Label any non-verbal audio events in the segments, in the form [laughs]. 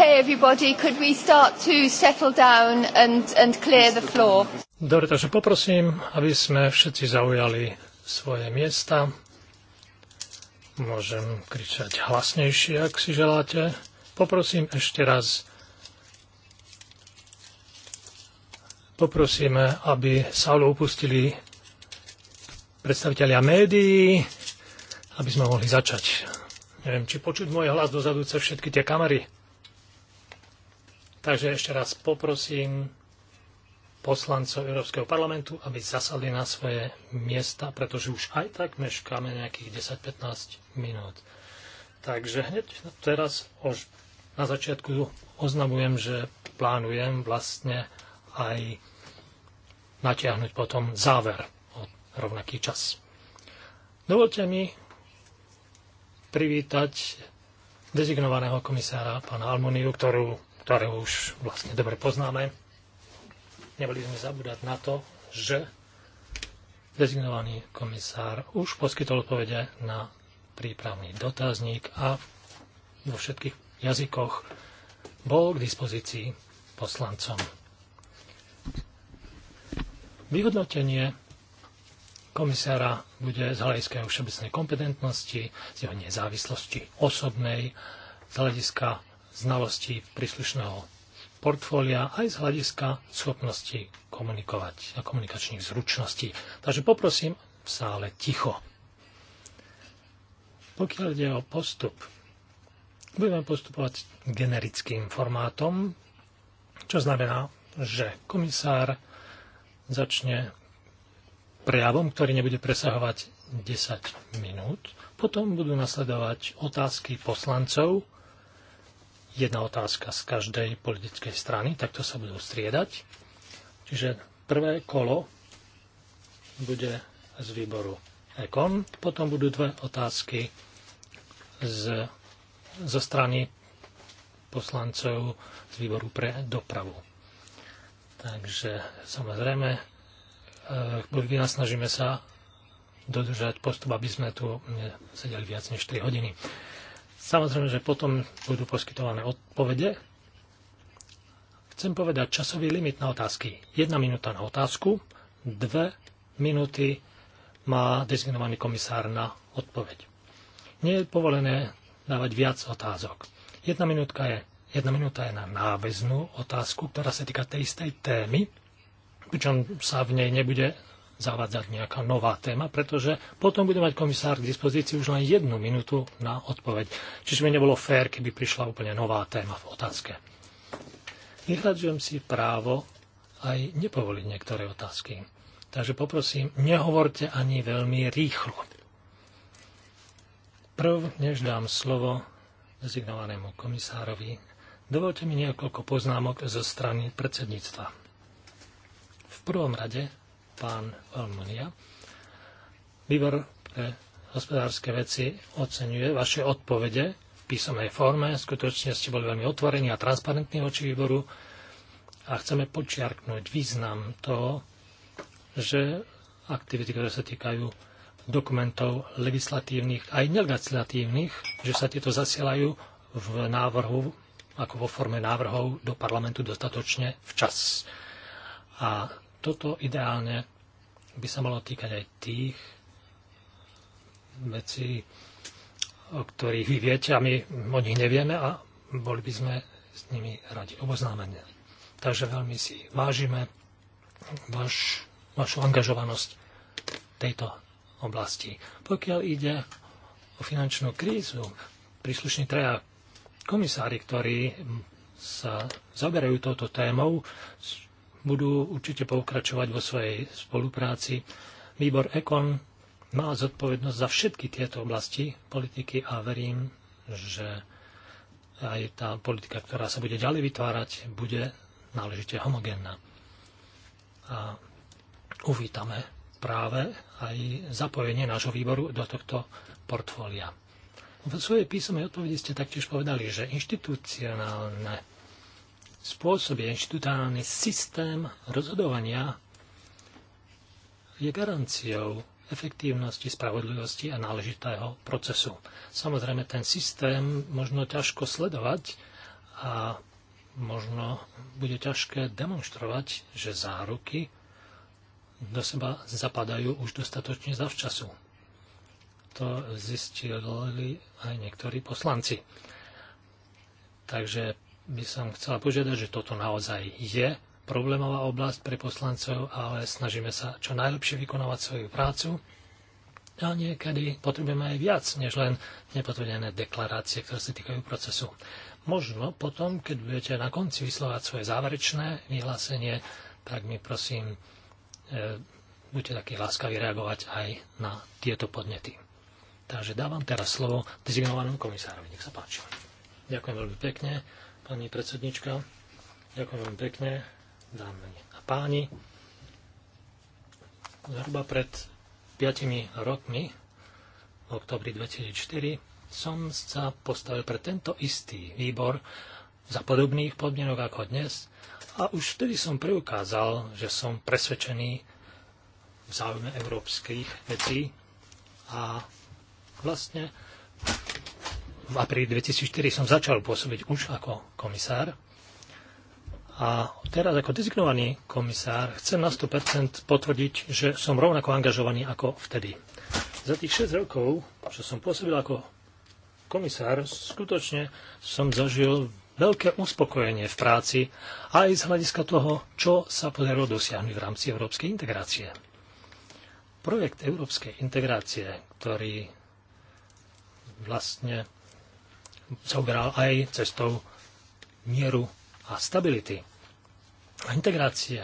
okay, everybody, could we start to settle down and, and clear the floor? Dobre, takže poprosím, aby sme všetci zaujali svoje miesta. Môžem kričať hlasnejšie, ak si želáte. Poprosím ešte raz. Poprosíme, aby sálu opustili predstaviteľia médií, aby sme mohli začať. Neviem, či počuť môj hlas dozadu cez všetky tie kamery. Takže ešte raz poprosím poslancov Európskeho parlamentu, aby zasadli na svoje miesta, pretože už aj tak meškáme nejakých 10-15 minút. Takže hneď teraz už na začiatku oznamujem, že plánujem vlastne aj natiahnuť potom záver o rovnaký čas. Dovolte mi privítať dezignovaného komisára pána Almoniu, ktorú ktoré už vlastne dobre poznáme. Neboli sme zabúdať na to, že dezignovaný komisár už poskytol odpovede na prípravný dotazník a vo všetkých jazykoch bol k dispozícii poslancom. Vyhodnotenie komisára bude z hľadiska jeho všeobecnej kompetentnosti, z jeho nezávislosti osobnej, z hľadiska Znalosti príslušného portfólia aj z hľadiska schopnosti komunikovať a komunikačných zručností. Takže poprosím v sále ticho. Pokiaľ ide o postup, budeme postupovať generickým formátom, čo znamená, že komisár začne prejavom, ktorý nebude presahovať 10 minút. Potom budú nasledovať otázky poslancov, jedna otázka z každej politickej strany, takto sa budú striedať. Čiže prvé kolo bude z výboru Ekon, potom budú dve otázky z, zo strany poslancov z výboru pre dopravu. Takže samozrejme, e, snažíme sa dodržať postup, aby sme tu sedeli viac než 3 hodiny. Samozrejme, že potom budú poskytované odpovede. Chcem povedať časový limit na otázky. Jedna minúta na otázku, dve minúty má dezignovaný komisár na odpoveď. Nie je povolené dávať viac otázok. Jedna minúta je, jedna minúta je na náväznú otázku, ktorá sa týka tej istej témy, pričom sa v nej nebude zavádzať nejaká nová téma, pretože potom bude mať komisár k dispozícii už len jednu minútu na odpoveď. Čiže by nebolo fér, keby prišla úplne nová téma v otázke. Vyhľadzujem si právo aj nepovoliť niektoré otázky. Takže poprosím, nehovorte ani veľmi rýchlo. Prv, než dám slovo dezignovanému komisárovi, dovolte mi niekoľko poznámok zo strany predsedníctva. V prvom rade pán Almania. Výbor pre hospodárske veci oceňuje vaše odpovede v písomnej forme. Skutočne ste boli veľmi otvorení a transparentní oči výboru a chceme počiarknúť význam toho, že aktivity, ktoré sa týkajú dokumentov legislatívnych aj nelegislatívnych, že sa tieto zasielajú v návrhu, ako vo forme návrhov do parlamentu dostatočne včas. A toto ideálne by sa malo týkať aj tých vecí, o ktorých vy viete a my o nich nevieme a boli by sme s nimi radi oboznámení. Takže veľmi si vážime vaš, vašu angažovanosť v tejto oblasti. Pokiaľ ide o finančnú krízu, príslušní treja komisári, ktorí sa zaberajú touto témou, budú určite pokračovať vo svojej spolupráci. Výbor EKON má zodpovednosť za všetky tieto oblasti politiky a verím, že aj tá politika, ktorá sa bude ďalej vytvárať, bude náležite homogénna. A uvítame práve aj zapojenie nášho výboru do tohto portfólia. V svojej písomnej odpovedi ste taktiež povedali, že inštitucionálne Spôsobí inštitutálny systém rozhodovania je garanciou efektívnosti, spravodlivosti a náležitého procesu. Samozrejme, ten systém možno ťažko sledovať a možno bude ťažké demonstrovať, že záruky do seba zapadajú už dostatočne zavčasu. To zistili aj niektorí poslanci. Takže by som chcela požiadať, že toto naozaj je problémová oblasť pre poslancov, ale snažíme sa čo najlepšie vykonávať svoju prácu. A niekedy potrebujeme aj viac, než len nepotvrdené deklarácie, ktoré sa týkajú procesu. Možno potom, keď budete na konci vyslovať svoje záverečné vyhlásenie, tak mi prosím, e, buďte takí láskaví reagovať aj na tieto podnety. Takže dávam teraz slovo dezignovanému komisárovi. Nech sa páči. Ďakujem veľmi pekne pani predsednička. Ďakujem veľmi pekne, dámy a páni. Zhruba pred 5 rokmi, v oktobri 2004, som sa postavil pre tento istý výbor za podobných podmienok ako dnes a už vtedy som preukázal, že som presvedčený v záujme európskych vecí a vlastne v apríli 2004 som začal pôsobiť už ako komisár. A teraz ako dezignovaný komisár chcem na 100% potvrdiť, že som rovnako angažovaný ako vtedy. Za tých 6 rokov, čo som pôsobil ako komisár, skutočne som zažil veľké uspokojenie v práci aj z hľadiska toho, čo sa podarilo dosiahnuť v rámci európskej integrácie. Projekt európskej integrácie, ktorý vlastne zobral aj cestou mieru a stability a integrácie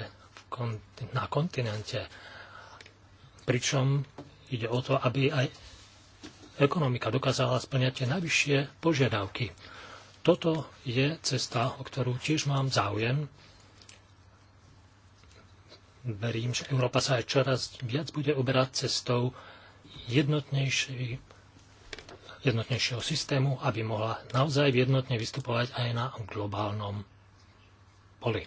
na kontinente. Pričom ide o to, aby aj ekonomika dokázala splňať tie najvyššie požiadavky. Toto je cesta, o ktorú tiež mám záujem. Verím, že Európa sa aj čoraz viac bude uberať cestou jednotnejšej jednotnejšieho systému, aby mohla naozaj jednotne vystupovať aj na globálnom poli.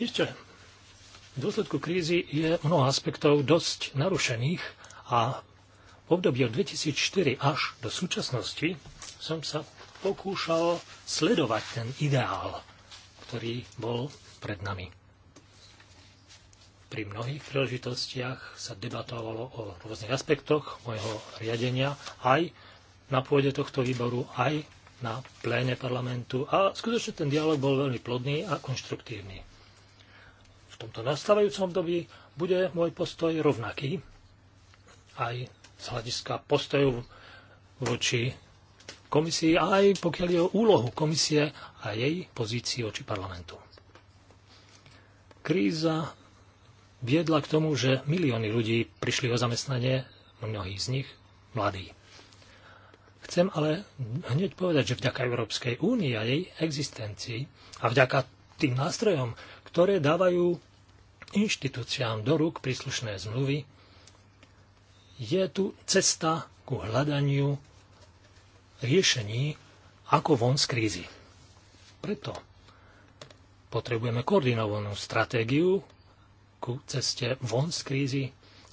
Ešte v dôsledku krízy je mnoho aspektov dosť narušených a v období od 2004 až do súčasnosti som sa pokúšal sledovať ten ideál, ktorý bol pred nami pri mnohých príležitostiach sa debatovalo o rôznych aspektoch môjho riadenia aj na pôde tohto výboru, aj na pléne parlamentu a skutočne ten dialog bol veľmi plodný a konštruktívny. V tomto nastávajúcom období bude môj postoj rovnaký aj z hľadiska postojov voči komisii a aj pokiaľ je o úlohu komisie a jej pozícii voči parlamentu. Kríza viedla k tomu, že milióny ľudí prišli o zamestnanie, mnohí z nich mladí. Chcem ale hneď povedať, že vďaka Európskej únii a jej existencii a vďaka tým nástrojom, ktoré dávajú inštitúciám do rúk príslušné zmluvy, je tu cesta ku hľadaniu riešení, ako von z krízy. Preto potrebujeme koordinovanú stratégiu, ku ceste von z krízy,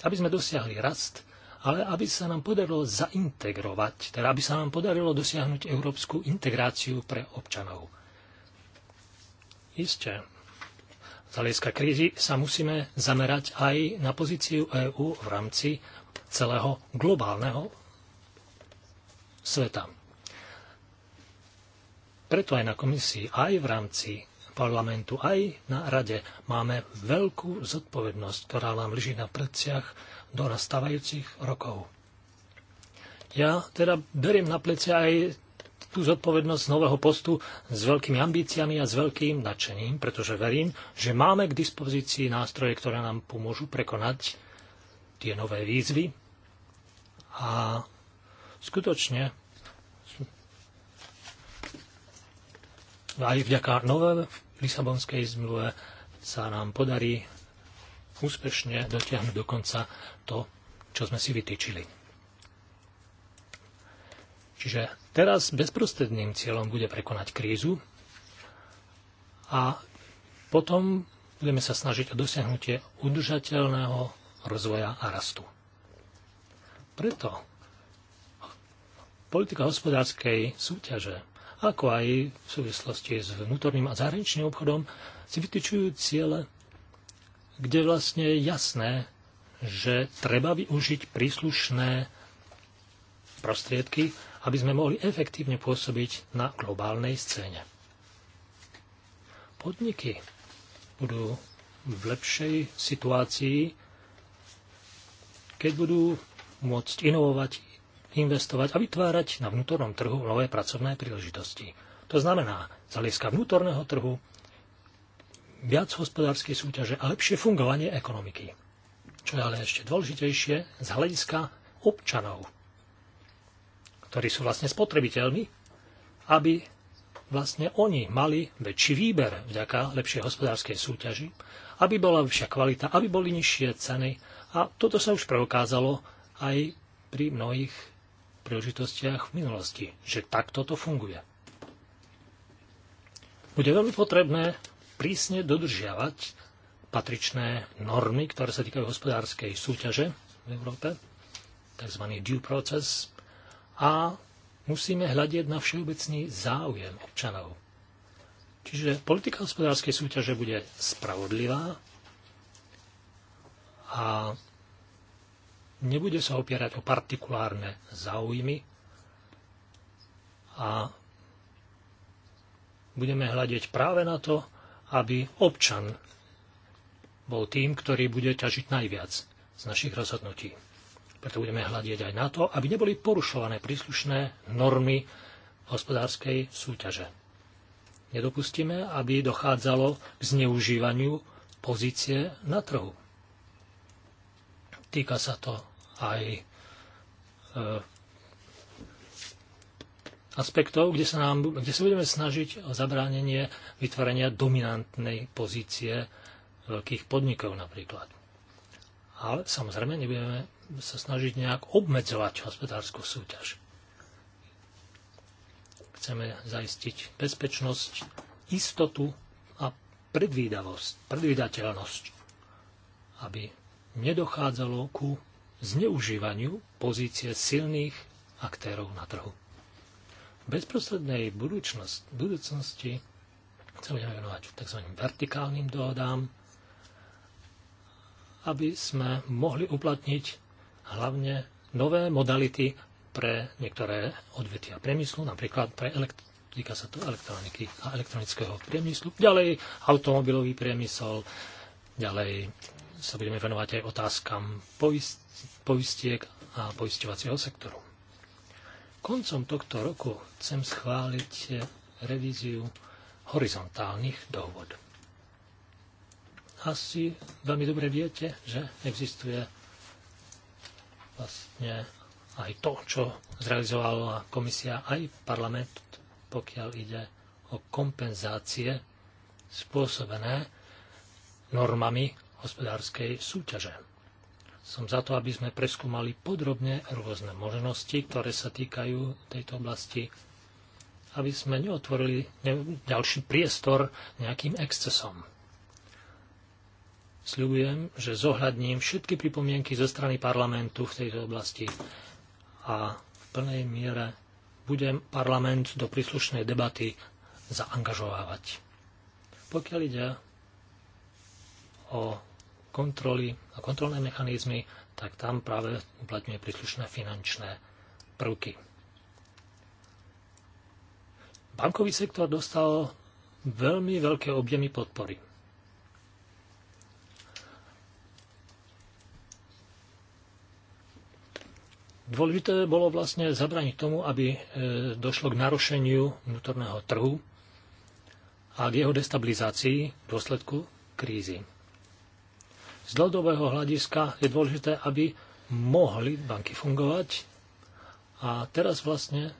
aby sme dosiahli rast, ale aby sa nám podarilo zaintegrovať, teda aby sa nám podarilo dosiahnuť európsku integráciu pre občanov. Isté, z hľadiska krízy sa musíme zamerať aj na pozíciu EÚ v rámci celého globálneho sveta. Preto aj na komisii, aj v rámci parlamentu, aj na rade. Máme veľkú zodpovednosť, ktorá nám leží na predciach do nastávajúcich rokov. Ja teda beriem na plece aj tú zodpovednosť nového postu s veľkými ambíciami a s veľkým nadšením, pretože verím, že máme k dispozícii nástroje, ktoré nám pomôžu prekonať tie nové výzvy a skutočne aj vďaka nové, Lisabonskej zmluve sa nám podarí úspešne dotiahnuť do konca to, čo sme si vytýčili. Čiže teraz bezprostredným cieľom bude prekonať krízu a potom budeme sa snažiť o dosiahnutie udržateľného rozvoja a rastu. Preto politika hospodárskej súťaže ako aj v súvislosti s vnútorným a zahraničným obchodom, si vytýčujú ciele, kde vlastne je jasné, že treba využiť príslušné prostriedky, aby sme mohli efektívne pôsobiť na globálnej scéne. Podniky budú v lepšej situácii, keď budú môcť inovovať, investovať a vytvárať na vnútornom trhu nové pracovné príležitosti. To znamená, z hľadiska vnútorného trhu viac hospodárskej súťaže a lepšie fungovanie ekonomiky. Čo je ale ešte dôležitejšie z hľadiska občanov, ktorí sú vlastne spotrebiteľmi, aby vlastne oni mali väčší výber vďaka lepšej hospodárskej súťaži, aby bola vyššia kvalita, aby boli nižšie ceny. A toto sa už preukázalo aj pri mnohých príležitostiach v minulosti, že takto to funguje. Bude veľmi potrebné prísne dodržiavať patričné normy, ktoré sa týkajú hospodárskej súťaže v Európe, tzv. due process, a musíme hľadiť na všeobecný záujem občanov. Čiže politika hospodárskej súťaže bude spravodlivá a nebude sa opierať o partikulárne záujmy a budeme hľadiť práve na to, aby občan bol tým, ktorý bude ťažiť najviac z našich rozhodnutí. Preto budeme hľadiť aj na to, aby neboli porušované príslušné normy hospodárskej súťaže. Nedopustíme, aby dochádzalo k zneužívaniu pozície na trhu. Týka sa to aj e, aspektov, kde sa, nám, kde sa budeme snažiť o zabránenie vytvorenia dominantnej pozície veľkých podnikov napríklad. Ale samozrejme nebudeme sa snažiť nejak obmedzovať hospodárskú súťaž. Chceme zaistiť bezpečnosť, istotu a predvídavosť, predvídateľnosť, aby nedochádzalo ku zneužívaniu pozície silných aktérov na trhu. V bezprostrednej budúcnosti sa budeme venovať tzv. vertikálnym dohodám, aby sme mohli uplatniť hlavne nové modality pre niektoré odvetvia priemyslu, napríklad pre elekt- týka sa to elektroniky a elektronického priemyslu, ďalej automobilový priemysel, ďalej sa budeme venovať aj otázkam poistiek a poisťovacieho sektoru. Koncom tohto roku chcem schváliť revíziu horizontálnych dohôd. Asi veľmi dobre viete, že existuje vlastne aj to, čo zrealizovala komisia aj parlament, pokiaľ ide o kompenzácie spôsobené normami hospodárskej súťaže. Som za to, aby sme preskúmali podrobne rôzne možnosti, ktoré sa týkajú tejto oblasti, aby sme neotvorili ďalší priestor nejakým excesom. Sľubujem, že zohľadním všetky pripomienky zo strany parlamentu v tejto oblasti a v plnej miere budem parlament do príslušnej debaty zaangažovávať. Pokiaľ ide o kontroly a kontrolné mechanizmy, tak tam práve uplatňuje príslušné finančné prvky. Bankový sektor dostal veľmi veľké objemy podpory. Dôležité bolo vlastne zabraniť tomu, aby e, došlo k narušeniu vnútorného trhu a k jeho destabilizácii v dôsledku krízy z dlhodobého hľadiska je dôležité, aby mohli banky fungovať. A teraz vlastne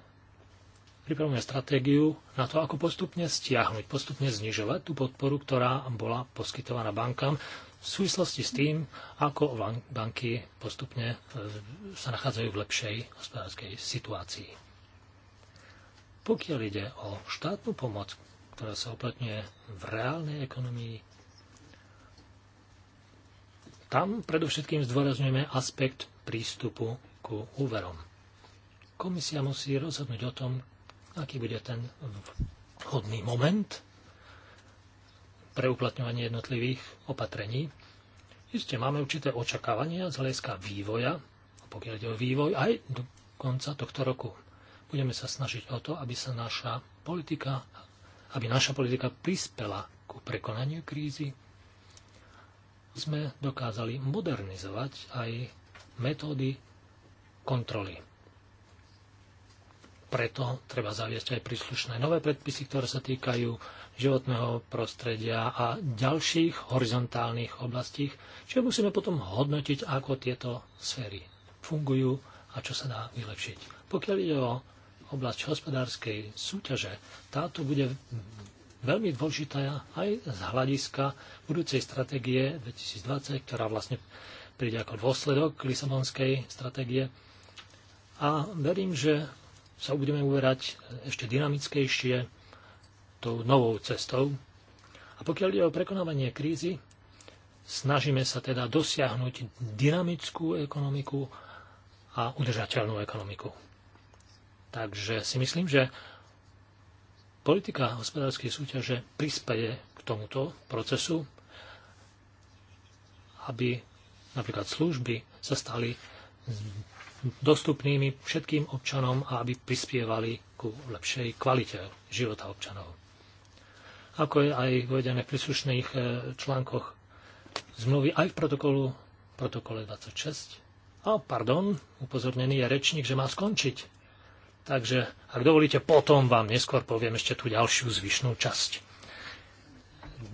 pripravujeme stratégiu na to, ako postupne stiahnuť, postupne znižovať tú podporu, ktorá bola poskytovaná bankám v súvislosti s tým, ako banky postupne e, sa nachádzajú v lepšej hospodárskej situácii. Pokiaľ ide o štátnu pomoc, ktorá sa uplatňuje v reálnej ekonomii, tam predovšetkým zdôrazňujeme aspekt prístupu ku úverom. Komisia musí rozhodnúť o tom, aký bude ten vhodný moment pre uplatňovanie jednotlivých opatrení. Isté máme určité očakávania z hľadiska vývoja, pokiaľ ide o vývoj, aj do konca tohto roku. Budeme sa snažiť o to, aby sa naša politika, aby naša politika prispela ku prekonaniu krízy, sme dokázali modernizovať aj metódy kontroly. Preto treba zaviesť aj príslušné nové predpisy, ktoré sa týkajú životného prostredia a ďalších horizontálnych oblastí, čo musíme potom hodnotiť, ako tieto sféry fungujú a čo sa dá vylepšiť. Pokiaľ ide o oblasť hospodárskej súťaže, táto bude veľmi dôležitá aj z hľadiska budúcej stratégie 2020, ktorá vlastne príde ako dôsledok Lisabonskej stratégie. A verím, že sa budeme uverať ešte dynamickejšie tou novou cestou. A pokiaľ ide o prekonávanie krízy, snažíme sa teda dosiahnuť dynamickú ekonomiku a udržateľnú ekonomiku. Takže si myslím, že Politika hospodárskej súťaže prispeje k tomuto procesu, aby napríklad služby sa stali dostupnými všetkým občanom a aby prispievali ku lepšej kvalite života občanov. Ako je aj uvedené v príslušných e, článkoch zmluvy aj v protokolu, protokole 26. A pardon, upozornený je rečník, že má skončiť. Takže, ak dovolíte, potom vám neskôr poviem ešte tú ďalšiu zvyšnú časť.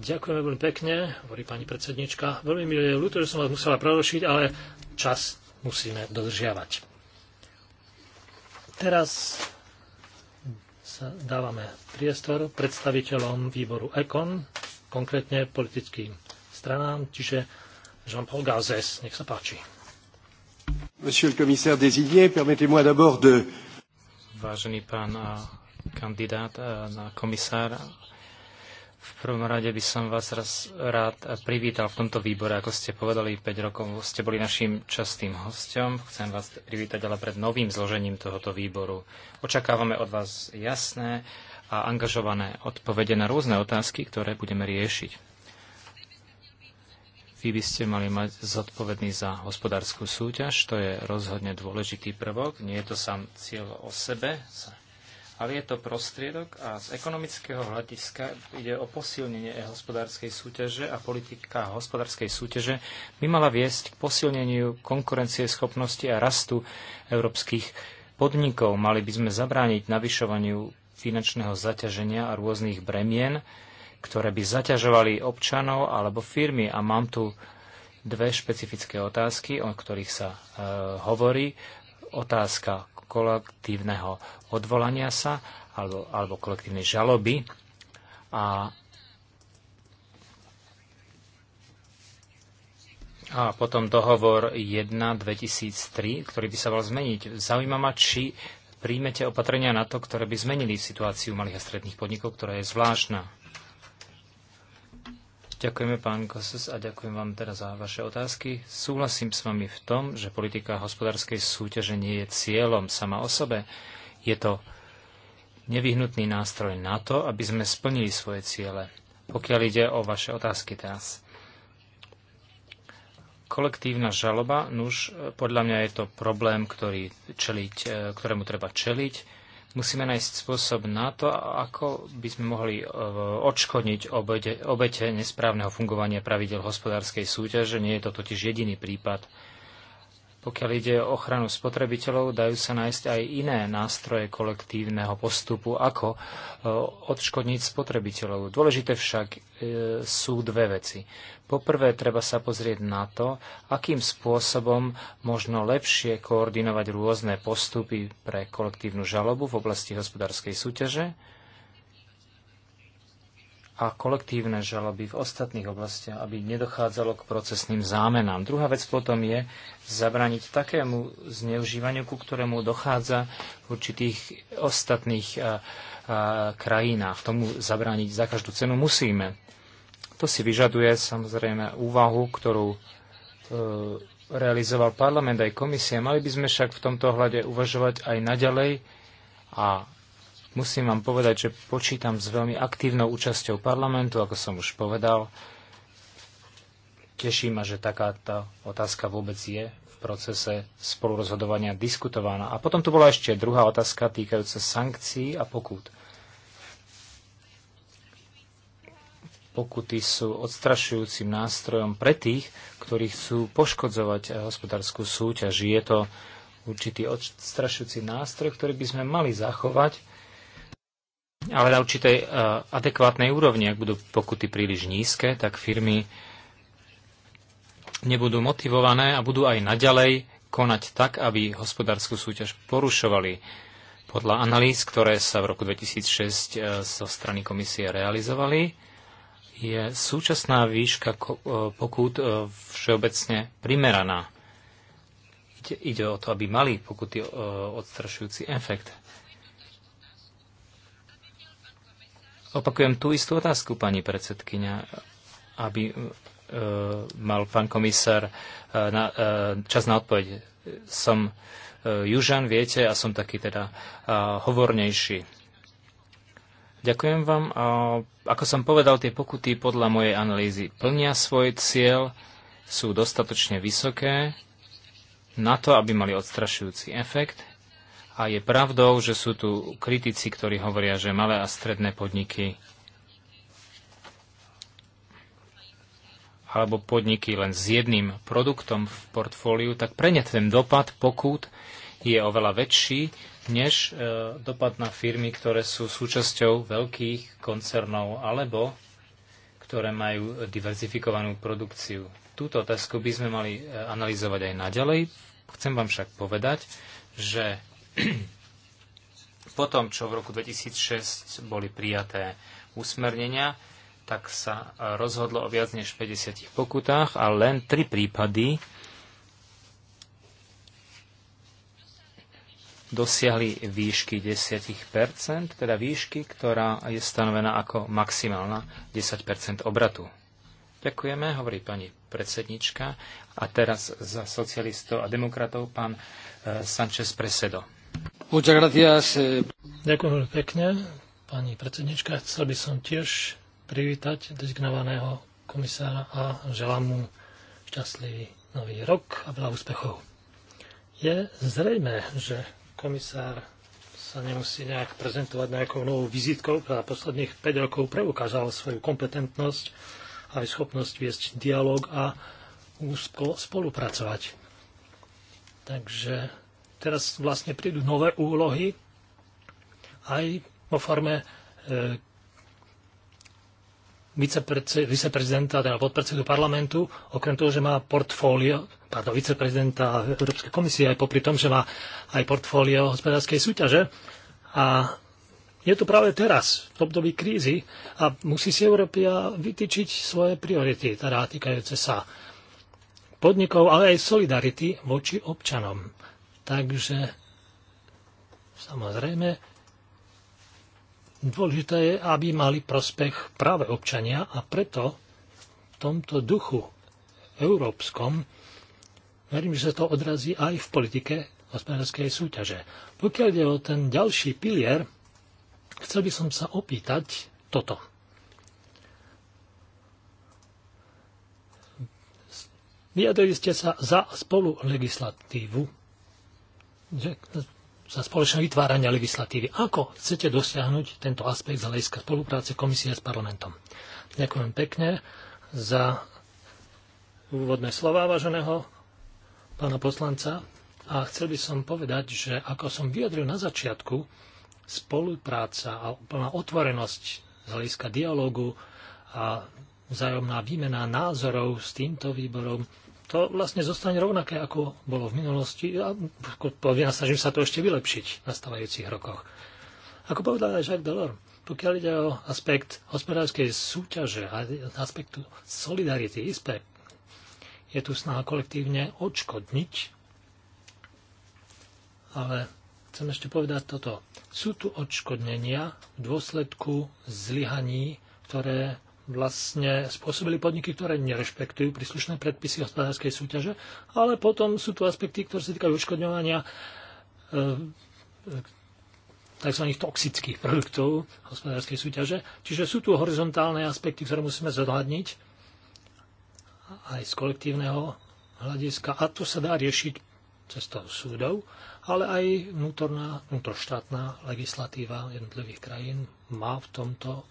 Ďakujeme veľmi pekne, hovorí pani predsednička. Veľmi milé je ľúto, že som vás musela prerušiť, ale čas musíme dodržiavať. Teraz sa dávame priestor predstaviteľom výboru EKON, konkrétne politickým stranám, čiže Jean-Paul Gauzès, nech sa páči. Monsieur le commissaire désigné, permettez-moi d'abord de vážený pán kandidát na komisára. V prvom rade by som vás raz rád privítal v tomto výbore. Ako ste povedali, 5 rokov ste boli našim častým hostom. Chcem vás privítať ale pred novým zložením tohoto výboru. Očakávame od vás jasné a angažované odpovede na rôzne otázky, ktoré budeme riešiť. Vy by ste mali mať zodpovedný za hospodárskú súťaž, to je rozhodne dôležitý prvok. Nie je to sám cieľ o sebe, ale je to prostriedok a z ekonomického hľadiska ide o posilnenie hospodárskej súťaže a politika hospodárskej súťaže by mala viesť k posilneniu konkurencieschopnosti a rastu európskych podnikov. Mali by sme zabrániť navyšovaniu finančného zaťaženia a rôznych bremien, ktoré by zaťažovali občanov alebo firmy. A mám tu dve špecifické otázky, o ktorých sa e, hovorí. Otázka kolektívneho odvolania sa alebo, alebo kolektívnej žaloby a, a potom dohovor 1.2003, ktorý by sa mal zmeniť. Zaujímavá, ma, či príjmete opatrenia na to, ktoré by zmenili situáciu malých a stredných podnikov, ktorá je zvláštna. Ďakujeme, pán Kosus, a ďakujem vám teraz za vaše otázky. Súhlasím s vami v tom, že politika hospodárskej súťaže nie je cieľom sama o sebe. Je to nevyhnutný nástroj na to, aby sme splnili svoje ciele. Pokiaľ ide o vaše otázky teraz. Kolektívna žaloba, nuž, podľa mňa je to problém, ktorý čeliť, e, ktorému treba čeliť Musíme nájsť spôsob na to, ako by sme mohli e, odškodniť obete, obete nesprávneho fungovania pravidel hospodárskej súťaže. Nie je to totiž jediný prípad pokiaľ ide o ochranu spotrebiteľov, dajú sa nájsť aj iné nástroje kolektívneho postupu, ako e, odškodniť spotrebiteľov. Dôležité však e, sú dve veci. Poprvé, treba sa pozrieť na to, akým spôsobom možno lepšie koordinovať rôzne postupy pre kolektívnu žalobu v oblasti hospodárskej súťaže a kolektívne žaloby v ostatných oblastiach, aby nedochádzalo k procesným zámenám. Druhá vec potom je zabraniť takému zneužívaniu, ku ktorému dochádza v určitých ostatných a, a, krajinách. Tomu zabrániť za každú cenu musíme. To si vyžaduje samozrejme úvahu, ktorú e, realizoval parlament aj komisia. Mali by sme však v tomto hľade uvažovať aj naďalej a Musím vám povedať, že počítam s veľmi aktívnou účasťou parlamentu, ako som už povedal. Teší ma, že takáto otázka vôbec je v procese spolurozhodovania diskutovaná. A potom tu bola ešte druhá otázka týkajúca sankcií a pokút. Pokuty sú odstrašujúcim nástrojom pre tých, ktorí chcú poškodzovať hospodárskú súťaž. Je to určitý odstrašujúci nástroj, ktorý by sme mali zachovať ale na určitej eh, adekvátnej úrovni. Ak budú pokuty príliš nízke, tak firmy nebudú motivované a budú aj naďalej konať tak, aby hospodárskú súťaž porušovali. Podľa analýz, ktoré sa v roku 2006 eh, zo strany komisie realizovali, je súčasná výška eh, pokút všeobecne primeraná. Ide o to, aby mali pokuty odstrašujúci efekt. Opakujem tú istú otázku, pani predsedkynia, aby e, mal pán komisár e, na, e, čas na odpoveď. Som e, južan, viete, a som taký teda e, hovornejší. Ďakujem vám. A, ako som povedal, tie pokuty podľa mojej analýzy plnia svoj cieľ, sú dostatočne vysoké na to, aby mali odstrašujúci efekt a je pravdou, že sú tu kritici, ktorí hovoria, že malé a stredné podniky alebo podniky len s jedným produktom v portfóliu, tak pre ne ten dopad pokút je oveľa väčší než e, dopad na firmy, ktoré sú súčasťou veľkých koncernov alebo ktoré majú diverzifikovanú produkciu. Túto otázku by sme mali e, analyzovať aj naďalej. Chcem vám však povedať, že po tom, čo v roku 2006 boli prijaté usmernenia, tak sa e, rozhodlo o viac než 50 pokutách a len tri prípady dosiahli výšky 10%, teda výšky, ktorá je stanovená ako maximálna 10% obratu. Ďakujeme, hovorí pani predsednička. A teraz za socialistov a demokratov pán e, Sanchez Presedo. Eh. Ďakujem veľmi pekne. Pani predsednička, chcel by som tiež privítať dezignovaného komisára a želám mu šťastlivý nový rok a veľa úspechov. Je zrejme, že komisár sa nemusí nejak prezentovať nejakou novou vizitkou, ktorá posledných 5 rokov preukázal svoju kompetentnosť a aj schopnosť viesť dialog a úzko spolupracovať. Takže teraz vlastne prídu nové úlohy aj vo forme e, viceprezidenta, teda podpredsedu parlamentu, okrem toho, že má portfólio, pardon, viceprezidenta Európskej komisie, aj popri tom, že má aj portfólio hospodárskej súťaže. A je to práve teraz, v období krízy a musí si Európia vytýčiť svoje priority, teda týkajúce sa podnikov, ale aj solidarity voči občanom. Takže samozrejme dôležité je, aby mali prospech práve občania a preto v tomto duchu európskom verím, že sa to odrazí aj v politike hospodárskej súťaže. Pokiaľ ide o ten ďalší pilier, chcel by som sa opýtať toto. Vyjadrili ste sa za spolu legislatívu za spoločné vytvárania legislatívy. Ako chcete dosiahnuť tento aspekt z hľadiska spolupráce komisie s parlamentom? Ďakujem pekne za úvodné slova váženého pána poslanca a chcel by som povedať, že ako som vyjadril na začiatku, spolupráca a úplná otvorenosť z hľadiska dialogu a vzájomná výmena názorov s týmto výborom to vlastne zostane rovnaké, ako bolo v minulosti a ja snažím sa to ešte vylepšiť v nastávajúcich rokoch. Ako povedal aj Jacques Delors, pokiaľ ide o aspekt hospodárskej súťaže a aspektu solidarity, ISPE, je tu snaha kolektívne odškodniť, ale chcem ešte povedať toto. Sú tu odškodnenia v dôsledku zlyhaní, ktoré vlastne spôsobili podniky, ktoré nerešpektujú príslušné predpisy hospodárskej súťaže, ale potom sú tu aspekty, ktoré sa týkajú odškodňovania eh, tzv. toxických produktov hospodárskej súťaže. Čiže sú tu horizontálne aspekty, ktoré musíme zohľadniť aj z kolektívneho hľadiska. A to sa dá riešiť cestou súdov, ale aj vnútorná, vnútroštátna legislatíva jednotlivých krajín má v tomto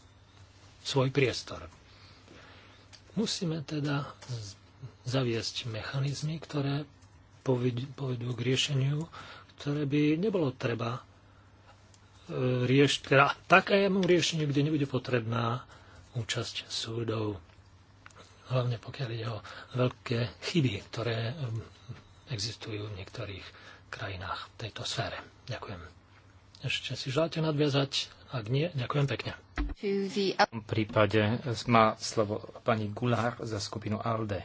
svoj priestor. Musíme teda zaviesť mechanizmy, ktoré povedú k riešeniu, ktoré by nebolo treba e, riešiť teda takému riešeniu, kde nebude potrebná účasť súdov. Hlavne pokiaľ ide o veľké chyby, ktoré existujú v niektorých krajinách v tejto sfére. Ďakujem. Ešte si želáte nadviazať ak nie, ďakujem pekne. V tom prípade má slovo pani Gulár za skupinu ALDE.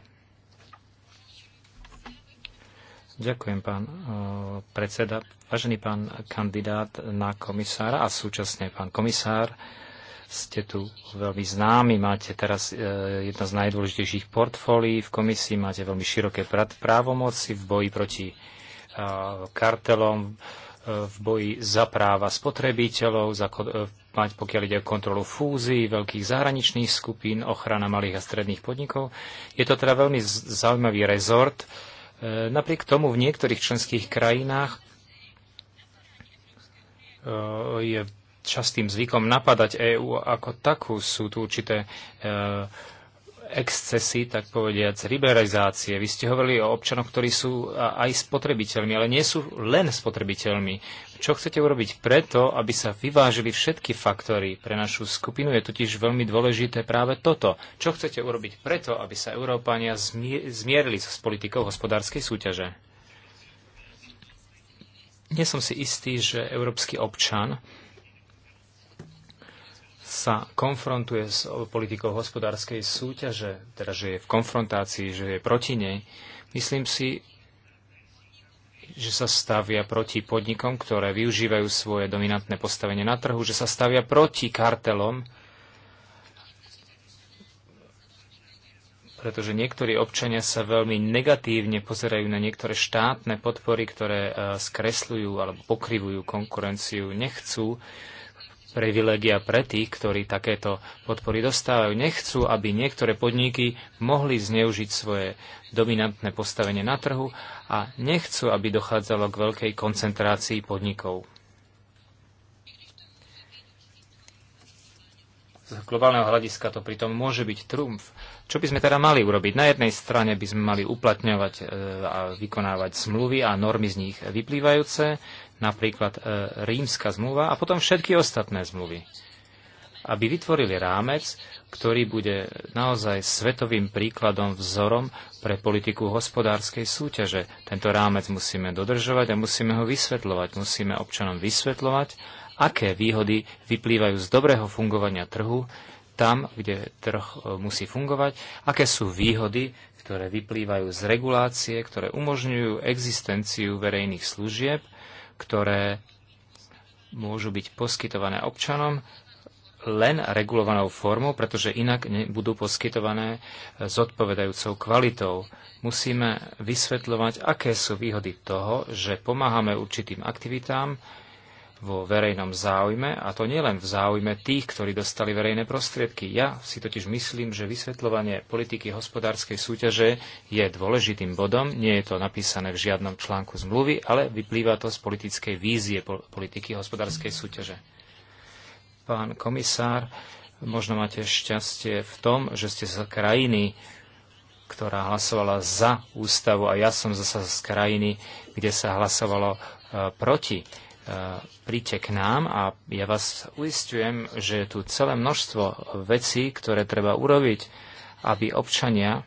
Ďakujem, pán eh, predseda. Vážený pán kandidát na komisára a súčasne pán komisár, ste tu veľmi známi, máte teraz eh, jedno z najdôležitejších portfólií v komisii, máte veľmi široké právomoci v boji proti eh, kartelom, v boji za práva spotrebiteľov, za, e, mať pokiaľ ide o kontrolu fúzií, veľkých zahraničných skupín, ochrana malých a stredných podnikov. Je to teda veľmi zaujímavý rezort. E, napriek tomu v niektorých členských krajinách e, je častým zvykom napadať EÚ ako takú. Sú tu určité excesy, tak povediať, liberalizácie. Vy ste hovorili o občanoch, ktorí sú aj spotrebiteľmi, ale nie sú len spotrebiteľmi. Čo chcete urobiť preto, aby sa vyvážili všetky faktory pre našu skupinu? Je totiž veľmi dôležité práve toto. Čo chcete urobiť preto, aby sa Európania zmierili s politikou hospodárskej súťaže? Nie som si istý, že európsky občan sa konfrontuje s politikou hospodárskej súťaže, teda že je v konfrontácii, že je proti nej, myslím si, že sa stavia proti podnikom, ktoré využívajú svoje dominantné postavenie na trhu, že sa stavia proti kartelom, pretože niektorí občania sa veľmi negatívne pozerajú na niektoré štátne podpory, ktoré eh, skresľujú alebo pokrivujú konkurenciu, nechcú, privilegia pre tých, ktorí takéto podpory dostávajú. Nechcú, aby niektoré podniky mohli zneužiť svoje dominantné postavenie na trhu a nechcú, aby dochádzalo k veľkej koncentrácii podnikov. Z globálneho hľadiska to pritom môže byť trumf. Čo by sme teda mali urobiť? Na jednej strane by sme mali uplatňovať e, a vykonávať zmluvy a normy z nich vyplývajúce napríklad e, rímska zmluva a potom všetky ostatné zmluvy. Aby vytvorili rámec, ktorý bude naozaj svetovým príkladom, vzorom pre politiku hospodárskej súťaže. Tento rámec musíme dodržovať a musíme ho vysvetľovať. Musíme občanom vysvetľovať, aké výhody vyplývajú z dobrého fungovania trhu, tam, kde trh e, musí fungovať, aké sú výhody, ktoré vyplývajú z regulácie, ktoré umožňujú existenciu verejných služieb ktoré môžu byť poskytované občanom len regulovanou formou, pretože inak budú poskytované e, zodpovedajúcou kvalitou. Musíme vysvetľovať, aké sú výhody toho, že pomáhame určitým aktivitám, vo verejnom záujme, a to nielen v záujme tých, ktorí dostali verejné prostriedky. Ja si totiž myslím, že vysvetľovanie politiky hospodárskej súťaže je dôležitým bodom. Nie je to napísané v žiadnom článku zmluvy, ale vyplýva to z politickej vízie politiky hospodárskej súťaže. Pán komisár, možno máte šťastie v tom, že ste z krajiny, ktorá hlasovala za ústavu a ja som zase z krajiny, kde sa hlasovalo e, proti E, príďte k nám a ja vás uistujem, že je tu celé množstvo vecí, ktoré treba urobiť, aby občania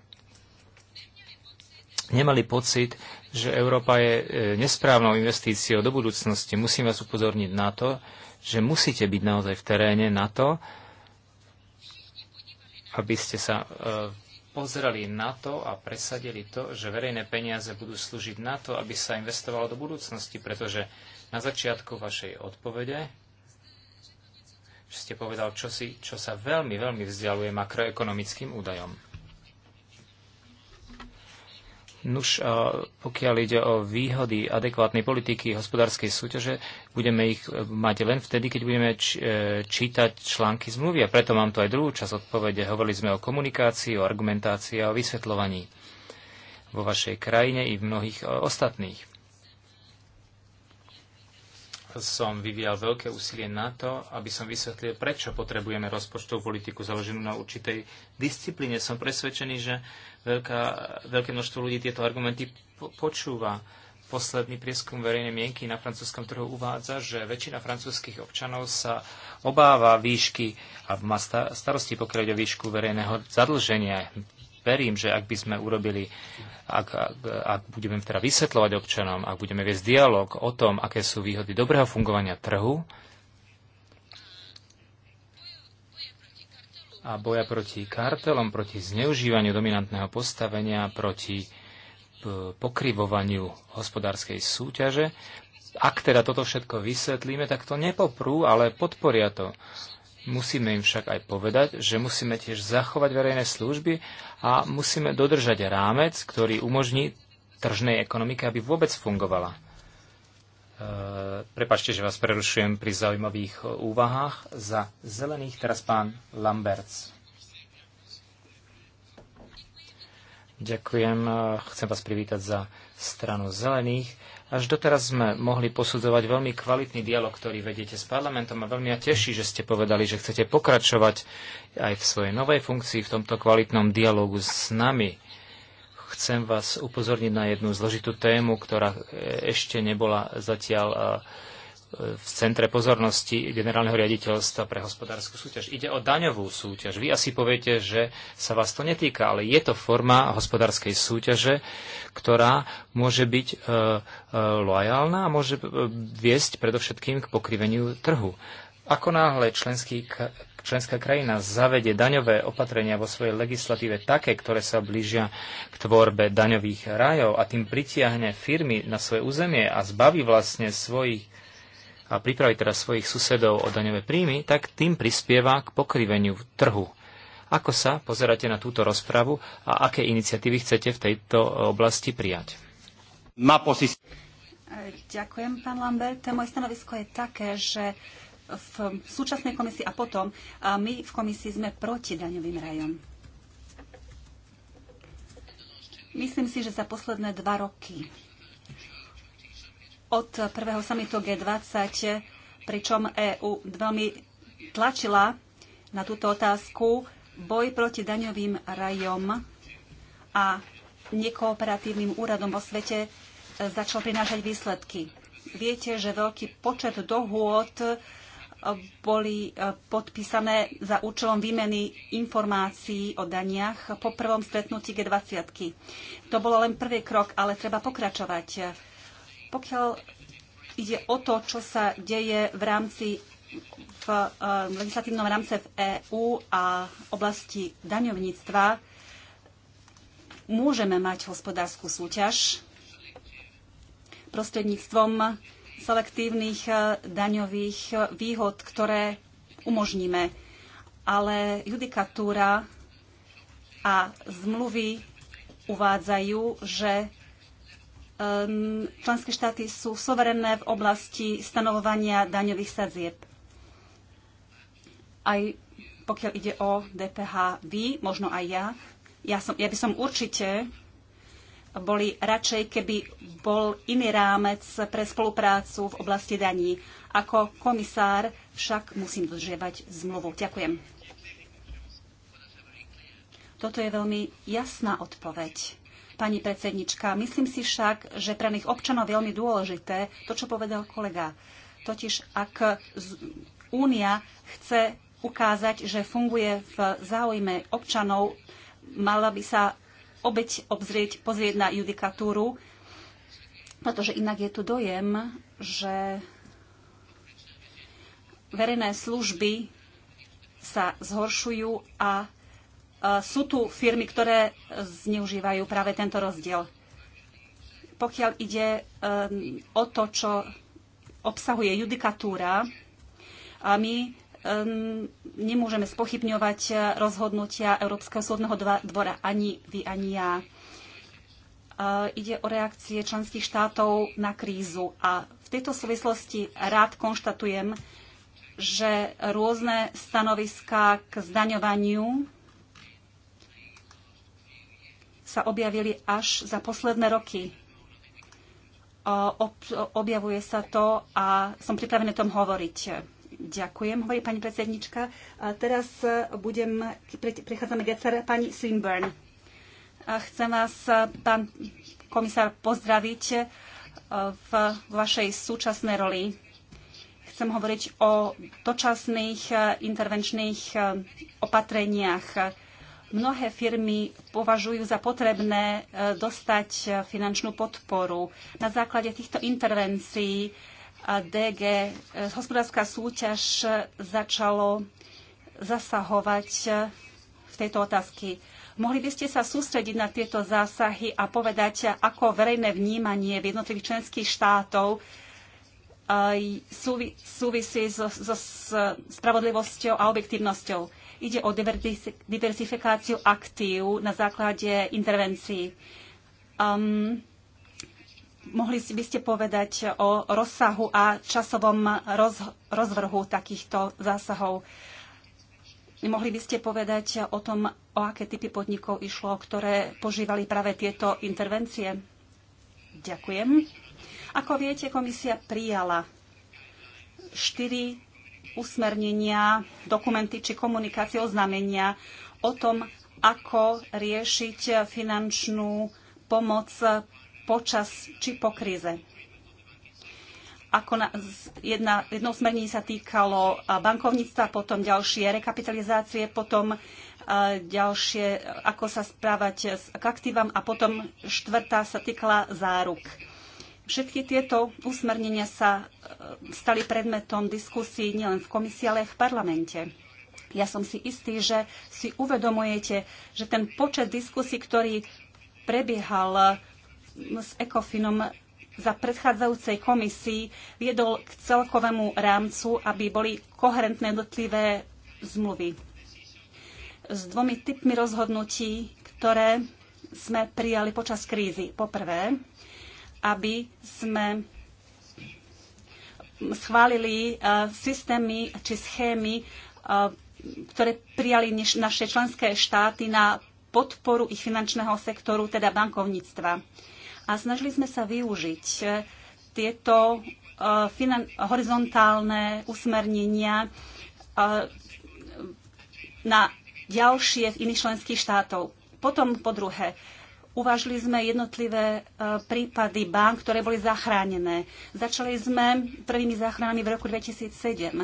nemali pocit, že Európa je e, nesprávnou investíciou do budúcnosti. Musím vás upozorniť na to, že musíte byť naozaj v teréne na to, aby ste sa e, pozreli na to a presadili to, že verejné peniaze budú slúžiť na to, aby sa investovalo do budúcnosti, pretože na začiatku vašej odpovede ste povedal čosi, čo sa veľmi, veľmi vzdialuje makroekonomickým údajom. Nuž, pokiaľ ide o výhody adekvátnej politiky hospodárskej súťaže, budeme ich mať len vtedy, keď budeme e, čítať články zmluvy. A preto mám tu aj druhú časť odpovede. Hovorili sme o komunikácii, o argumentácii a o vysvetľovaní vo vašej krajine i v mnohých e, ostatných som vyvíjal veľké úsilie na to, aby som vysvetlil, prečo potrebujeme rozpočtovú politiku založenú na určitej disciplíne. Som presvedčený, že veľká, veľké množstvo ľudí tieto argumenty po- počúva. Posledný prieskum verejnej mienky na francúzskom trhu uvádza, že väčšina francúzskych občanov sa obáva výšky a má starosti, pokiaľ ide o výšku verejného zadlženia verím, že ak by sme urobili, ak, ak, ak budeme teda vysvetľovať občanom, ak budeme viesť dialog o tom, aké sú výhody dobrého fungovania trhu a boja proti kartelom, proti zneužívaniu dominantného postavenia, proti pokrivovaniu hospodárskej súťaže. Ak teda toto všetko vysvetlíme, tak to nepoprú, ale podporia to. Musíme im však aj povedať, že musíme tiež zachovať verejné služby a musíme dodržať rámec, ktorý umožní tržnej ekonomike, aby vôbec fungovala. E, prepačte, že vás prerušujem pri zaujímavých úvahách. Za zelených teraz pán Lamberts. Ďakujem. E, chcem vás privítať za stranu zelených. Až doteraz sme mohli posudzovať veľmi kvalitný dialog, ktorý vedete s parlamentom a veľmi ma teší, že ste povedali, že chcete pokračovať aj v svojej novej funkcii v tomto kvalitnom dialogu s nami. Chcem vás upozorniť na jednu zložitú tému, ktorá e, ešte nebola zatiaľ uh, v centre pozornosti generálneho riaditeľstva pre hospodárskú súťaž. Ide o daňovú súťaž. Vy asi poviete, že sa vás to netýka, ale je to forma hospodárskej súťaže, ktorá môže byť e, e, lojálna a môže e, viesť predovšetkým k pokriveniu trhu. Ako náhle členský, členská krajina zavede daňové opatrenia vo svojej legislatíve také, ktoré sa blížia k tvorbe daňových rajov a tým pritiahne firmy na svoje územie a zbaví vlastne svojich a pripraviť teraz svojich susedov o daňové príjmy, tak tým prispieva k pokriveniu trhu. Ako sa pozeráte na túto rozpravu a aké iniciatívy chcete v tejto oblasti prijať? Ďakujem, pán Lambert. Moje stanovisko je také, že v súčasnej komisii a potom a my v komisii sme proti daňovým rajom. Myslím si, že za posledné dva roky od prvého samitu G20, pričom EÚ veľmi tlačila na túto otázku boj proti daňovým rajom a nekooperatívnym úradom vo svete e, začal prinášať výsledky. Viete, že veľký počet dohôd e, boli e, podpísané za účelom výmeny informácií o daniach po prvom stretnutí G20. To bolo len prvý krok, ale treba pokračovať pokiaľ ide o to, čo sa deje v rámci v eh, legislatívnom rámce v EÚ a oblasti daňovníctva, môžeme mať hospodárskú súťaž prostredníctvom selektívnych eh, daňových eh, výhod, ktoré umožníme. Ale judikatúra a zmluvy uvádzajú, že Ehm, členské štáty sú suverenné v oblasti stanovovania daňových sadzieb. Aj pokiaľ ide o DPH, vy, možno aj ja, ja, som, ja by som určite boli radšej, keby bol iný rámec pre spoluprácu v oblasti daní. Ako komisár však musím dodržiavať zmluvu. Ďakujem. Toto je veľmi jasná odpoveď pani predsednička. Myslím si však, že pre nich občanov veľmi dôležité to, čo povedal kolega. Totiž, ak Únia chce ukázať, že funguje v záujme občanov, mala by sa obeď obzrieť, pozrieť na judikatúru, pretože inak je tu dojem, že verejné služby sa zhoršujú a E, sú tu firmy, ktoré zneužívajú práve tento rozdiel. Pokiaľ ide e, o to, čo obsahuje judikatúra, a e, my nemôžeme spochybňovať rozhodnutia Európskeho súdneho dvora ani vy, ani ja. Ide o reakcie členských štátov na krízu a v tejto súvislosti rád konštatujem, že rôzne stanoviská k zdaňovaniu sa objavili až za posledné roky. Objavuje sa to a som pripravená o tom hovoriť. Ďakujem, hovorí pani predsednička. A teraz e, budem, prichádzame k pani Swinburne. A chcem vás, e, pán komisár, pozdraviť e, v vašej súčasnej roli. Chcem hovoriť o dočasných intervenčných opatreniach Mnohé firmy považujú za potrebné e, dostať e, finančnú podporu. Na základe týchto intervencií e, DG hospodárska súťaž začalo zasahovať v tejto otázky. Mohli by ste sa sústrediť na tieto zásahy a povedať, ako verejné vnímanie v jednotlivých členských štátov súvisí so, so spravodlivosťou a objektívnosťou. Ide o diversifikáciu aktív na základe intervencií. Um, mohli by ste povedať o rozsahu a časovom roz, rozvrhu takýchto zásahov. Mohli by ste povedať o tom, o aké typy podnikov išlo, ktoré požívali práve tieto intervencie? Ďakujem. Ako viete, komisia prijala štyri usmernenia, dokumenty či komunikácie oznámenia o tom, ako riešiť finančnú pomoc počas či po kríze. Ako na, jedna, jedno usmernenie sa týkalo bankovníctva, potom ďalšie rekapitalizácie, potom ďalšie, ako sa správať k aktívam a potom štvrtá sa týkala záruk Všetky tieto usmernenia sa e, stali predmetom diskusí nielen v komisii, ale aj v parlamente. Ja som si istý, že si uvedomujete, že ten počet diskusí, ktorý prebiehal e, s ECOFINom za predchádzajúcej komisii, viedol k celkovému rámcu, aby boli koherentné jednotlivé zmluvy. S dvomi typmi rozhodnutí, ktoré sme prijali počas krízy. Poprvé, aby sme schválili e, systémy či schémy, e, ktoré prijali naše členské štáty na podporu ich finančného sektoru, teda bankovníctva. A snažili sme sa využiť e, tieto horizontálne usmernenia na ďalšie v iných členských štátov. Potom po druhé, Uvažili sme jednotlivé e, prípady bank, ktoré boli zachránené. Začali sme prvými záchranami v roku 2007.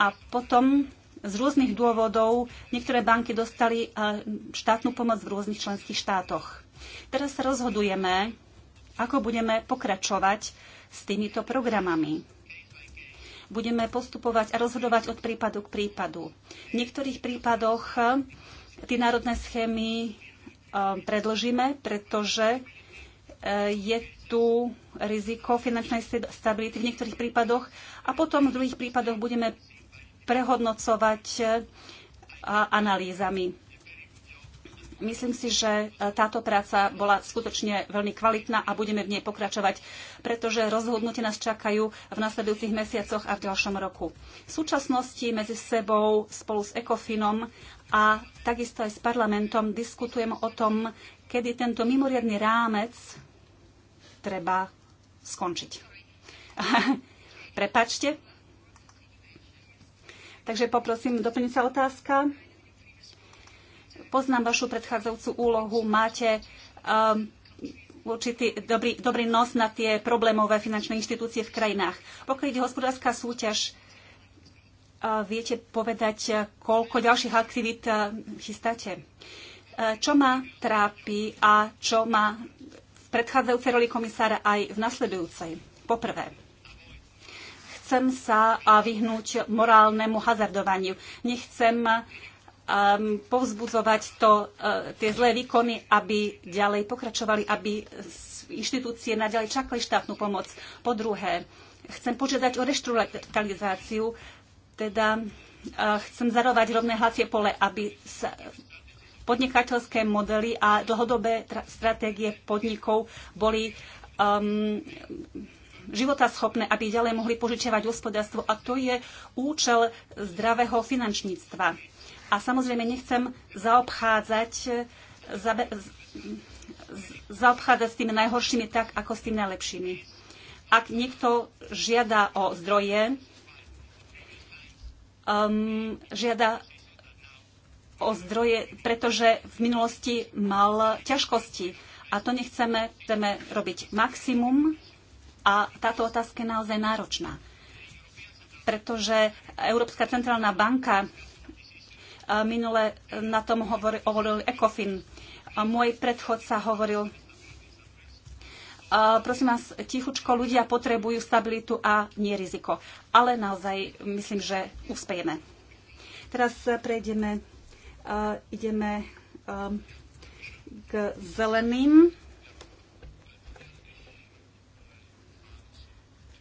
A potom z rôznych dôvodov niektoré banky dostali e, štátnu pomoc v rôznych členských štátoch. Teraz sa rozhodujeme, ako budeme pokračovať s týmito programami. Budeme postupovať a rozhodovať od prípadu k prípadu. V niektorých prípadoch e, tie národné schémy Um, predlžíme, pretože uh, je tu riziko finančnej stability v niektorých prípadoch a potom v druhých prípadoch budeme prehodnocovať uh, analýzami. Myslím si, že e, táto práca bola skutočne veľmi kvalitná a budeme v nej pokračovať, pretože rozhodnutie nás čakajú v nasledujúcich mesiacoch a v ďalšom roku. V súčasnosti medzi sebou spolu s ECOFINom a takisto aj s parlamentom diskutujem o tom, kedy tento mimoriadný rámec treba skončiť. [laughs] Prepačte. Takže poprosím, doplniť sa otázka poznám vašu predchádzajúcu úlohu, máte um, určitý dobrý, dobrý nos na tie problémové finančné inštitúcie v krajinách. Pokiaľ ide hospodárska súťaž, uh, viete povedať, uh, koľko ďalších aktivít uh, chystáte? Čo ma trápi a čo ma v predchádzajúcej roli komisára aj v nasledujúcej? Poprvé, chcem sa vyhnúť morálnemu hazardovaniu. Nechcem um, povzbudzovať to, uh, tie zlé výkony, aby ďalej pokračovali, aby inštitúcie naďalej čakali štátnu pomoc. Po druhé, chcem požiadať o reštrukturalizáciu, teda uh, chcem zarovať rovné hlasie pole, aby sa podnikateľské modely a dlhodobé stratégie podnikov boli um, životaschopné, aby ďalej mohli požičiavať hospodárstvo. A to je účel zdravého finančníctva a samozrejme nechcem zaobchádzať, e, zabe, zaobchádzať s tými najhoršími tak, ako s tými najlepšími. Ak niekto žiada o zdroje, um, žiada o zdroje, pretože v minulosti mal ťažkosti. A to nechceme, chceme robiť maximum a táto otázka je naozaj náročná. Pretože Európska centrálna banka Minule na tom hovoril, hovoril ECOFIN. Môj predchodca hovoril, prosím vás, tichučko, ľudia potrebujú stabilitu a nie riziko. Ale naozaj myslím, že uspejeme. Teraz prejdeme, ideme k zeleným.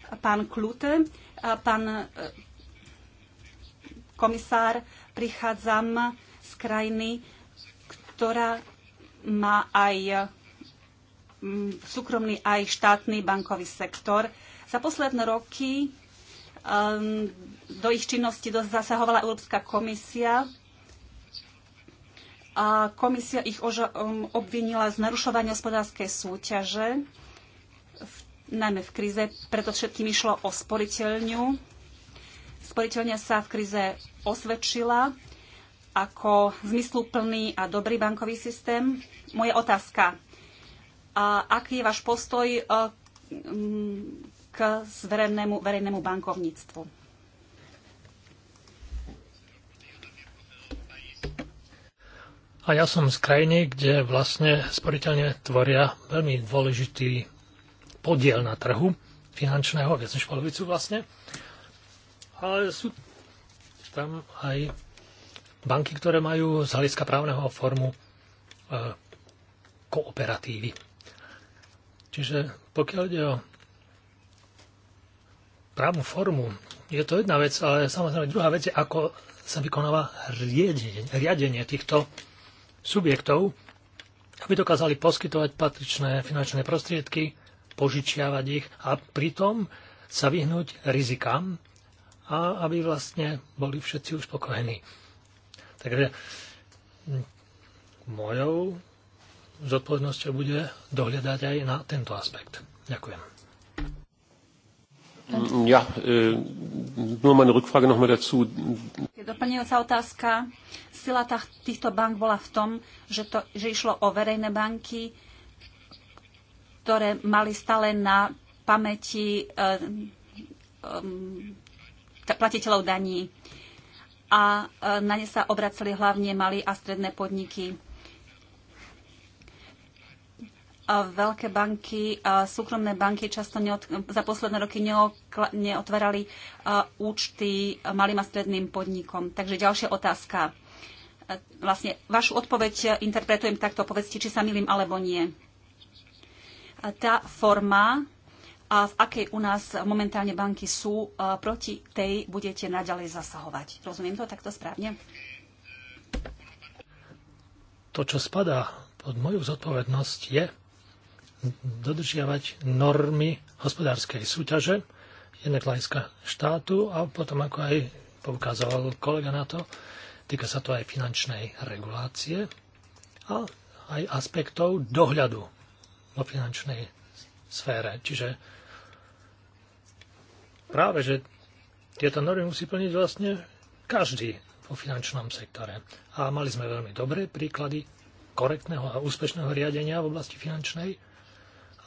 Pán Klute, pán e, komisár prichádzam z krajiny, ktorá má aj mm, súkromný aj štátny bankový sektor. Za posledné roky um, do ich činnosti zasahovala Európska komisia a komisia ich ehm, obvinila z narušovania hospodárskej súťaže, v, najmä v kríze. Preto všetkým išlo o sporiteľňu sporiteľňa sa v krize osvedčila ako zmysluplný a dobrý bankový systém. Moje otázka. A aký je váš postoj e, k zverejnému, verejnému bankovníctvu? A ja som z krajiny, kde vlastne sporiteľne tvoria veľmi dôležitý podiel na trhu finančného, viac než polovicu vlastne ale sú tam aj banky, ktoré majú z hľadiska právneho formu e, kooperatívy. Čiže pokiaľ ide o právnu formu, je to jedna vec, ale samozrejme druhá vec je, ako sa vykonáva riadenie, riadenie týchto subjektov, aby dokázali poskytovať patričné finančné prostriedky, požičiavať ich a pritom sa vyhnúť rizikám, a aby vlastne boli všetci uspokojení. Takže mojou zodpovednosťou bude dohľadať aj na tento aspekt. Ďakujem. Ja, e, nur meine Rückfrage nochmal dazu. Doplňujúca otázka. Sila týchto bank bola v tom, že, to, že išlo o verejné banky, ktoré mali stále na pamäti e, um, platiteľov daní. A e, na ne sa obracali hlavne malí a stredné podniky. A veľké banky, a súkromné banky často neot- za posledné roky neotvárali účty malým a stredným podnikom. Takže ďalšia otázka. E, vlastne vašu odpoveď interpretujem takto. Povedzte, či sa milím alebo nie. Tá forma a v akej u nás momentálne banky sú, e, proti tej budete naďalej zasahovať. Rozumiem to takto správne? To, čo spadá pod moju zodpovednosť, je dodržiavať normy hospodárskej súťaže, jednak hľadiska štátu a potom, ako aj poukazoval kolega na to, týka sa to aj finančnej regulácie a aj aspektov dohľadu vo finančnej sfére. Čiže práve, že tieto normy musí plniť vlastne každý vo finančnom sektore. A mali sme veľmi dobré príklady korektného a úspešného riadenia v oblasti finančnej,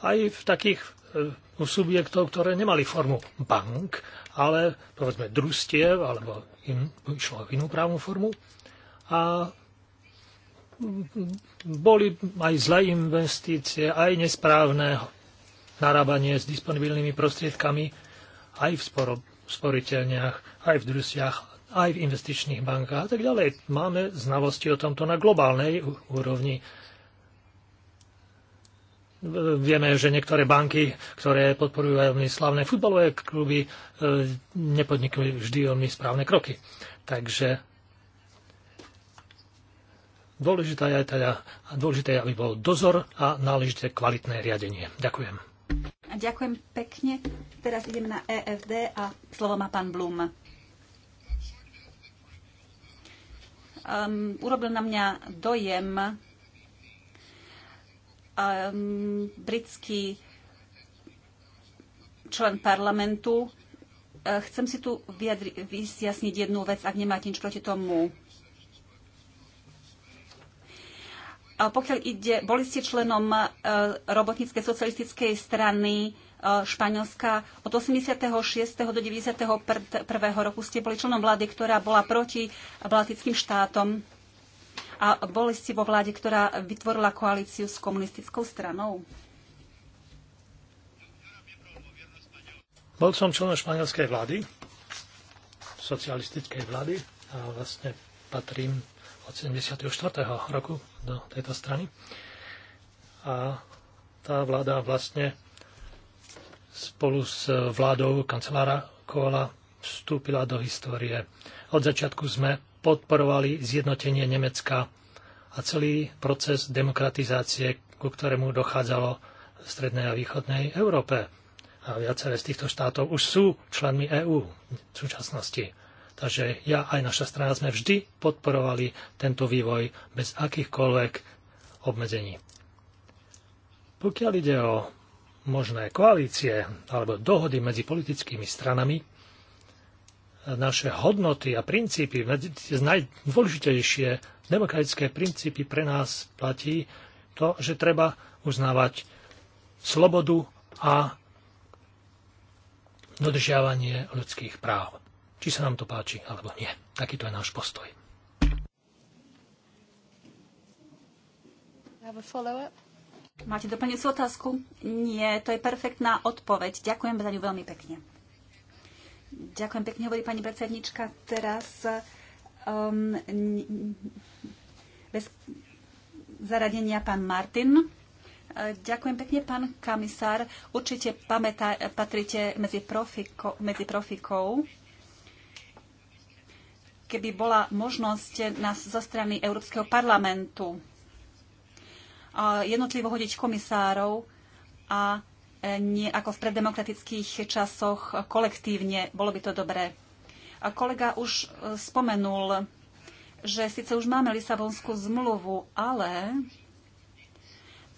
aj v takých e, u subjektov, ktoré nemali formu bank, ale povedzme družstiev, alebo im išlo inú právnu formu. A boli aj zlé investície, aj nesprávne narábanie s disponibilnými prostriedkami aj v sporo, sporiteľniach, aj v družstiach, aj v investičných bankách a tak ďalej. Máme znalosti o tomto na globálnej úrovni. Vieme, že niektoré banky, ktoré podporujú aj veľmi slavné futbalové kluby, e, nepodnikujú vždy veľmi správne kroky. Takže dôležité je, teda, dôležité je, aby bol dozor a náležité kvalitné riadenie. Ďakujem. Ďakujem pekne. Teraz ideme na EFD a slovo má pán Blum. Um, urobil na mňa dojem um, britský člen parlamentu. Uh, chcem si tu vyjasniť jednu vec, ak nemáte nič proti tomu. Eh, pokiaľ ide, boli ste členom eh, robotníckej socialistickej strany eh, Španielska. Od 86. do 91. roku ste boli členom vlády, ktorá bola proti baltickým štátom a boli ste vo vláde, ktorá vytvorila koalíciu s komunistickou stranou? Bol som členom španielskej vlády, socialistickej vlády a vlastne patrím od 74. roku do tejto strany. A tá vláda vlastne spolu s vládou kancelára Kohola vstúpila do histórie. Od začiatku sme podporovali zjednotenie Nemecka a celý proces demokratizácie, ku ktorému dochádzalo v strednej a východnej Európe. A viaceré z týchto štátov už sú členmi EÚ v súčasnosti. Takže ja aj naša strana sme vždy podporovali tento vývoj bez akýchkoľvek obmedzení. Pokiaľ ide o možné koalície alebo dohody medzi politickými stranami, naše hodnoty a princípy, najdôležitejšie demokratické princípy pre nás platí to, že treba uznávať slobodu a dodržiavanie ľudských práv či sa nám to páči alebo nie. Takýto je náš postoj. Máte doplňujúcu otázku? Nie, to je perfektná odpoveď. Ďakujem za ňu veľmi pekne. Ďakujem pekne, hovorí pani predsednička. Teraz um, bez zaradenia pán Martin. E, ďakujem pekne, pán komisár. Určite pamätá, patrite medzi, profiko, medzi profikov keby bola možnosť nás zo strany Európskeho parlamentu jednotlivo hodiť komisárov a e, nie ako v preddemokratických časoch kolektívne. Bolo by to dobré. A kolega už e, spomenul, že síce už máme Lisabonskú zmluvu, ale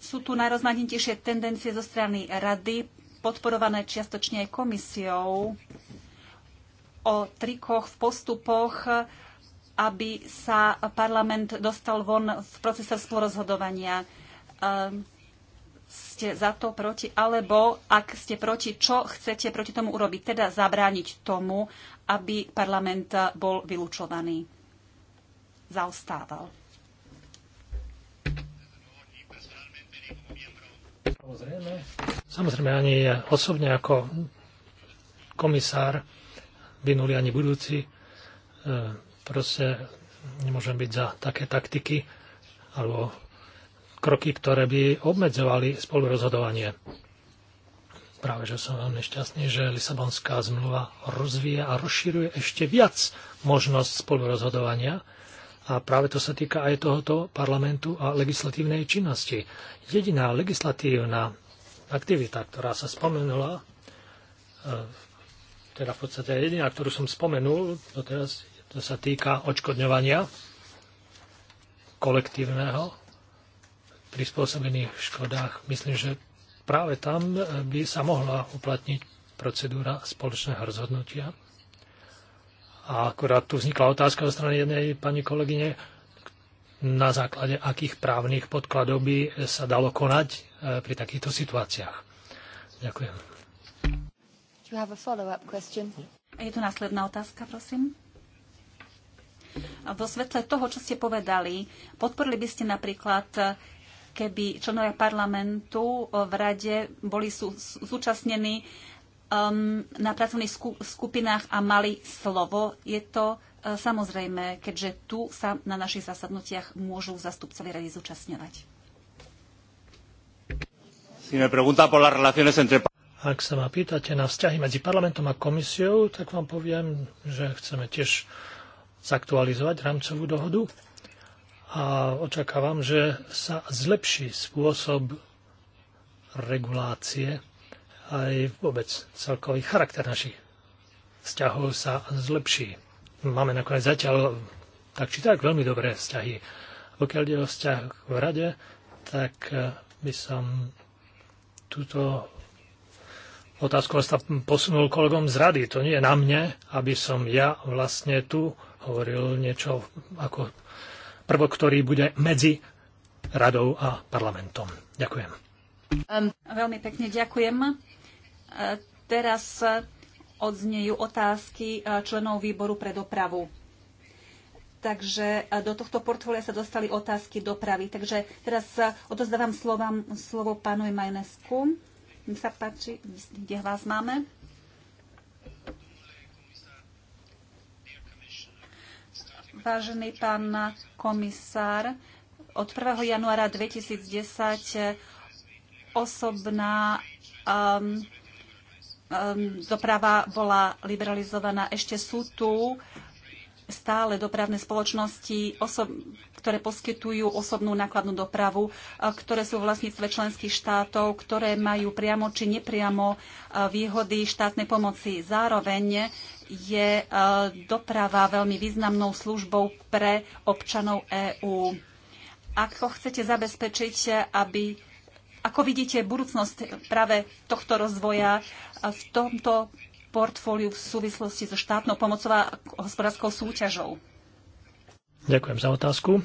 sú tu najrozmanitejšie tendencie zo strany rady, podporované čiastočne aj komisiou, o trikoch v postupoch, aby sa parlament dostal von v procese spolurozhodovania. Ehm, ste za to proti, alebo ak ste proti, čo chcete proti tomu urobiť? Teda zabrániť tomu, aby parlament bol vylúčovaný, zaostával. Samozrejme, samozrejme ani osobne ako komisár minulý ani budúci. E, proste nemôžem byť za také taktiky alebo kroky, ktoré by obmedzovali spolurozhodovanie. Práve, že som veľmi šťastný, že Lisabonská zmluva rozvíja a rozširuje ešte viac možnosť spolurozhodovania a práve to sa týka aj tohoto parlamentu a legislatívnej činnosti. Jediná legislatívna aktivita, ktorá sa spomenula v e, teda v podstate jediná, ktorú som spomenul, to teraz to sa týka odškodňovania kolektívneho prispôsobených škodách. Myslím, že práve tam by sa mohla uplatniť procedúra spoločného rozhodnutia. A akurát tu vznikla otázka zo strany jednej pani kolegyne, na základe akých právnych podkladov by sa dalo konať eh, pri takýchto situáciách. Ďakujem you have a follow-up question. Je tu následná otázka, prosím. Vo svetle toho, čo ste povedali, podporili by ste napríklad, keby členovia parlamentu eh, v rade boli sú, zúčastnení um, na pracovných skupinách a mali slovo. Je to uh, samozrejme, keďže tu sa na našich zasadnutiach môžu zastupcovi rady zúčastňovať. Si me pregunta por las relaciones entre ak sa ma pýtate na vzťahy medzi parlamentom a komisiou, tak vám poviem, že chceme tiež zaktualizovať rámcovú dohodu a očakávam, že sa zlepší spôsob regulácie aj vôbec celkový charakter našich vzťahov sa zlepší. Máme nakoniec zatiaľ tak či tak veľmi dobré vzťahy. Pokiaľ ide o vzťah v rade, tak eh, by som túto otázku sa posunul kolegom z rady. To nie je na mne, aby som ja vlastne tu hovoril niečo ako prvok, ktorý bude medzi radou a parlamentom. Ďakujem. Um, veľmi pekne ďakujem. Uh, teraz uh, odznejú otázky uh, členov výboru pre dopravu. Takže uh, do tohto portfólia sa dostali otázky dopravy. Takže teraz odozdávam slovo pánovi Majnesku. Nech sa páči, kde vás máme? Vážený pán komisár, od 1. januára 2010 osobná um, um, doprava bola liberalizovaná. Ešte sú tu stále dopravné spoločnosti, osob, ktoré poskytujú osobnú nákladnú dopravu, ktoré sú vlastníctve členských štátov, ktoré majú priamo či nepriamo výhody štátnej pomoci. Zároveň je doprava veľmi významnou službou pre občanov EÚ. Ako chcete zabezpečiť, aby ako vidíte budúcnosť práve tohto rozvoja v tomto portfóliu v súvislosti so štátnou pomocou a hospodárskou súťažou? Ďakujem za otázku.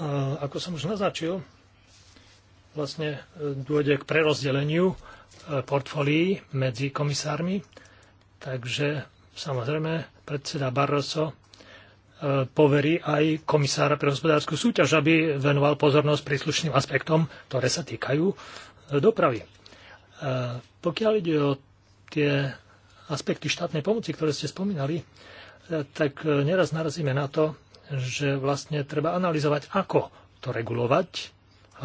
A ako som už naznačil, vlastne e, dôjde k prerozdeleniu e, portfólií medzi komisármi, takže samozrejme predseda Barroso e, poverí aj komisára pre hospodárskú súťaž, aby venoval pozornosť príslušným aspektom, ktoré sa týkajú dopravy. Pokiaľ ide o tie aspekty štátnej pomoci, ktoré ste spomínali, tak e, neraz narazíme na to, že vlastne treba analyzovať, ako to regulovať,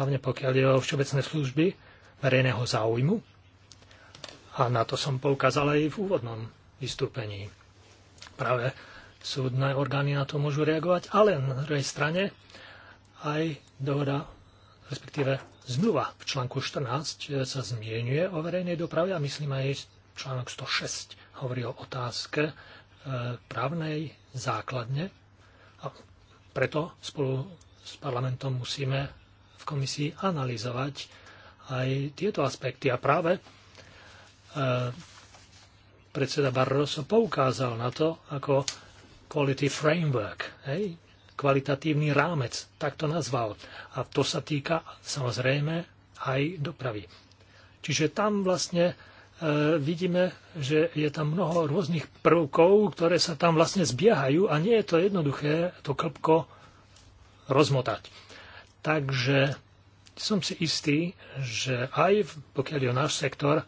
hlavne pokiaľ je o všeobecné služby verejného záujmu. A na to som poukázal aj v úvodnom vystúpení. Práve súdne orgány na to môžu reagovať, ale na druhej strane aj dohoda, respektíve zmluva v článku 14 e, sa zmienuje o verejnej doprave a myslím aj článok 106 hovorí o otázke E, právnej základne a preto spolu s parlamentom musíme v komisii analyzovať aj tieto aspekty. A práve e, predseda Barroso poukázal na to, ako quality framework, hej, kvalitatívny rámec, tak to nazval. A to sa týka samozrejme aj dopravy. Čiže tam vlastne E, vidíme, že je tam mnoho rôznych prvkov, ktoré sa tam vlastne zbiehajú a nie je to jednoduché to klpko rozmotať. Takže som si istý, že aj pokiaľ je o náš sektor,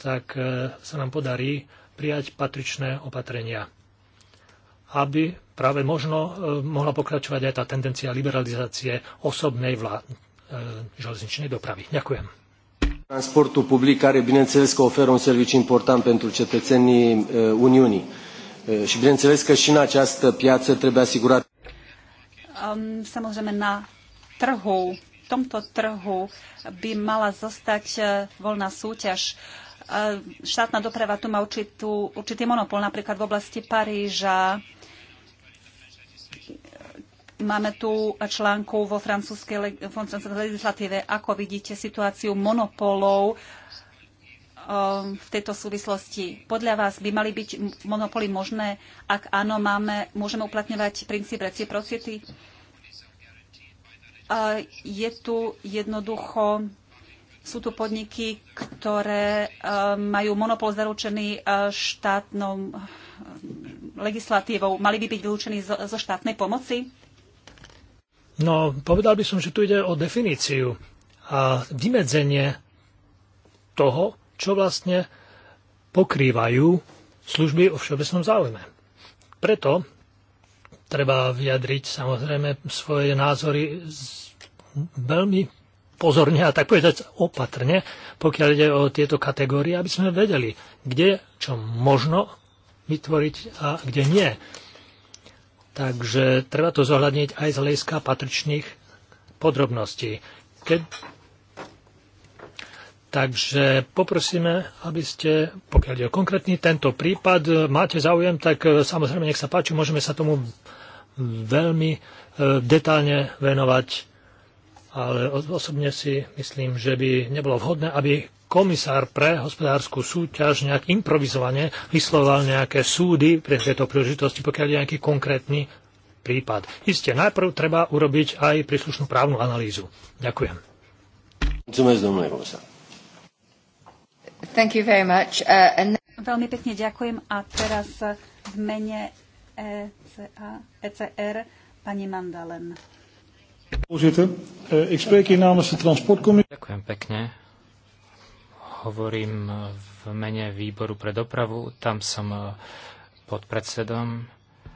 tak e, sa nám podarí prijať patričné opatrenia, aby práve možno e, mohla pokračovať aj tá tendencia liberalizácie osobnej vlády železničnej dopravy. Ďakujem. Transportul public care, bineînțeles, că oferă un serviciu important pentru cetățenii uh, Uniunii. Uh, și bineînțeles că și în această piață trebuie asigurat. Um, samozřejmě na trhu, tomto trhu by mala zostať uh, voľná súťaž. Štátna doprava tu má určitú, určitý monopol, napríklad v oblasti Paríža, Máme tu článku vo francúzskej legislatíve, ako vidíte situáciu monopolov um, v tejto súvislosti. Podľa vás by mali byť monopoly možné? Ak áno, máme, môžeme uplatňovať princíp reciprocity? Je tu jednoducho, sú tu podniky, ktoré um, majú monopol zaručený uh, štátnou um, legislatívou. Mali by byť vylúčení zo štátnej pomoci? No, povedal by som, že tu ide o definíciu a vymedzenie toho, čo vlastne pokrývajú služby o všeobecnom záujme. Preto treba vyjadriť samozrejme svoje názory veľmi pozorne a tak povedať opatrne, pokiaľ ide o tieto kategórie, aby sme vedeli, kde čo možno vytvoriť a kde nie. Takže treba to zohľadniť aj z hľadiska patričných podrobností. Keď... Takže poprosíme, aby ste, pokiaľ je konkrétny tento prípad, máte záujem, tak e, samozrejme nech sa páči, môžeme sa tomu veľmi e, detálne venovať, ale osobne si myslím, že by nebolo vhodné, aby komisár pre hospodárskú súťaž nejak improvizovane vysloval nejaké súdy pre tieto príležitosti, pokiaľ je nejaký konkrétny prípad. Isté, najprv treba urobiť aj príslušnú právnu analýzu. Ďakujem. Thank you very much. Uh, and... Veľmi pekne ďakujem a teraz v mene ECA, ECR pani Mandalen. Eh, ďakujem pekne hovorím v mene výboru pre dopravu, tam som e, pod predsedom.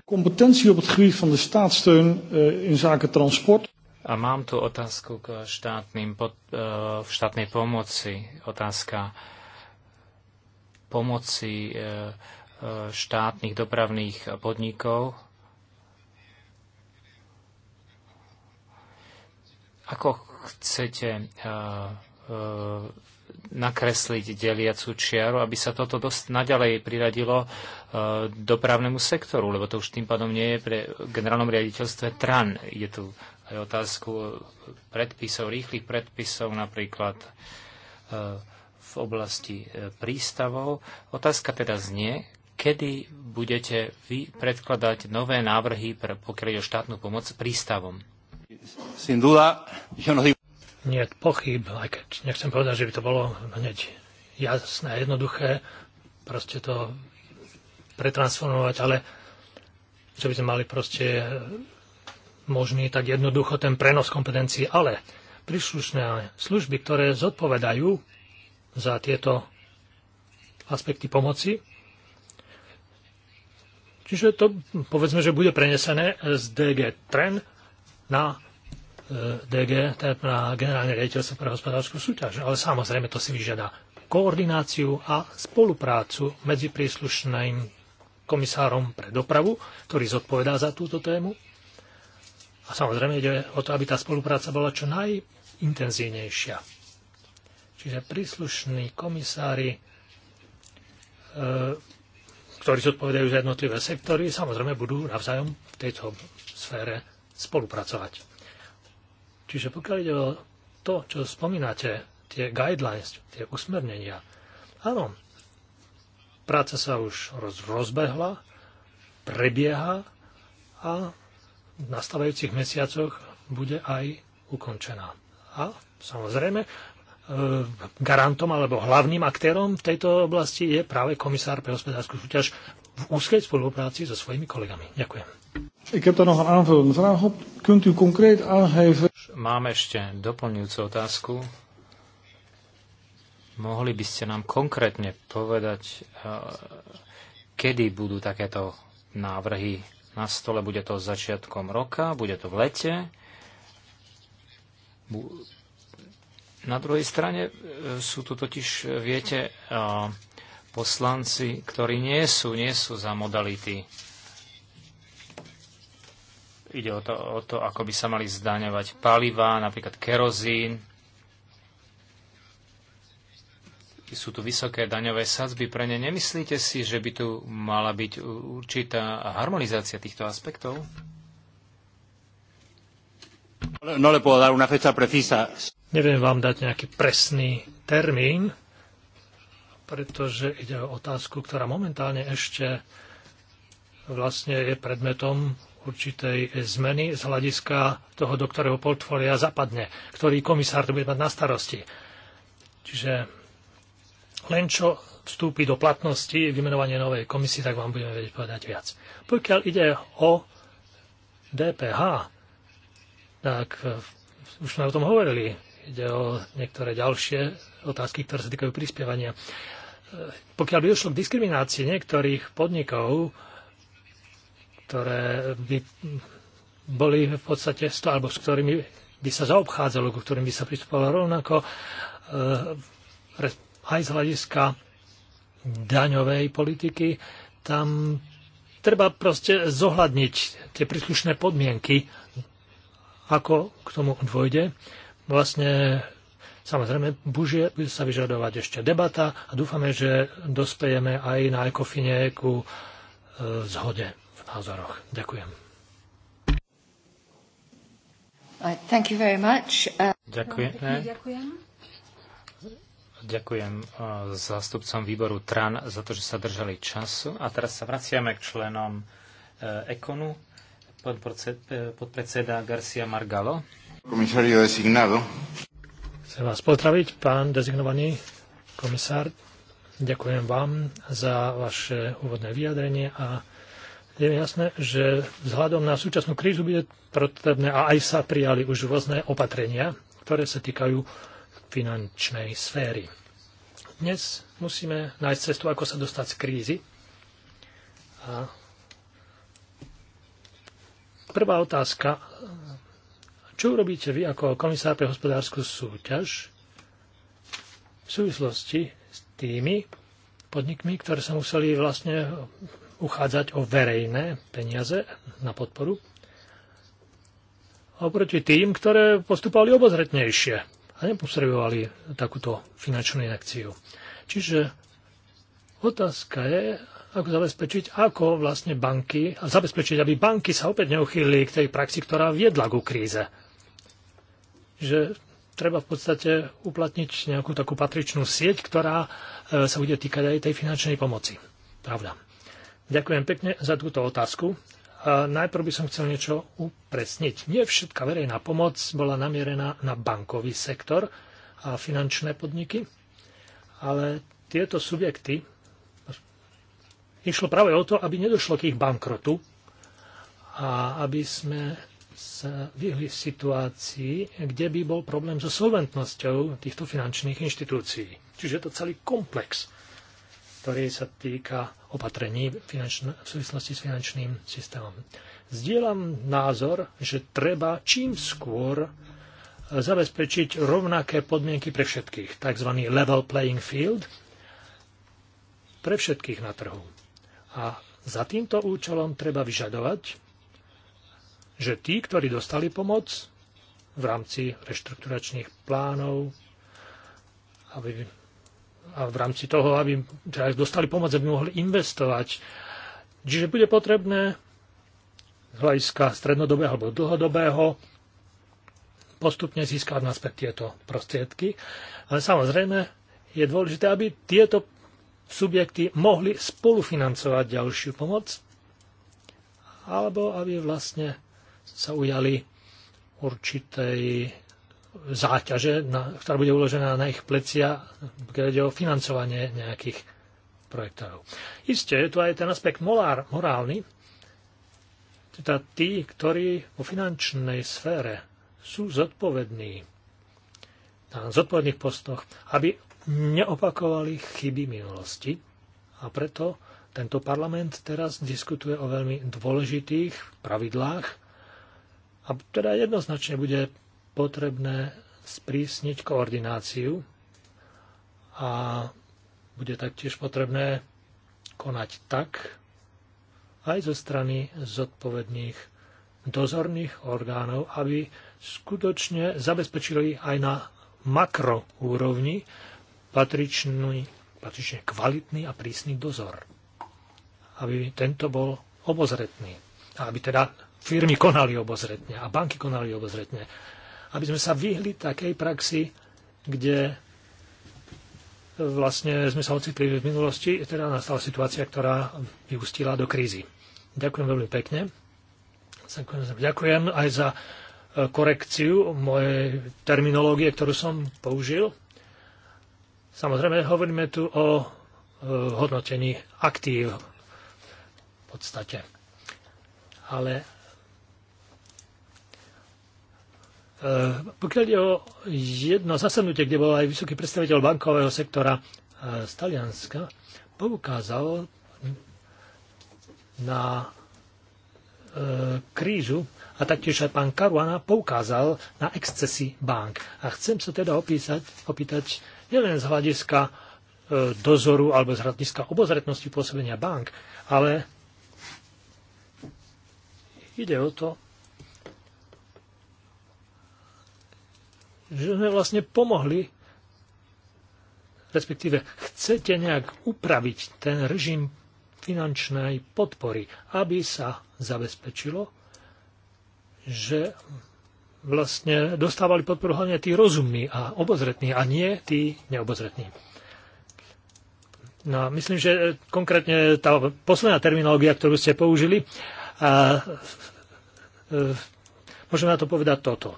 Kompetencie op het gebied van de staatssteun eh, in zaken transport. A mám tu otázku k štátnym, pod, e, v štátnej pomoci. Otázka pomoci e, štátnych dopravných podnikov. Ako chcete uh, nakresliť deliacu čiaru, aby sa toto dosť naďalej priradilo e, dopravnému sektoru, lebo to už tým pádom nie je pre generálnom riaditeľstve TRAN. Je tu aj otázku predpisov, rýchlych predpisov napríklad e, v oblasti e, prístavov. Otázka teda znie, kedy budete vy predkladať nové návrhy, pre, pokiaľ o štátnu pomoc prístavom? Sin duda, yo no digo nie je pochyb, aj keď nechcem povedať, že by to bolo hneď jasné a jednoduché, proste to pretransformovať, ale že by sme mali proste možný tak jednoducho ten prenos kompetencií, ale príslušné služby, ktoré zodpovedajú za tieto aspekty pomoci. Čiže to povedzme, že bude prenesené z DG Tren na E, DG, teda generálne riaditeľstvo pre hospodárskú súťaž. Ale samozrejme to si vyžiada koordináciu a spoluprácu medzi príslušným komisárom pre dopravu, ktorý zodpovedá za túto tému. A samozrejme ide o to, aby tá spolupráca bola čo najintenzívnejšia. Čiže príslušní komisári, e, ktorí zodpovedajú za jednotlivé sektory, samozrejme budú navzájom v tejto sfére spolupracovať. Čiže pokiaľ ide o to, čo spomínate, tie guidelines, tie usmernenia, áno, práca sa už roz, rozbehla, prebieha a v nastavajúcich mesiacoch bude aj ukončená. A samozrejme, e, garantom alebo hlavným aktérom v tejto oblasti je práve komisár pre hospodárskú súťaž v úzkej spolupráci so svojimi kolegami. Ďakujem. Ik heb daar nog een aanvullende vraag op. Kunt u concreet aangeven... Mám ešte doplňujúcu otázku. Mohli by ste nám konkrétne povedať, e, kedy budú takéto návrhy na stole? Bude to začiatkom roka? Bude to v lete? Na druhej strane e, sú tu totiž, e, viete, poslanci, ktorí nie sú, nie sú za modality Ide o to, o to, ako by sa mali zdaňovať paliva, napríklad kerozín. Sú tu vysoké daňové sadzby pre ne. Nemyslíte si, že by tu mala byť určitá harmonizácia týchto aspektov? No, no le puedo dar una fecha precisa. Neviem vám dať nejaký presný termín, pretože ide o otázku, ktorá momentálne ešte vlastne je predmetom určitej zmeny z hľadiska toho, do ktorého portfólia zapadne, ktorý komisár to bude mať na starosti. Čiže len čo vstúpi do platnosti vymenovanie novej komisie, tak vám budeme vedieť povedať viac. Pokiaľ ide o DPH, tak e, už sme o tom hovorili. Ide o niektoré ďalšie otázky, ktoré sa týkajú prispievania. E, pokiaľ by došlo k diskriminácii niektorých podnikov, ktoré by boli v podstate, alebo s ktorými by sa zaobchádzalo, ku ktorým by sa pristupovalo rovnako eh, aj z hľadiska daňovej politiky, tam treba proste zohľadniť tie príslušné podmienky, ako k tomu dôjde. Vlastne Samozrejme, bude sa vyžadovať ešte debata a dúfame, že dospejeme aj na ekofine ku e, zhode názoroch. Ďakujem. Thank you very much. Ďakujem. Ďakujem. Uh, zástupcom výboru TRAN za to, že sa držali času. A teraz sa vraciame k členom uh, EKONu. Uh, podpredseda Garcia Margalo. Komisario designado. Chcem vás pozdraviť, pán dezignovaný komisár. Ďakujem vám za vaše úvodné vyjadrenie a je jasné, že vzhľadom na súčasnú krízu bude potrebné a aj sa prijali už rôzne opatrenia, ktoré sa týkajú finančnej sféry. Dnes musíme nájsť cestu, ako sa dostať z krízy. A prvá otázka. Čo urobíte vy ako komisár pre hospodárskú súťaž v súvislosti s tými podnikmi, ktoré sa museli vlastne uchádzať o verejné peniaze na podporu oproti tým, ktoré postupovali obozretnejšie a nepotrebovali takúto finančnú inekciu. Čiže otázka je, ako zabezpečiť, ako vlastne banky, a zabezpečiť, aby banky sa opäť neuchýlili k tej praxi, ktorá viedla ku kríze. Že treba v podstate uplatniť nejakú takú patričnú sieť, ktorá e, sa bude týkať aj tej finančnej pomoci. Pravda. Ďakujem pekne za túto otázku. A najprv by som chcel niečo upresniť. Nie všetká verejná pomoc bola namierená na bankový sektor a finančné podniky, ale tieto subjekty išlo práve o to, aby nedošlo k ich bankrotu a aby sme sa vyhli v situácii, kde by bol problém so solventnosťou týchto finančných inštitúcií. Čiže je to celý komplex ktorý sa týka opatrení v súvislosti s finančným systémom. Zdieľam názor, že treba čím skôr zabezpečiť rovnaké podmienky pre všetkých, tzv. level playing field, pre všetkých na trhu. A za týmto účelom treba vyžadovať, že tí, ktorí dostali pomoc v rámci reštrukturačných plánov, aby a v rámci toho, aby teda dostali pomoc, aby mohli investovať. Čiže bude potrebné z hľadiska strednodobého alebo dlhodobého postupne získať naspäť tieto prostriedky. Ale samozrejme je dôležité, aby tieto subjekty mohli spolufinancovať ďalšiu pomoc alebo aby vlastne sa ujali určitej záťaže, na, ktorá bude uložená na ich plecia, keď ide o financovanie nejakých projektov. Isté, je tu aj ten aspekt molár, morálny, teda tí, ktorí vo finančnej sfére sú zodpovední na zodpovedných postoch, aby neopakovali chyby minulosti. A preto tento parlament teraz diskutuje o veľmi dôležitých pravidlách a teda jednoznačne bude potrebné sprísniť koordináciu a bude taktiež potrebné konať tak aj zo strany zodpovedných dozorných orgánov, aby skutočne zabezpečili aj na makroúrovni patričný, patrične kvalitný a prísny dozor. Aby tento bol obozretný. aby teda firmy konali obozretne a banky konali obozretne aby sme sa vyhli takej praxi, kde vlastne sme sa ocitli v minulosti, teda nastala situácia, ktorá vyústila do krízy. Ďakujem veľmi pekne. Ďakujem aj za e, korekciu mojej terminológie, ktorú som použil. Samozrejme, hovoríme tu o e, hodnotení aktív v podstate. Ale Eh, pokiaľ je o jedno zasadnutie, kde bol aj vysoký predstaviteľ bankového sektora eh, z Talianska, poukázal na eh, krízu a taktiež aj pán Karuana poukázal na excesy bank. A chcem sa teda opísať, opýtať nielen z hľadiska dozoru alebo z hľadiska obozretnosti pôsobenia bank, ale ide o to, že sme vlastne pomohli, respektíve chcete nejak upraviť ten režim finančnej podpory, aby sa zabezpečilo, že vlastne dostávali podporu hlavne tí rozumní a obozretní a nie tí neobozretní. No, myslím, že konkrétne tá posledná terminológia, ktorú ste použili, a, a, e, e, môžem na to povedať toto.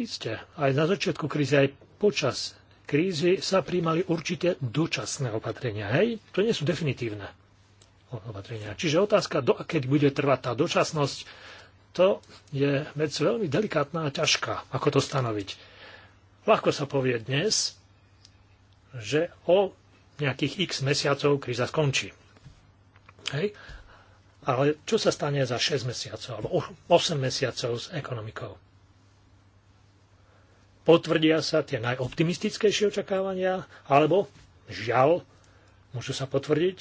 Isté, aj na začiatku krízy, aj počas krízy sa príjmali určité dočasné opatrenia. Hej, to nie sú definitívne opatrenia. Čiže otázka, do, keď bude trvať tá dočasnosť, to je vec veľmi delikátna a ťažká, ako to stanoviť. Ľahko sa povie dnes, že o nejakých x mesiacov kríza skončí. Hej? Ale čo sa stane za 6 mesiacov alebo 8 mesiacov s ekonomikou? potvrdia sa tie najoptimistickejšie očakávania, alebo žiaľ, môžu sa potvrdiť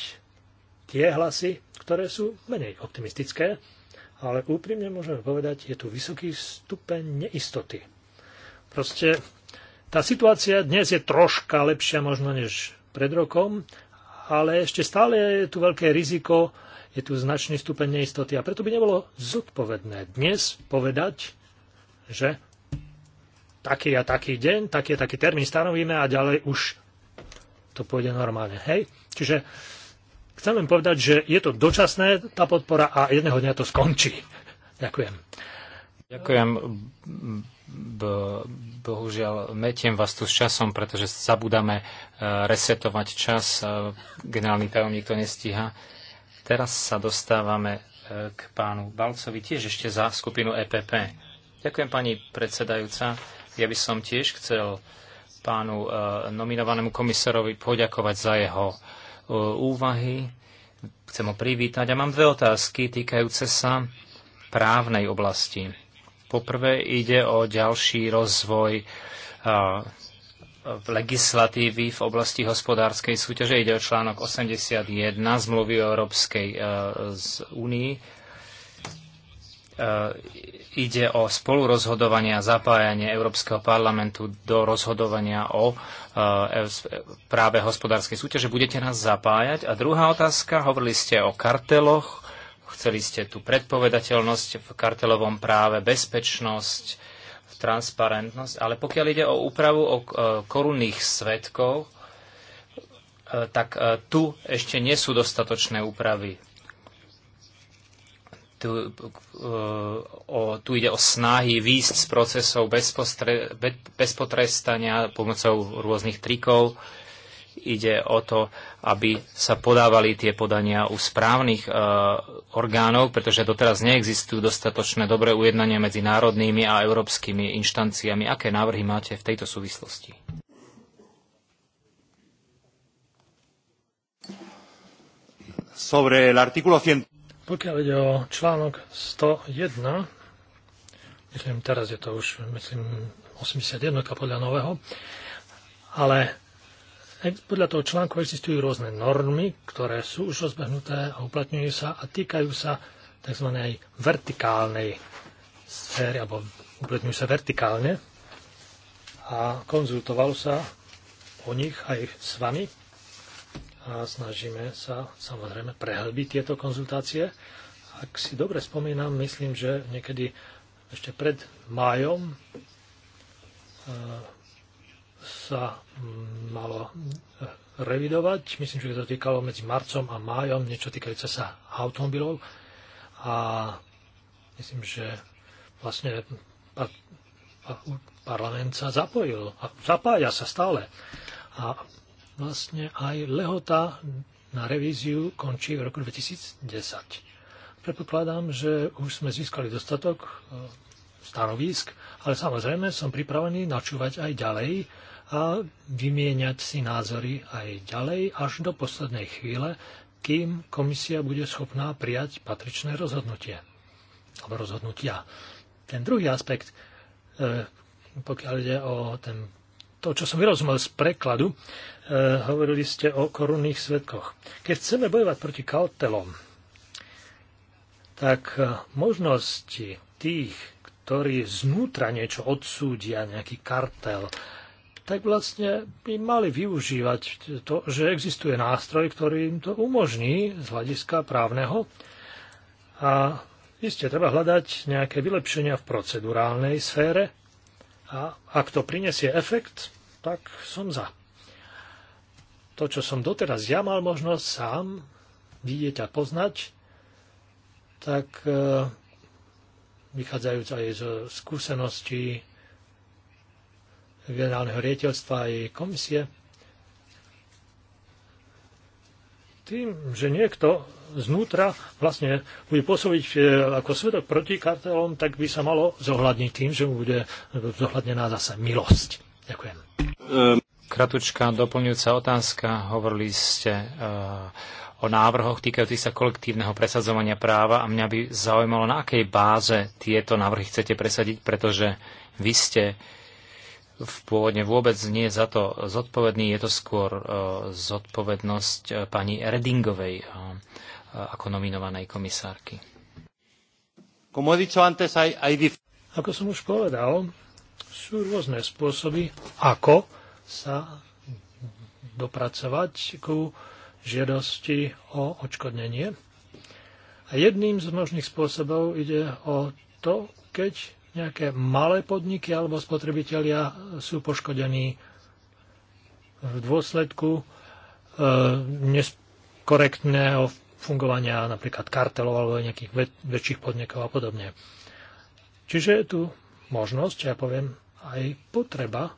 tie hlasy, ktoré sú menej optimistické, ale úprimne môžeme povedať, je tu vysoký stupeň neistoty. Proste tá situácia dnes je troška lepšia možno než pred rokom, ale ešte stále je tu veľké riziko, je tu značný stupeň neistoty a preto by nebolo zodpovedné dnes povedať, že taký a taký deň, taký a taký termín stanovíme a ďalej už to pôjde normálne. Hej? Čiže chcem len povedať, že je to dočasné tá podpora a jedného dňa to skončí. [laughs] Ďakujem. Ďakujem. Bohužiaľ, metiem vás tu s časom, pretože zabudáme e, resetovať čas. E, generálny tajomník to nestíha. Teraz sa dostávame e, k pánu Balcovi, tiež ešte za skupinu EPP. Ďakujem pani predsedajúca. Ja by som tiež chcel pánu e, nominovanému komisárovi poďakovať za jeho e, úvahy. Chcem ho privítať a mám dve otázky týkajúce sa právnej oblasti. Poprvé ide o ďalší rozvoj v e, legislatívy v oblasti hospodárskej súťaže. Ide o článok 81 zmluvy o Európskej únii ide o spolurozhodovanie a zapájanie Európskeho parlamentu do rozhodovania o eh, e, práve hospodárskej súťaže. Budete nás zapájať? A druhá otázka, hovorili ste o karteloch, chceli ste tú predpovedateľnosť v kartelovom práve, bezpečnosť, transparentnosť, ale pokiaľ ide o úpravu o eh, korunných svetkov, eh, tak tu ešte nie sú dostatočné úpravy tu, eh, o, tu ide o snahy výjsť z procesov bez, postre, bez potrestania pomocou rôznych trikov. Ide o to, aby sa podávali tie podania u správnych e, orgánov, pretože doteraz neexistujú dostatočné dobré ujednania medzi národnými a európskymi inštanciami. Aké návrhy máte v tejto súvislosti? Sobre el artículo 100. Pokiaľ ide o článok 101, myslím, teraz je to už, myslím, 81 podľa nového, ale podľa toho článku existujú rôzne normy, ktoré sú už rozbehnuté a uplatňujú sa a týkajú sa tzv. vertikálnej sféry, alebo uplatňujú sa vertikálne a konzultoval sa o nich aj s vami a snažíme sa samozrejme prehlbiť tieto konzultácie. Ak si dobre spomínam, myslím, že niekedy ešte pred májom eh, sa mm, malo eh, revidovať. Myslím, že to týkalo medzi marcom a májom, niečo týkajúce sa automobilov. A myslím, že vlastne parlament sa zapojil a zapája sa stále. A vlastne aj lehota na revíziu končí v roku 2010. Predpokladám, že už sme získali dostatok e, stanovisk, ale samozrejme som pripravený načúvať aj ďalej a vymieňať si názory aj ďalej až do poslednej chvíle, kým komisia bude schopná prijať patričné rozhodnutie. Alebo rozhodnutia. Ten druhý aspekt, e, pokiaľ ide o ten to, čo som vyrozumel z prekladu, e, hovorili ste o korunných svetkoch. Keď chceme bojovať proti kautelom, tak e, možnosti tých, ktorí znútra niečo odsúdia, nejaký kartel, tak vlastne by mali využívať to, že existuje nástroj, ktorý im to umožní z hľadiska právneho. A iste treba hľadať nejaké vylepšenia v procedurálnej sfére, a ak to prinesie efekt, tak som za. To, čo som doteraz ja mal možnosť sám vidieť a poznať, tak e, vychádzajúc aj zo skúseností generálneho riaditeľstva aj komisie, tým, že niekto znútra vlastne bude pôsobiť e, ako svedok proti kartelom, tak by sa malo zohľadniť tým, že mu bude zohľadnená zase milosť. Ďakujem. Ehm. Kratučka, doplňujúca otázka. Hovorili ste uh, o návrhoch týkajúcich sa kolektívneho presadzovania práva a mňa by zaujímalo, na akej báze tieto návrhy chcete presadiť, pretože vy ste uh, v pôvodne vôbec nie za to zodpovedný, je to skôr e, zodpovednosť e, pani Redingovej e, ako nominovanej komisárky. Ako som už povedal, sú rôzne spôsoby, ako sa dopracovať ku žiadosti o odškodnenie. A jedným z možných spôsobov ide o to, keď nejaké malé podniky alebo spotrebitelia sú poškodení v dôsledku e, neskorektného fungovania napríklad kartelov alebo nejakých väč väčších podnikov a podobne. Čiže je tu možnosť, ja poviem, aj potreba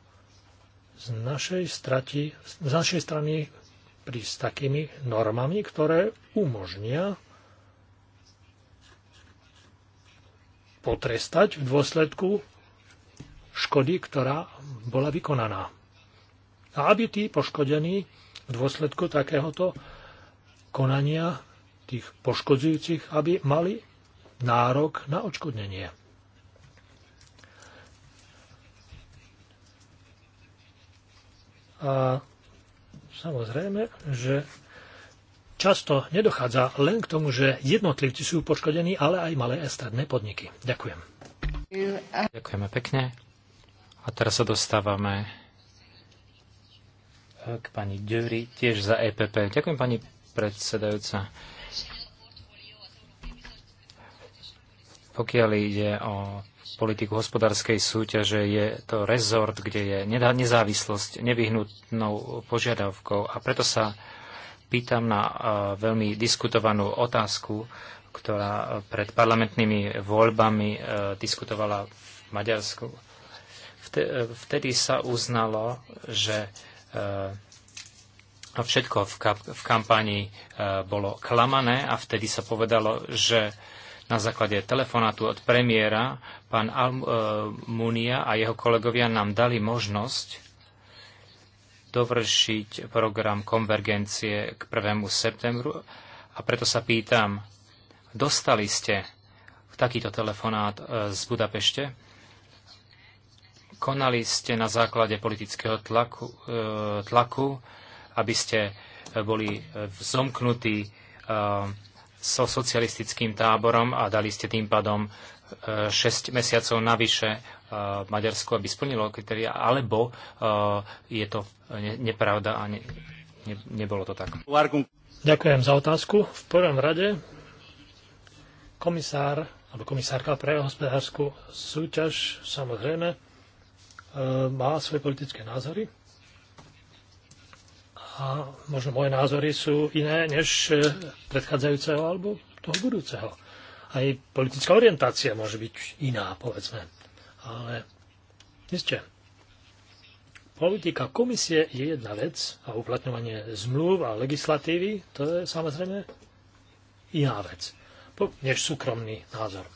z našej, strati, z našej strany prísť s takými normami, ktoré umožnia potrestať v dôsledku škody, ktorá bola vykonaná. A aby tí poškodení v dôsledku takéhoto konania tých poškodzujúcich, aby mali nárok na odškodnenie. A samozrejme, že často nedochádza len k tomu, že jednotlivci sú poškodení, ale aj malé a stredné podniky. Ďakujem. Ďakujeme pekne. A teraz sa dostávame e, k pani Dury, tiež za EPP. Ďakujem pani predsedajúca. Pokiaľ ide o politiku hospodárskej súťaže, je to rezort, kde je nezávislosť nevyhnutnou požiadavkou a preto sa pýtam na e, veľmi diskutovanú otázku, ktorá pred parlamentnými voľbami e, diskutovala v Maďarsku. E, vtedy sa uznalo, že všetko v kampani bolo klamané a vtedy sa povedalo, že na základe telefonátu od premiéra pán Almunia a jeho kolegovia nám dali možnosť dovršiť program konvergencie k 1. septembru. A preto sa pýtam, dostali ste takýto telefonát e, z Budapešte? Konali ste na základe politického tlaku, e, tlaku aby ste e, boli zomknutí so socialistickým táborom a dali ste tým pádom 6 mesiacov navyše Eh, Maďarsko, aby splnilo kritéria, alebo eh, je to nepravda a ne, ne, nebolo to tak. Ďakujem za otázku. V prvom rade komisár alebo komisárka pre hospodárskú súťaž samozrejme eh, má svoje politické názory a možno moje názory sú iné než predchádzajúceho alebo toho budúceho. Aj politická orientácia môže byť iná, povedzme. Ale ešte, politika komisie je jedna vec a uplatňovanie zmluv a legislatívy, to je samozrejme iná vec, než súkromný názor.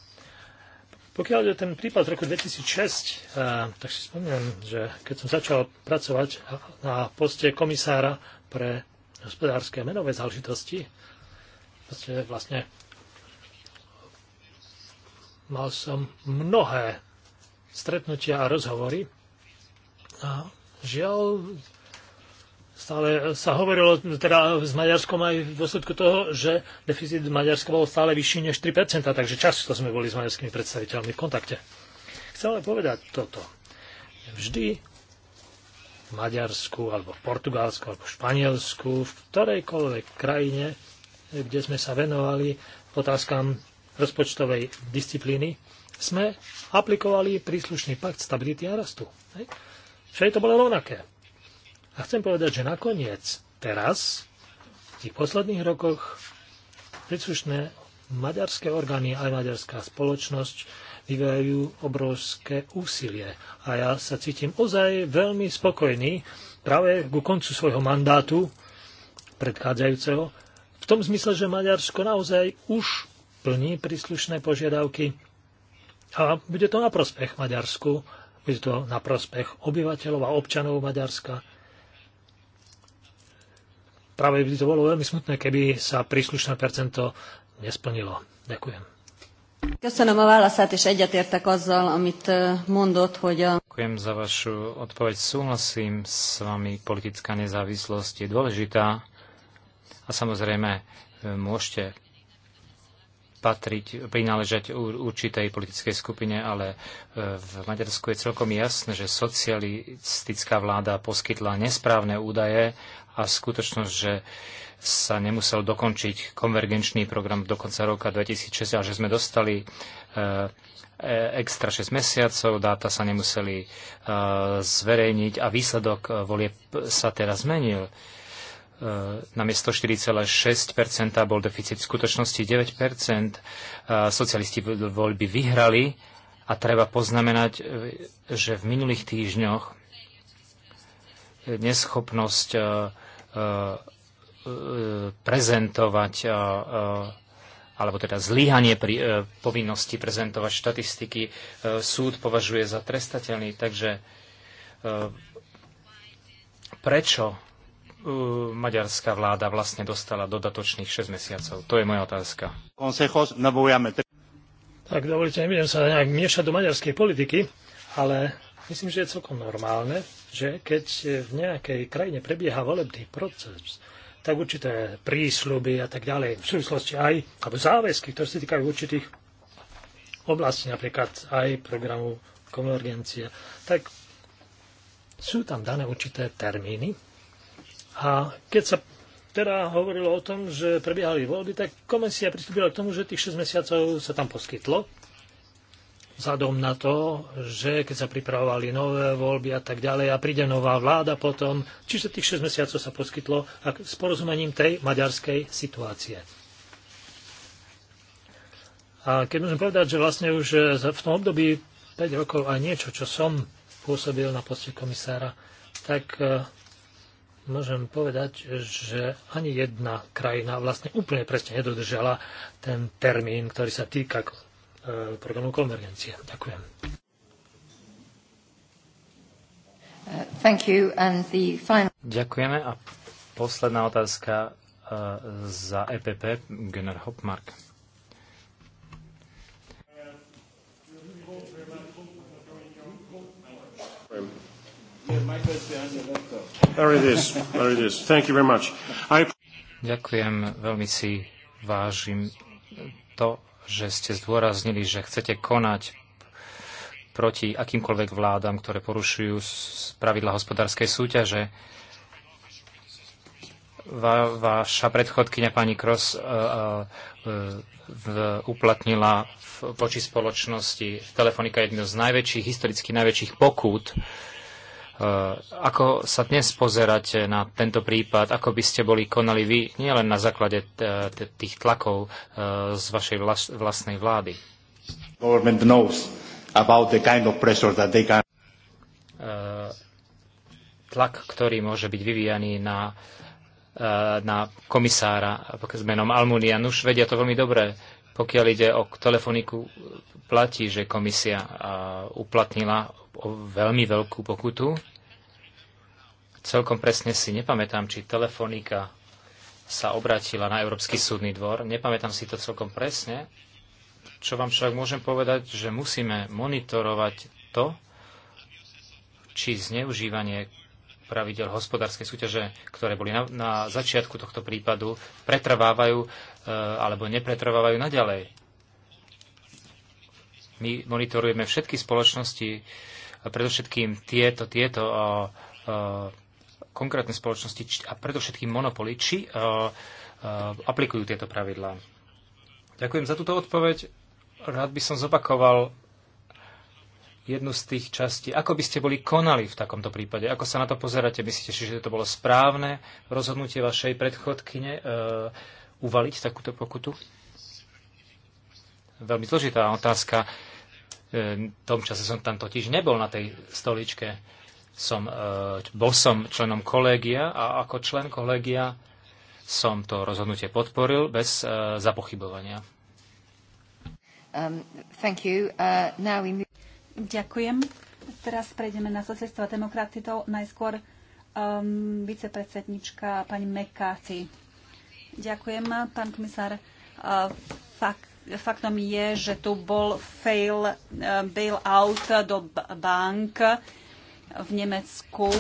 Pokiaľ je ten prípad z roku 2006, eh, tak si spomínam, že keď som začal pracovať na poste komisára pre hospodárske menové záležitosti, vlastne mal som mnohé stretnutia a rozhovory. A žiaľ, stále sa hovorilo teda s Maďarskom aj v dôsledku toho, že deficit Maďarska bol stále vyšší než 3%, takže často sme boli s maďarskými predstaviteľmi v kontakte. Chcem ale povedať toto. Vždy v Maďarsku, alebo v Portugalsku, alebo v Španielsku, v ktorejkoľvek krajine, kde sme sa venovali otázkam rozpočtovej disciplíny, sme aplikovali príslušný pakt stability a rastu. Hej. je to bolo rovnaké. A chcem povedať, že nakoniec, teraz, v tých posledných rokoch, príslušné maďarské orgány aj maďarská spoločnosť vyvíjajú obrovské úsilie. A ja sa cítim ozaj veľmi spokojný práve ku koncu svojho mandátu predchádzajúceho, v tom zmysle, že Maďarsko naozaj už plní príslušné požiadavky a bude to na prospech Maďarsku, bude to na prospech obyvateľov a občanov Maďarska. Práve by to bolo veľmi smutné, keby sa príslušné percento nesplnilo. Ďakujem. Köszönöm a válaszát, és egyetértek azzal, amit eh, mondott, hogy a... Ďakujem za vašu odpoveď. Súhlasím s vami, politická nezávislosť je dôležitá a samozrejme eh, môžete patriť, prináležať určitej politickej skupine, ale e, v Maďarsku je celkom jasné, že socialistická vláda poskytla nesprávne údaje a skutočnosť, že sa nemusel dokončiť konvergenčný program do konca roka 2006 a že sme dostali e, e, extra 6 mesiacov, dáta sa nemuseli zverejniť a výsledok volieb sa teraz zmenil E, namiesto 4,6 bol deficit v skutočnosti 9 e, Socialisti voľby vyhrali a treba poznamenať, e, že v minulých týždňoch neschopnosť prezentovať alebo teda zlíhanie pri povinnosti prezentovať štatistiky súd považuje za trestateľný. Takže prečo E, maďarská vláda vlastne dostala dodatočných 6 mesiacov? To je moja otázka. No tak dovolite, nebudem sa nejak miešať do maďarskej politiky, ale myslím, že je celkom normálne, že keď v nejakej krajine prebieha volebný proces, tak určité prísľuby a tak ďalej, v súvislosti aj, alebo záväzky, ktoré sa týkajú určitých oblastí, napríklad aj programu konvergencie, tak sú tam dané určité termíny, a keď sa teda hovorilo o tom, že prebiehali voľby, tak komisia pristúpila k tomu, že tých 6 mesiacov sa tam poskytlo. Vzhľadom na to, že keď sa pripravovali nové voľby a tak ďalej a príde nová vláda potom, čiže tých 6 mesiacov sa poskytlo s porozumením tej maďarskej situácie. A keď môžem povedať, že vlastne už eh, v tom období 5 rokov a niečo, čo som pôsobil na poste komisára, tak eh, môžem povedať, že ani jedna krajina vlastne úplne presne nedodržala ten termín, ktorý sa týka e, programu konvergencie. Ďakujem. Uh, final... Ďakujeme a posledná otázka e, za EPP, Gunnar Hopmark. Ďakujem, veľmi si vážim to, že ste zdôraznili, že chcete konať proti akýmkoľvek vládam, ktoré porušujú pravidla hospodárskej súťaže. Va, vaša predchodkynia pani Kros uh, e, uh, e, v, uplatnila v poči spoločnosti Telefonika jednu z najväčších, historicky najväčších pokút uh, Eh, ako sa dnes pozeráte na tento prípad? Ako by ste boli konali vy, nielen na základe eh, tých tlakov eh, z vašej vlastnej vlády? Tlak, ktorý môže byť vyvíjaný na, na komisára s menom Almunia. už vedia to veľmi dobre. Pokiaľ ide o telefoniku, platí, že komisia uplatnila veľmi veľkú pokutu. Celkom presne si nepamätám, či telefonika sa obratila na Európsky súdny dvor. Nepamätám si to celkom presne. Čo vám však môžem povedať, že musíme monitorovať to, či zneužívanie pravidel hospodárskej súťaže, ktoré boli na, na začiatku tohto prípadu, pretrvávajú e, alebo nepretrvávajú naďalej. My monitorujeme všetky spoločnosti, a predovšetkým tieto, tieto a, a, konkrétne spoločnosti či, a predovšetkým monopoly, či a, a, aplikujú tieto pravidlá. Ďakujem za túto odpoveď. Rád by som zopakoval jednu z tých častí. Ako by ste boli konali v takomto prípade? Ako sa na to pozeráte? Myslíte si, že to bolo správne rozhodnutie vašej predchodkyne e, uvaliť takúto pokutu? Veľmi zložitá otázka. E, v tom čase som tam totiž nebol na tej stoličke. Som, e, bol som členom kolégia a ako člen kolégia som to rozhodnutie podporil bez e, zapochybovania. Um, uh, we... Ďakujem. Teraz prejdeme na socialistov a demokratitov. Najskôr um, vicepredsednička pani Mekáci. Ďakujem, pán komisár. Uh, fakt, faktom je, že tu bol fail, eh, bail-out do bank v Nemecku.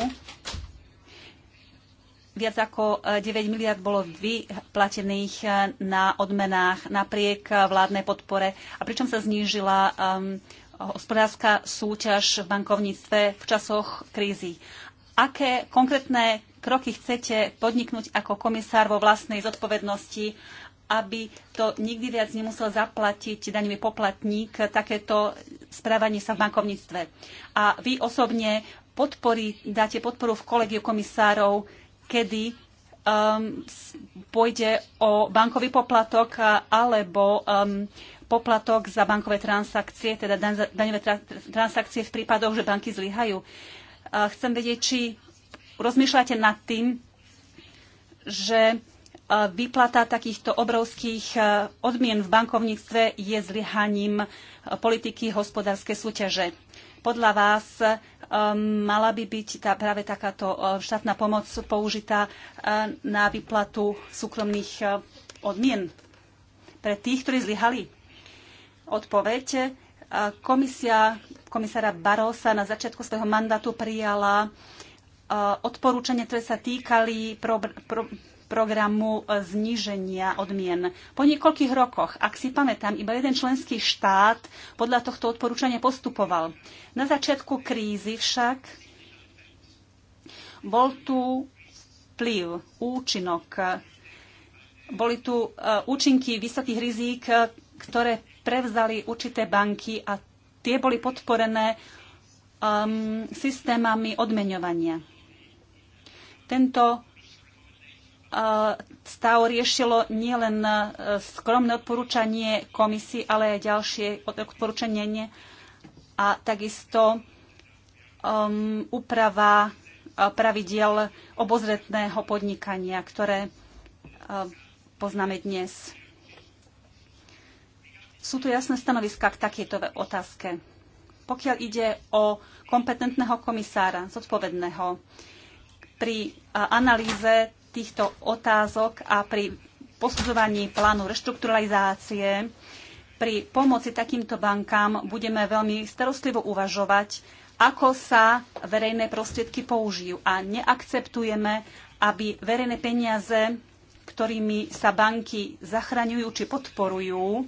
Viac ako 9 eh, miliard bolo vyplatených eh, na odmenách napriek vládnej podpore a pričom sa znížila ehm, hospodárska súťaž v bankovníctve v časoch krízy. Aké konkrétne kroky chcete podniknúť ako komisár vo vlastnej zodpovednosti, aby to nikdy viac nemusel zaplatiť daňový poplatník takéto správanie sa v bankovníctve. A vy osobne podporí, dáte podporu v kolegiu komisárov, kedy um, pôjde o bankový poplatok alebo um, poplatok za bankové transakcie, teda daňové tra transakcie v prípadoch, že banky zlyhajú. chcem vedieť, či rozmýšľate nad tým, že výplata takýchto obrovských e, odmien v bankovníctve je zlyhaním e, politiky hospodárskej súťaže. Podľa vás e, mala by byť tá, práve takáto štátna pomoc použitá na výplatu súkromných odmien pre tých, ktorí zlyhali? Odpoveď. Komisia komisára Barosa na začiatku svojho mandátu prijala odporúčania, ktoré sa týkali pro, pro, programu e, zníženia odmien. Po niekoľkých rokoch, ak si pamätám, iba jeden členský štát podľa tohto odporúčania postupoval. Na začiatku krízy však bol tu vplyv, účinok, boli tu e, účinky vysokých rizík, e, ktoré prevzali určité banky a tie boli podporené um, systémami odmeňovania. Tento E, stav riešilo nielen e, skromné odporúčanie komisie, ale aj ďalšie odporúčanie a takisto um, úprava e, pravidiel obozretného podnikania, ktoré poznáme dnes. Sú tu jasné stanoviská k takejto otázke. Pokiaľ ide o kompetentného komisára, zodpovedného, pri analýze týchto otázok a pri posudzovaní plánu reštrukturalizácie pri pomoci takýmto bankám budeme veľmi starostlivo uvažovať, ako sa verejné prostriedky použijú. A neakceptujeme, aby verejné peniaze, ktorými sa banky zachraňujú či podporujú,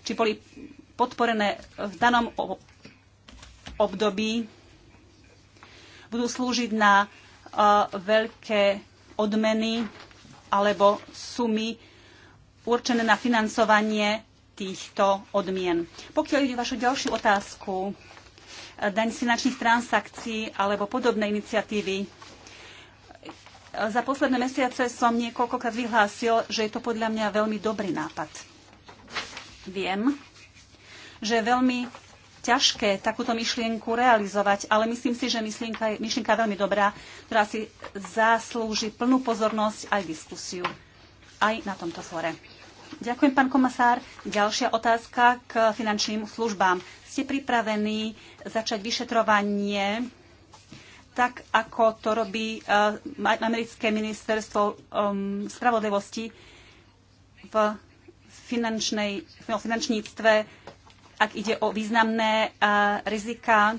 či boli podporené v danom období, budú slúžiť na e, veľké odmeny alebo sumy určené na financovanie týchto odmien. Pokiaľ ide vašu ďalšiu otázku, daň z finančných transakcií alebo podobné iniciatívy, za posledné mesiace som niekoľkokrát vyhlásil, že je to podľa mňa veľmi dobrý nápad. Viem, že veľmi ťažké takúto myšlienku realizovať, ale myslím si, že myšlienka, myšlienka je veľmi dobrá, ktorá si zaslúži plnú pozornosť aj diskusiu aj na tomto fóre. Ďakujem, pán komisár. Ďalšia otázka k finančným službám. Ste pripravení začať vyšetrovanie tak, ako to robí uh, americké ministerstvo um, spravodlivosti v finančnej, v finančníctve ak ide o významné e, rizika, e,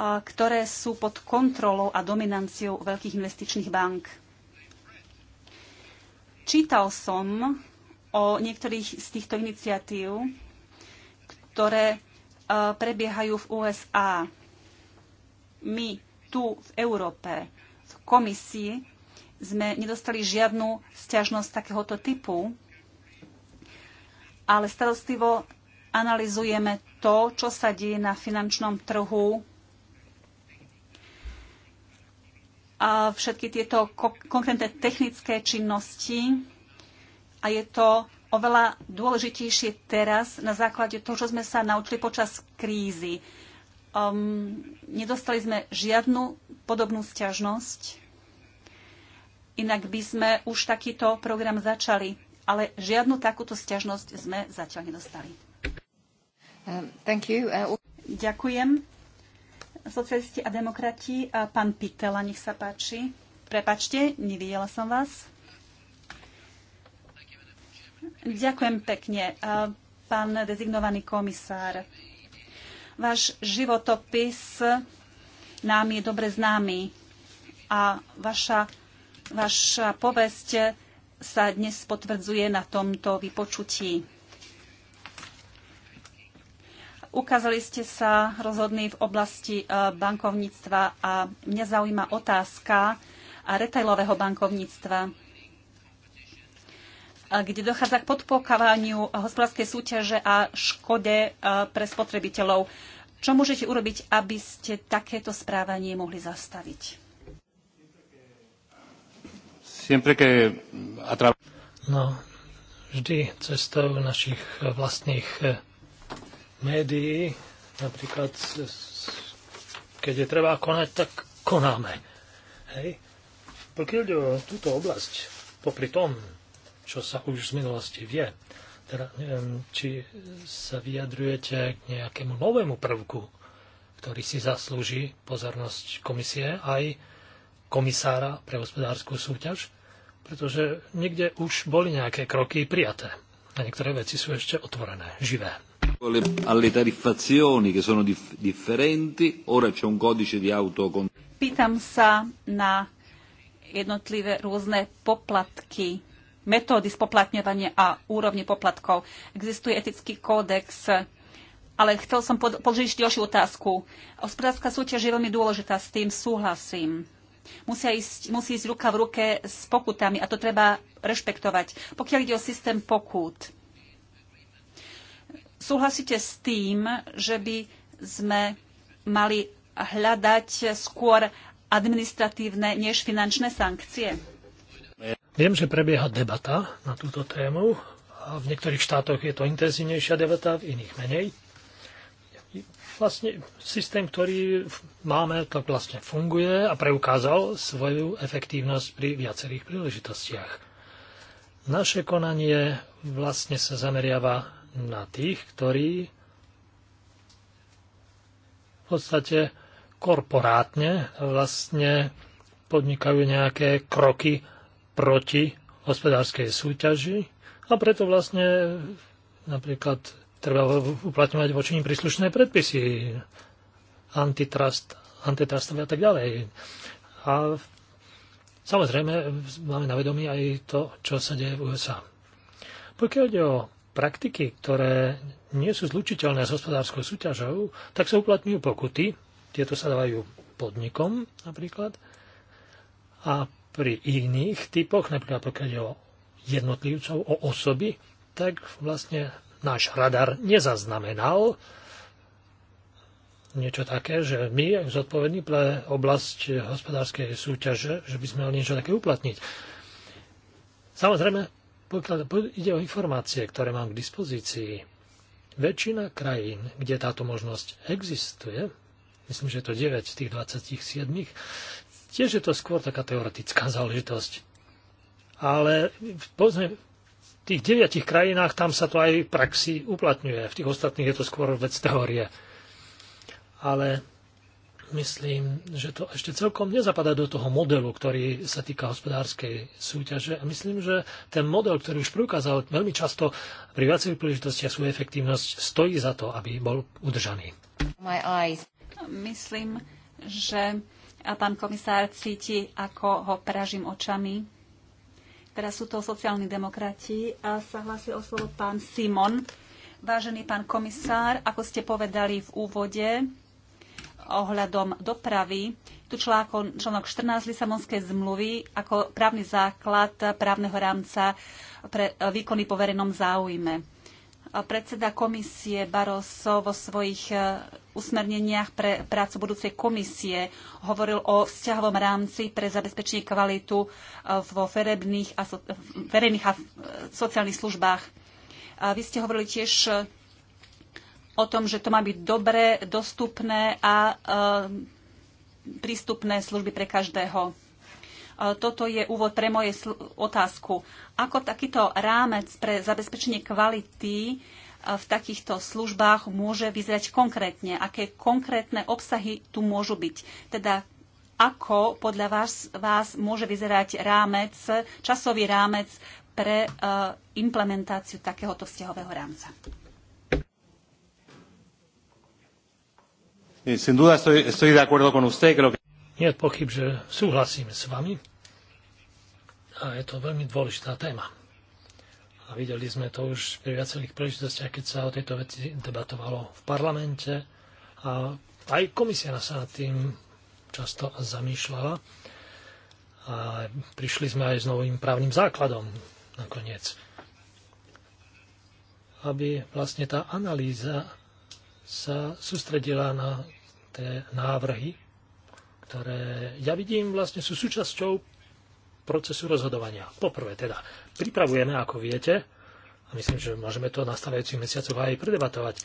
ktoré sú pod kontrolou a dominanciou veľkých investičných bank. Čítal som o niektorých z týchto iniciatív, ktoré e, prebiehajú v USA. My tu v Európe, v komisii, sme nedostali žiadnu stiažnosť takéhoto typu, ale starostlivo analizujeme to, čo sa deje na finančnom trhu a všetky tieto konkrétne technické činnosti a je to oveľa dôležitejšie teraz na základe toho, čo sme sa naučili počas krízy. Um, nedostali sme žiadnu podobnú sťažnosť, inak by sme už takýto program začali ale žiadnu takúto stiažnosť sme zatiaľ nedostali. Um, uh, Ďakujem. Socialisti a demokrati, pán Pitela, nech sa páči. Prepačte, nevidela som vás. Ďakujem pekne. Pán dezignovaný komisár, váš životopis nám je dobre známy a vaša, vaša povesť sa dnes potvrdzuje na tomto vypočutí. Ukázali ste sa rozhodný v oblasti e, bankovníctva a mňa zaujíma otázka a retailového bankovníctva, e, kde dochádza k podpokávaniu hospodárskej súťaže a škode e, pre spotrebiteľov. Čo môžete urobiť, aby ste takéto správanie mohli zastaviť? Siempre que No, vždy cestou našich vlastných eh, médií, napríklad keď je treba konať, tak konáme. Hej. Pokiaľ ide o túto oblasť, popri tom, čo sa už z minulosti vie, teda neviem, či sa vyjadrujete k nejakému novému prvku, ktorý si zaslúži pozornosť komisie aj komisára pre hospodárskú súťaž pretože niekde už boli nejaké kroky prijaté a niektoré veci sú ešte otvorené, živé. Pýtam sa na jednotlivé rôzne poplatky, metódy spoplatňovania a úrovne poplatkov. Existuje etický kódex, ale chcel som položiť ďalšiu otázku. Hospodárska súťaž je veľmi dôležitá, s tým súhlasím musia ísť, musí ísť ruka v ruke s pokutami a to treba rešpektovať. Pokiaľ ide o systém pokút, súhlasíte s tým, že by sme mali hľadať skôr administratívne než finančné sankcie? Viem, že prebieha debata na túto tému. A v niektorých štátoch je to intenzívnejšia debata, v iných menej vlastne systém, ktorý máme, tak vlastne funguje a preukázal svoju efektívnosť pri viacerých príležitostiach. Naše konanie vlastne sa zameriava na tých, ktorí v podstate korporátne vlastne podnikajú nejaké kroky proti hospodárskej súťaži a preto vlastne napríklad treba uplatňovať voči nim príslušné predpisy, antitrust, antitrustové a tak ďalej. A samozrejme máme na vedomí aj to, čo sa deje v USA. Pokiaľ ide o praktiky, ktoré nie sú zlučiteľné s hospodárskou súťažou, tak sa uplatňujú pokuty. Tieto sa dávajú podnikom napríklad. A pri iných typoch, napríklad pokiaľ ide o jednotlivcov, o osoby, tak vlastne náš radar nezaznamenal niečo také, že my, zodpovední pre oblasť hospodárskej súťaže, že by sme mali niečo také uplatniť. Samozrejme, pokiaľ ide o informácie, ktoré mám k dispozícii, väčšina krajín, kde táto možnosť existuje, myslím, že je to 9 z tých 27, tiež je to skôr taká teoretická záležitosť. Ale tých deviatich krajinách tam sa to aj v praxi uplatňuje. V tých ostatných je to skôr vec teórie. Ale myslím, že to ešte celkom nezapadá do toho modelu, ktorý sa týka hospodárskej súťaže. A myslím, že ten model, ktorý už preukázal veľmi často pri príležitosti a svoju efektívnosť, stojí za to, aby bol udržaný. No, myslím, že a pán komisár cíti, ako ho pražím očami Teraz sú to sociálni demokrati a sa hlási o slovo pán Simon. Vážený pán komisár, ako ste povedali v úvode ohľadom dopravy, tu článok 14 Lisabonskej zmluvy ako právny základ právneho rámca pre výkony po verejnom záujme. Predseda komisie Barroso vo svojich usmerneniach pre prácu budúcej komisie. Hovoril o vzťahovom rámci pre zabezpečenie kvalitu e, vo verejných a, so, verejných a e, sociálnych službách. A vy ste hovorili tiež e, o tom, že to má byť dobré, dostupné a prístupné služby pre každého. Toto je úvod pre moje otázku. Ako takýto rámec pre zabezpečenie kvality v takýchto službách môže vyzerať konkrétne, aké konkrétne obsahy tu môžu byť. Teda ako podľa vás, vás môže vyzerať rámec, časový rámec pre e, implementáciu takéhoto vzťahového rámca. Sin duda estoy, estoy de acuerdo con usted. Creo que... Nie je pochyb, že súhlasíme s vami a je to veľmi dôležitá téma a videli sme to už pri viacerých príležitostiach, keď sa o tejto veci debatovalo v parlamente a aj komisia sa nad tým často zamýšľala a prišli sme aj s novým právnym základom nakoniec. Aby vlastne tá analýza sa sústredila na tie návrhy, ktoré ja vidím vlastne sú súčasťou procesu rozhodovania. Poprvé teda, pripravujeme, ako viete, a myslím, že môžeme to nastávajúcich mesiacoch aj predebatovať,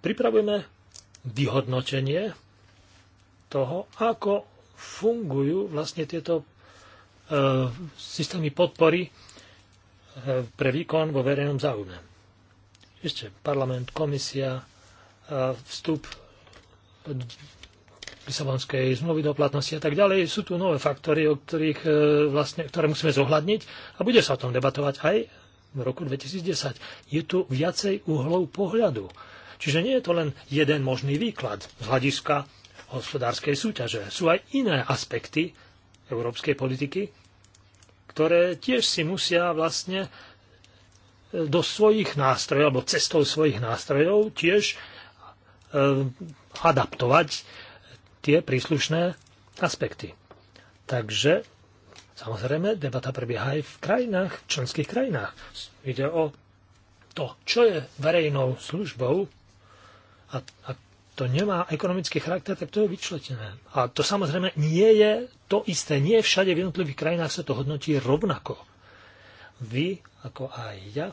pripravujeme vyhodnotenie toho, ako fungujú vlastne tieto e, systémy podpory e, pre výkon vo verejnom záujme. Ešte parlament, komisia, e, vstup Lisabonskej zmluvy do platnosti a tak ďalej. Sú tu nové faktory, o ktorých, e, vlastne, ktoré musíme zohľadniť a bude sa o tom debatovať aj v roku 2010. Je tu viacej uhlov pohľadu. Čiže nie je to len jeden možný výklad z hľadiska hospodárskej súťaže. Sú aj iné aspekty európskej politiky, ktoré tiež si musia vlastne e, do svojich nástrojov, alebo cestou svojich nástrojov tiež e, adaptovať tie príslušné aspekty. Takže samozrejme debata prebieha aj v krajinách, v členských krajinách. Ide o to, čo je verejnou službou a, a to nemá ekonomický charakter, tak to je vyčletené. A to samozrejme nie je to isté. Nie všade v jednotlivých krajinách sa to hodnotí rovnako. Vy, ako aj ja,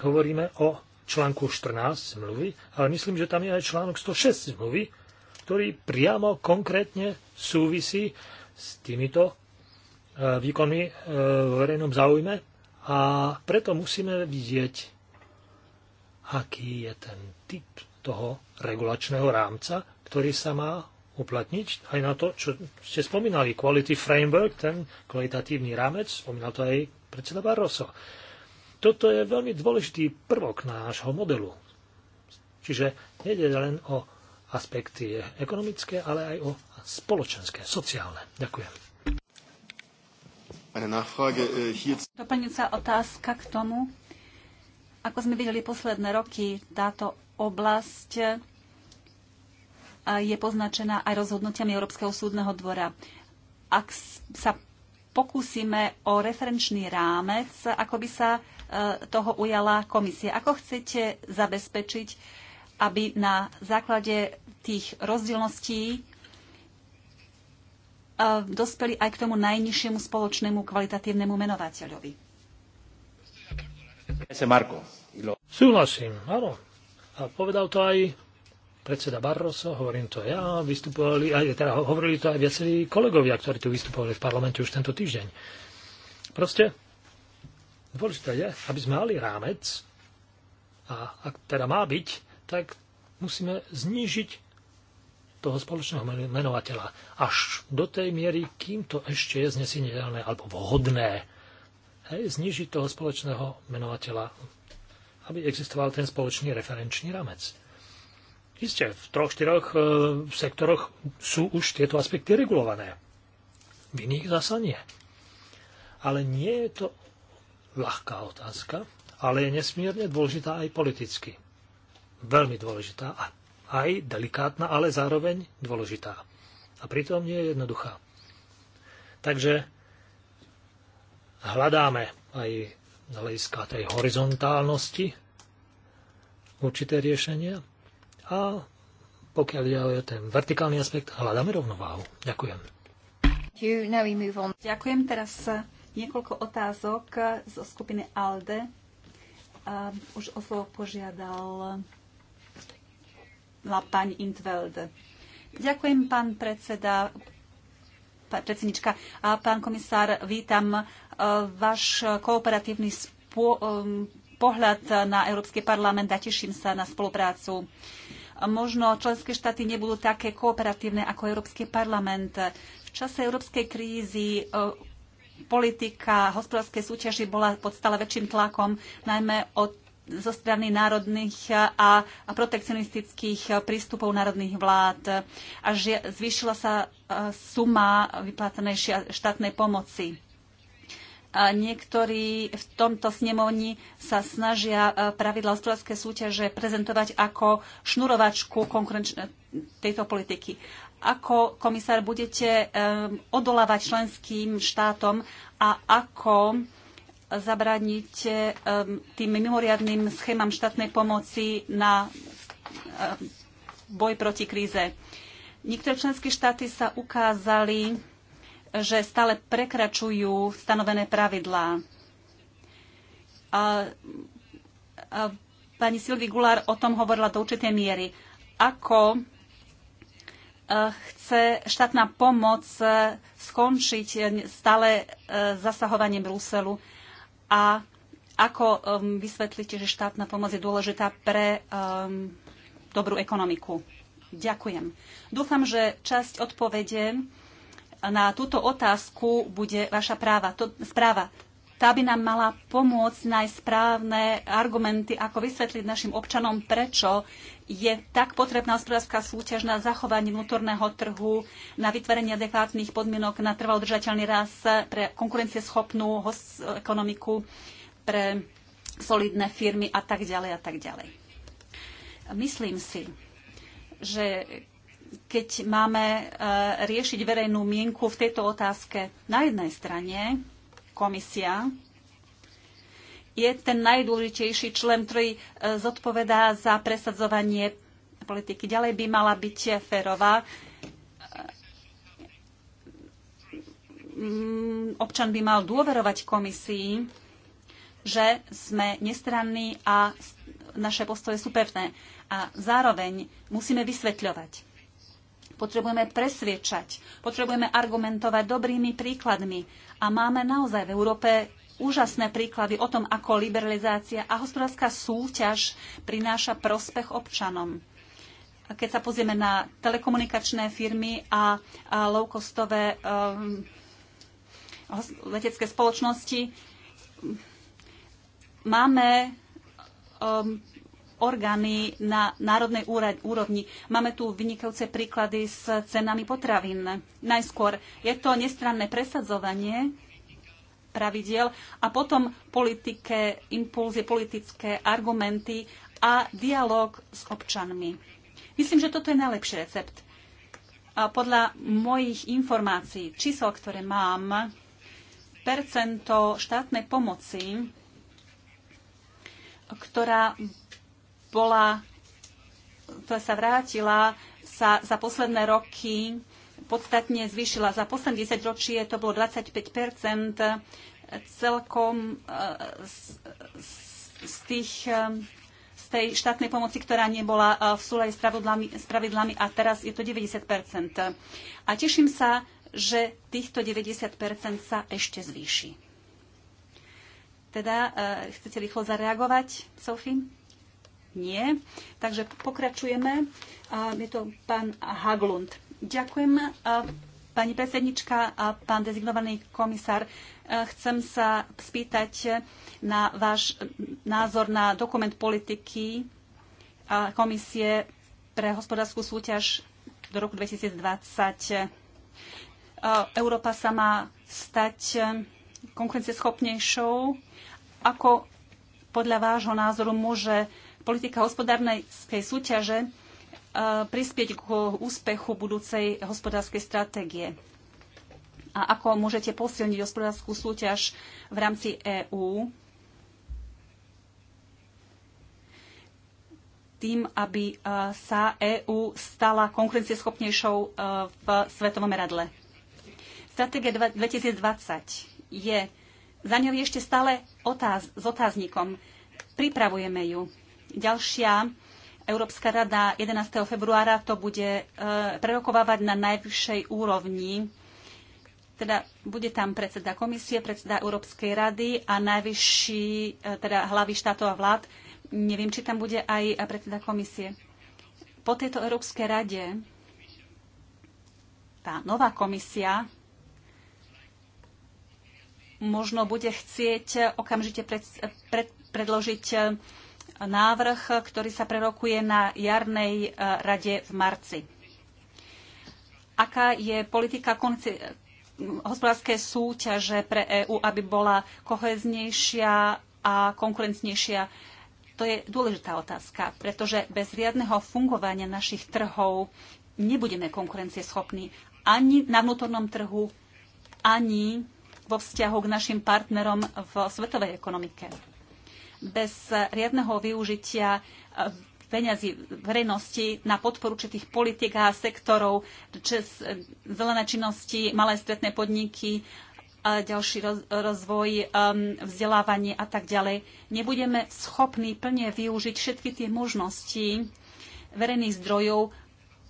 hovoríme o článku 14 zmluvy, ale myslím, že tam je aj článok 106 zmluvy, ktorý priamo konkrétne súvisí s týmito e, výkonmi e, v verejnom záujme a preto musíme vidieť, aký je ten typ toho regulačného rámca, ktorý sa má uplatniť aj na to, čo ste spomínali, quality framework, ten kvalitatívny rámec, spomínal to aj predseda Barroso. Toto je veľmi dôležitý prvok nášho modelu. Čiže nejde len o aspekty ekonomické, ale aj o spoločenské, sociálne. Ďakujem. Äh, Doplňujúca otázka k tomu. Ako sme videli posledné roky, táto oblasť e, je poznačená aj rozhodnutiami Európskeho súdneho dvora. Ak sa pokúsime o referenčný rámec, ako by sa e, toho ujala komisia. Ako chcete zabezpečiť, aby na základe tých rozdielností e, dospeli aj k tomu najnižšiemu spoločnému kvalitatívnemu menovateľovi. Súhlasím, áno. A povedal to aj predseda Barroso, hovorím to ja, vystupovali, aj, teda hovorili to aj viacerí kolegovia, ktorí tu vystupovali v parlamente už tento týždeň. Proste dôležité je, aby sme mali rámec a ak teda má byť tak musíme znížiť toho spoločného menovateľa až do tej miery, kým to ešte je znesiteľné alebo vhodné. Hej, znižiť toho spoločného menovateľa, aby existoval ten spoločný referenčný ramec. Isté, v troch, štyroch e, sektoroch sú už tieto aspekty regulované. V iných zasa nie. Ale nie je to ľahká otázka, ale je nesmierne dôležitá aj politicky veľmi dôležitá a aj delikátna, ale zároveň dôležitá. A pritom nie je jednoduchá. Takže hľadáme aj z hľadiska tej horizontálnosti určité riešenia a pokiaľ ide o ten vertikálny aspekt, hľadáme rovnováhu. Ďakujem. Ďakujem. Teraz e, niekoľko otázok e, zo skupiny ALDE. Už o slovo požiadal pani Intvelde. Ďakujem, pán predseda, predsednička a pán komisár, vítam e, váš kooperatívny e, pohľad na Európsky parlament a teším sa na spoluprácu. Možno členské štáty nebudú také kooperatívne ako Európsky parlament. V čase európskej krízy e, politika hospodárskej súťaži bola pod stále väčším tlakom, najmä od zo strany národných a, protekcionistických prístupov národných vlád a že zvýšila sa e, suma vyplácanej štátnej pomoci. A niektorí v tomto snemovni sa snažia e, pravidla hospodárskej súťaže prezentovať ako šnurovačku tejto politiky. Ako komisár budete e, odolávať členským štátom a ako zabrániť tým mimoriadným schémam štátnej pomoci na boj proti kríze. Niektoré členské štáty sa ukázali, že stále prekračujú stanovené pravidlá. pani Silvi Gulár o tom hovorila do určitej miery. Ako e, chce štátna pomoc e, skončiť e, stále zasahovanie Bruselu a ako um, vysvetlíte, že štátna pomoc je dôležitá pre um, dobrú ekonomiku? Ďakujem. Dúfam, že časť odpovede na túto otázku bude vaša práva, to, správa. Tá by nám mala pomôcť nájsť správne argumenty, ako vysvetliť našim občanom, prečo je tak potrebná hospodárska súťaž na zachovanie vnútorného trhu, na vytvorenie adekvátnych podmienok na trvalo držateľný rast, pre konkurencieschopnú ekonomiku, pre solidné firmy a tak ďalej a tak ďalej. Myslím si, že keď máme e, riešiť verejnú mienku v tejto otázke, na jednej strane komisia je ten najdôležitejší člen, ktorý e, zodpovedá za presadzovanie politiky. Ďalej by mala byť férová. Mm, občan by mal dôverovať komisii, že sme nestranní a naše postoje sú pevné. A zároveň musíme vysvetľovať. Potrebujeme presviečať, potrebujeme argumentovať dobrými príkladmi a máme naozaj v Európe úžasné príklady o tom, ako liberalizácia a hospodárska súťaž prináša prospech občanom. Keď sa pozrieme na telekomunikačné firmy a, a low-costové um, letecké spoločnosti, máme um, orgány na národnej úrovni. Máme tu vynikajúce príklady s cenami potravín. Najskôr je to nestranné presadzovanie pravidiel a potom politike, impulzie, politické argumenty a dialog s občanmi. Myslím, že toto je najlepší recept. A podľa mojich informácií, čísel, ktoré mám, percento štátnej pomoci, ktorá bola, ktorá sa vrátila, sa za posledné roky podstatne zvýšila. Za posledné 10 ročie to bolo 25 celkom eh, z, tých, eh, z tej štátnej pomoci, ktorá nebola eh, v súlade s pravidlami, s pravidlami a teraz je to 90 A teším sa, že týchto 90 sa ešte zvýši. Teda, chcete rýchlo zareagovať, Sophie? Nie. Takže pokračujeme. Je to pán Haglund. Ďakujem, e, pani predsednička a pán dezignovaný komisár. E, chcem sa spýtať na váš názor na dokument politiky Komisie pre hospodárskú súťaž do roku 2020. E, Európa sa má stať konkurencieschopnejšou. Ako podľa vášho názoru môže politika hospodárnej súťaže E, prispieť k úspechu budúcej hospodárskej stratégie? A ako môžete posilniť hospodárskú súťaž v rámci EÚ tým, aby e, sa EÚ stala konkurencieschopnejšou e, v svetovom meradle? Stratégia 2020 je, za ňou ešte stále otáz, s otáznikom. Pripravujeme ju. Ďalšia Európska rada 11. februára to bude e, prerokovávať na najvyššej úrovni. Teda bude tam predseda komisie, predseda Európskej rady a najvyšší, e, teda hlavy štátov a vlád. Neviem, či tam bude aj predseda komisie. Po tejto Európskej rade tá nová komisia možno bude chcieť okamžite pred, pred, predložiť návrh, ktorý sa prerokuje na jarnej e, rade v marci. Aká je politika konci- hospodárskej súťaže pre EÚ, aby bola koheznejšia a konkurencnejšia? To je dôležitá otázka, pretože bez riadneho fungovania našich trhov nebudeme konkurencieschopní ani na vnútornom trhu, ani vo vzťahu k našim partnerom v svetovej ekonomike bez riadneho využitia eh, peňazí verejnosti na podporu určitých politik a sektorov, čes zelené činnosti, malé stretné podniky, eh, ďalší rozvoj, eh, vzdelávanie a tak ďalej, nebudeme schopní plne využiť všetky tie možnosti verejných zdrojov,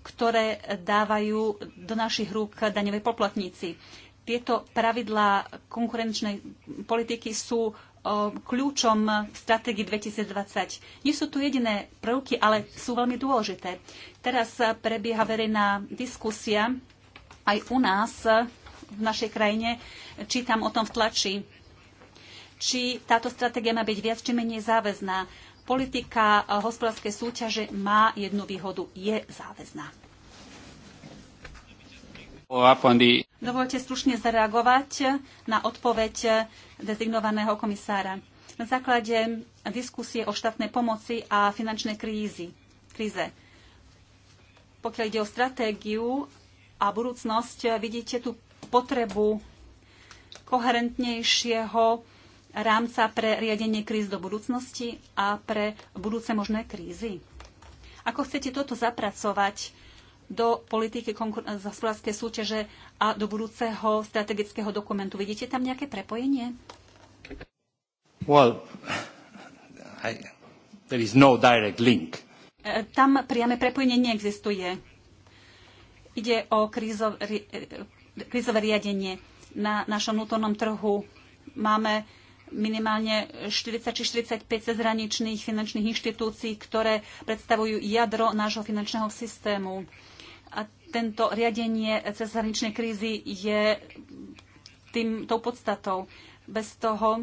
ktoré dávajú do našich rúk daňové poplatníci. Tieto pravidlá konkurenčnej politiky sú kľúčom v stratégii 2020. Nie sú tu jediné prvky, ale sú veľmi dôležité. Teraz prebieha verejná diskusia aj u nás v našej krajine. Čítam o tom v tlači. Či táto stratégia má byť viac či menej záväzná. Politika hospodárskej súťaže má jednu výhodu. Je záväzná. Dovolte slušne zareagovať na odpoveď dezignovaného komisára na základe diskusie o štátnej pomoci a finančnej krízi, kríze. Pokiaľ ide o stratégiu a budúcnosť, vidíte tu potrebu koherentnejšieho rámca pre riadenie kríz do budúcnosti a pre budúce možné krízy. Ako chcete toto zapracovať do politiky eh, hospodárskej súťaže a do budúceho strategického dokumentu. Vidíte tam nejaké prepojenie? Well, I, there is no direct link. Eh, tam priame prepojenie neexistuje. Ide o krízov, eh, krízové riadenie na našom vnútornom trhu. Máme minimálne 40 či 45 cezhraničných finančných inštitúcií, ktoré predstavujú jadro nášho finančného systému tento riadenie cez hraničnej krízy je tým, tou podstatou. Bez toho e,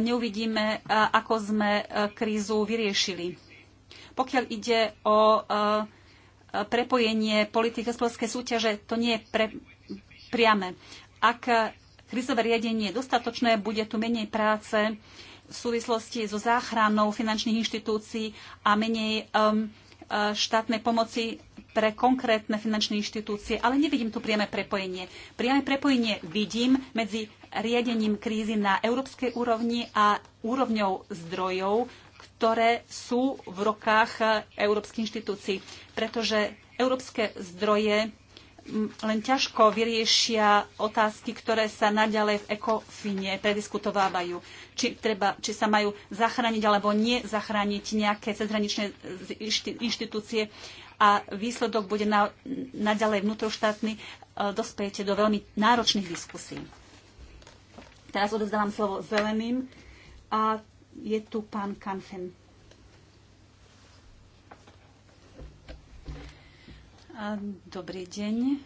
neuvidíme, e, ako sme e, krízu vyriešili. Pokiaľ ide o prepojenie politik hospodárskej súťaže, to nie je pre, priame. Ak krizové riadenie je dostatočné, bude tu menej práce v súvislosti so záchranou finančných inštitúcií a menej um, štátnej pomoci pre konkrétne finančné inštitúcie, ale nevidím tu priame prepojenie. Priame prepojenie vidím medzi riadením krízy na európskej úrovni a úrovňou zdrojov, ktoré sú v rokách európskych inštitúcií, pretože európske zdroje len ťažko vyriešia otázky, ktoré sa naďalej v ekofine prediskutovávajú. Či, treba, či sa majú zachrániť alebo nezachrániť nejaké cezhraničné inštitúcie a výsledok bude na, naďalej vnútroštátny. E, dospejete do veľmi náročných diskusí. Teraz odovzdávam slovo zeleným a je tu pán Kanfen. Dobrý deň.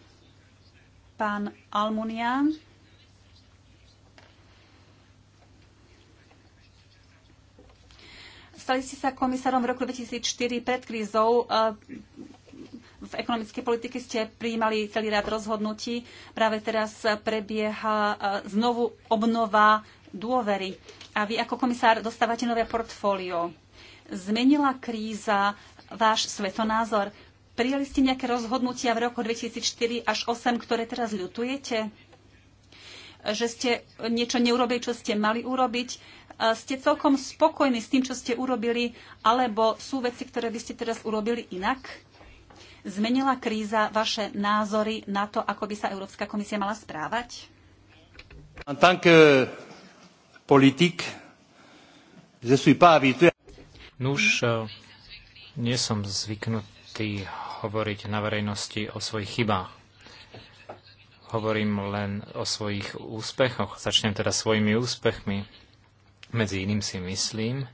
Pán Almunia. Stali ste sa komisárom v roku 2004 pred krízou. E, v ekonomickej politike ste prijímali celý rád rozhodnutí. Práve teraz prebieha e, znovu obnova dôvery. A vy ako komisár dostávate nové portfólio. Zmenila kríza váš svetonázor? Prijali ste nejaké rozhodnutia v roku 2004 až 2008, ktoré teraz ľutujete? Že ste niečo neurobili, čo ste mali urobiť? Ste celkom spokojní s tým, čo ste urobili? Alebo sú veci, ktoré by ste teraz urobili inak? Zmenila kríza vaše názory na to, ako by sa Európska komisia mala správať? En tant que politique, je suis pas habitué. Nuž, eh, nie som zvyknutý zvyknutí hovoriť na verejnosti o svojich chybách. Hovorím len o svojich úspechoch. Začnem teda svojimi úspechmi. Medzi iným si myslím,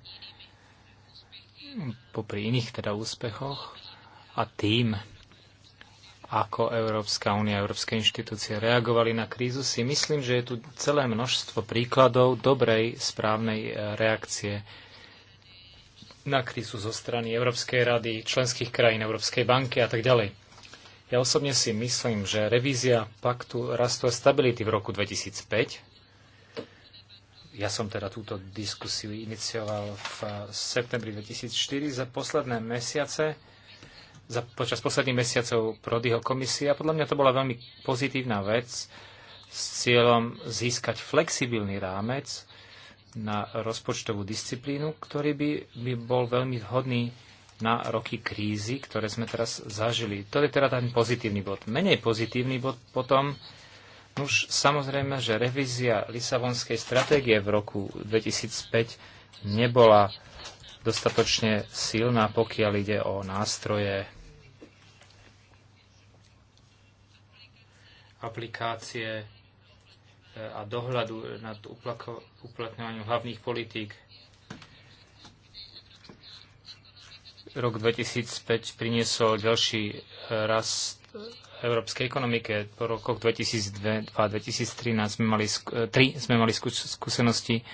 popri iných teda úspechoch a tým, ako Európska únia a európske inštitúcie reagovali na krízu, si myslím, že je tu celé množstvo príkladov dobrej, správnej e, reakcie na krízu zo strany Európskej rady, členských krajín, Európskej banky a tak ďalej. Ja osobne si myslím, že revízia paktu rastu a stability v roku 2005, ja som teda túto diskusiu inicioval v septembri 2004, za posledné mesiace, za, počas posledných mesiacov Prodyho komisia, podľa mňa to bola veľmi pozitívna vec s cieľom získať flexibilný rámec na rozpočtovú disciplínu, ktorý by, by bol veľmi vhodný na roky krízy, ktoré sme teraz zažili. To je teda ten pozitívny bod. Menej pozitívny bod potom, už samozrejme, že revízia Lisabonskej stratégie v roku 2005 nebola dostatočne silná, pokiaľ ide o nástroje aplikácie E, a dohľadu nad uplatňovaním hlavných politík. Rok 2005 priniesol ďalší e, rast európskej ekonomike. Po rokoch 2002 a 2013 sme mali, e, tri, sme mali skúsenosti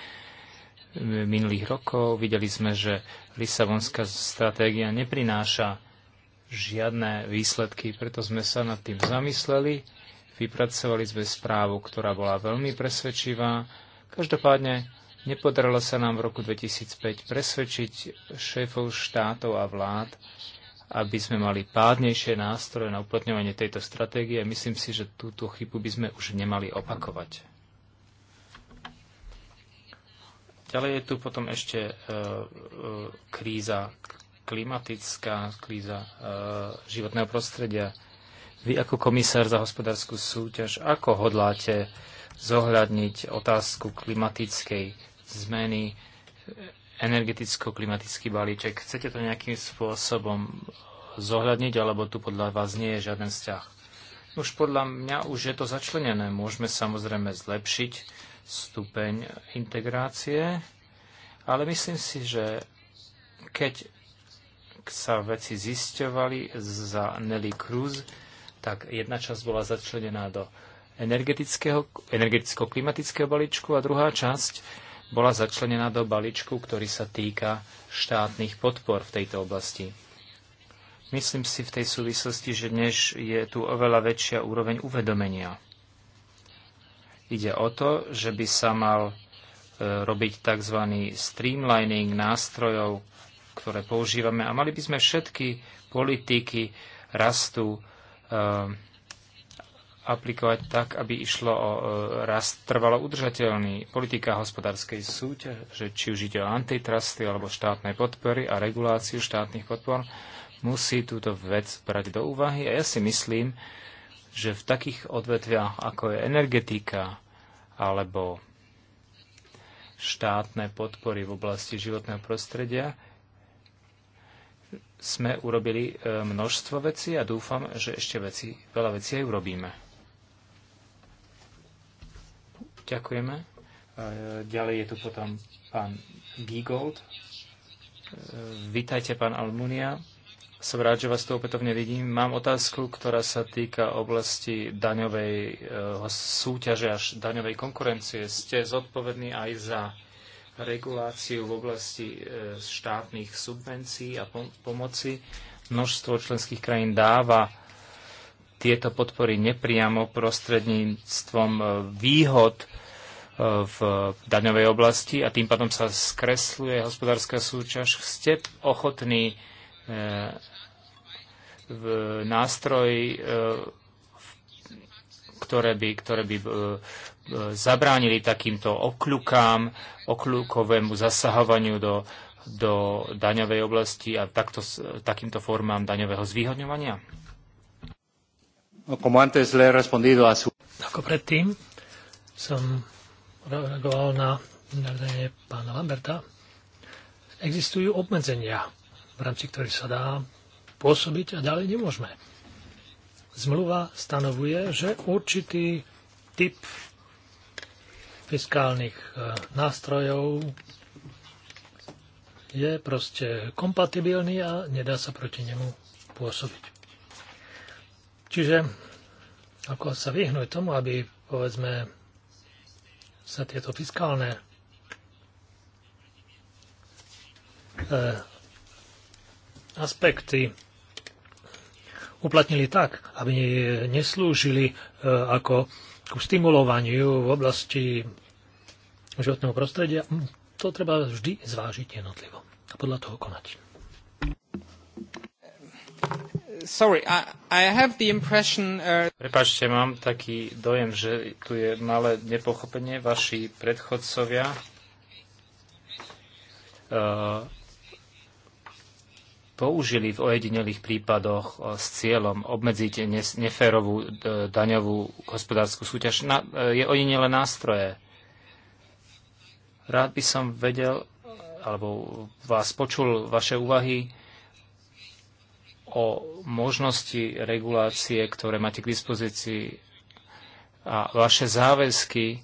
minulých rokov. Videli sme, že Lisabonská stratégia neprináša žiadne výsledky, preto sme sa nad tým zamysleli Vypracovali sme správu, ktorá bola veľmi presvedčivá. Každopádne nepodarilo sa nám v roku 2005 presvedčiť šéfov štátov a vlád, aby sme mali pádnejšie nástroje na uplatňovanie tejto stratégie. Myslím si, že túto chybu by sme už nemali opakovať. Ďalej je tu potom ešte uh, uh, kríza klimatická, kríza uh, životného prostredia. Vy ako komisár za hospodárskú súťaž, ako hodláte zohľadniť otázku klimatickej zmeny, energeticko-klimatický balíček? Chcete to nejakým spôsobom zohľadniť, alebo tu podľa vás nie je žiaden vzťah? Už podľa mňa už je to začlenené. Môžeme samozrejme zlepšiť stupeň integrácie, ale myslím si, že keď sa veci zisťovali za Nelly Cruz, tak jedna časť bola začlenená do energetického, energeticko-klimatického balíčku a druhá časť bola začlenená do balíčku, ktorý sa týka štátnych podpor v tejto oblasti. Myslím si v tej súvislosti, že dnes je tu oveľa väčšia úroveň uvedomenia. Ide o to, že by sa mal e, robiť tzv. streamlining nástrojov, ktoré používame a mali by sme všetky politiky rastu Eh, aplikovať tak, aby išlo o eh, rast trvalo udržateľný politika hospodárskej súťaže, či už ide o antitrusty alebo štátnej podpory a reguláciu štátnych podpor, musí túto vec brať do úvahy. A ja si myslím, že v takých odvetviach, ako je energetika alebo štátne podpory v oblasti životného prostredia, sme urobili e, množstvo vecí a dúfam, že ešte veci, veľa vecí aj urobíme. Ďakujeme. E, ďalej je tu potom pán Gigold. E, vítajte, pán Almunia. Som rád, že vás tu opätovne vidím. Mám otázku, ktorá sa týka oblasti daňovej súťaže až daňovej konkurencie. Ste zodpovední aj za reguláciu v oblasti e, štátnych subvencií a pomoci. Množstvo členských krajín dáva tieto podpory nepriamo prostredníctvom e, výhod e, v daňovej oblasti a tým pádom sa skresluje hospodárska súťaž. Ste ochotní v nástroj, ktoré by, ktoré by zabránili takýmto okľukám, okľukovému zasahovaniu do, do daňovej oblasti a takto, takýmto formám daňového zvýhodňovania? No, Ako predtým som reagoval na vyjadrenie pána Lamberta. Existujú obmedzenia, v rámci ktorých sa dá pôsobiť a ďalej nemôžeme. Zmluva stanovuje, že určitý typ fiskálnych e, nástrojov je proste kompatibilný a nedá sa proti nemu pôsobiť. Čiže ako sa vyhnúť tomu, aby povedzme sa tieto fiskálne e, aspekty uplatnili tak, aby neslúžili e, ako ku stimulovaniu v oblasti životného prostredia, to treba vždy zvážiť jednotlivo a podľa toho konať. Sorry, I, I have the impression... Uh... Prepačte, mám taký dojem, že tu je malé nepochopenie. Vaši predchodcovia uh, použili v ojedinelých prípadoch e, s cieľom obmedziť neférovú e, daňovú hospodárskú súťaž, e, je ojedinele nástroje. Rád by som vedel, alebo vás počul vaše úvahy o možnosti regulácie, ktoré máte k dispozícii a vaše záväzky,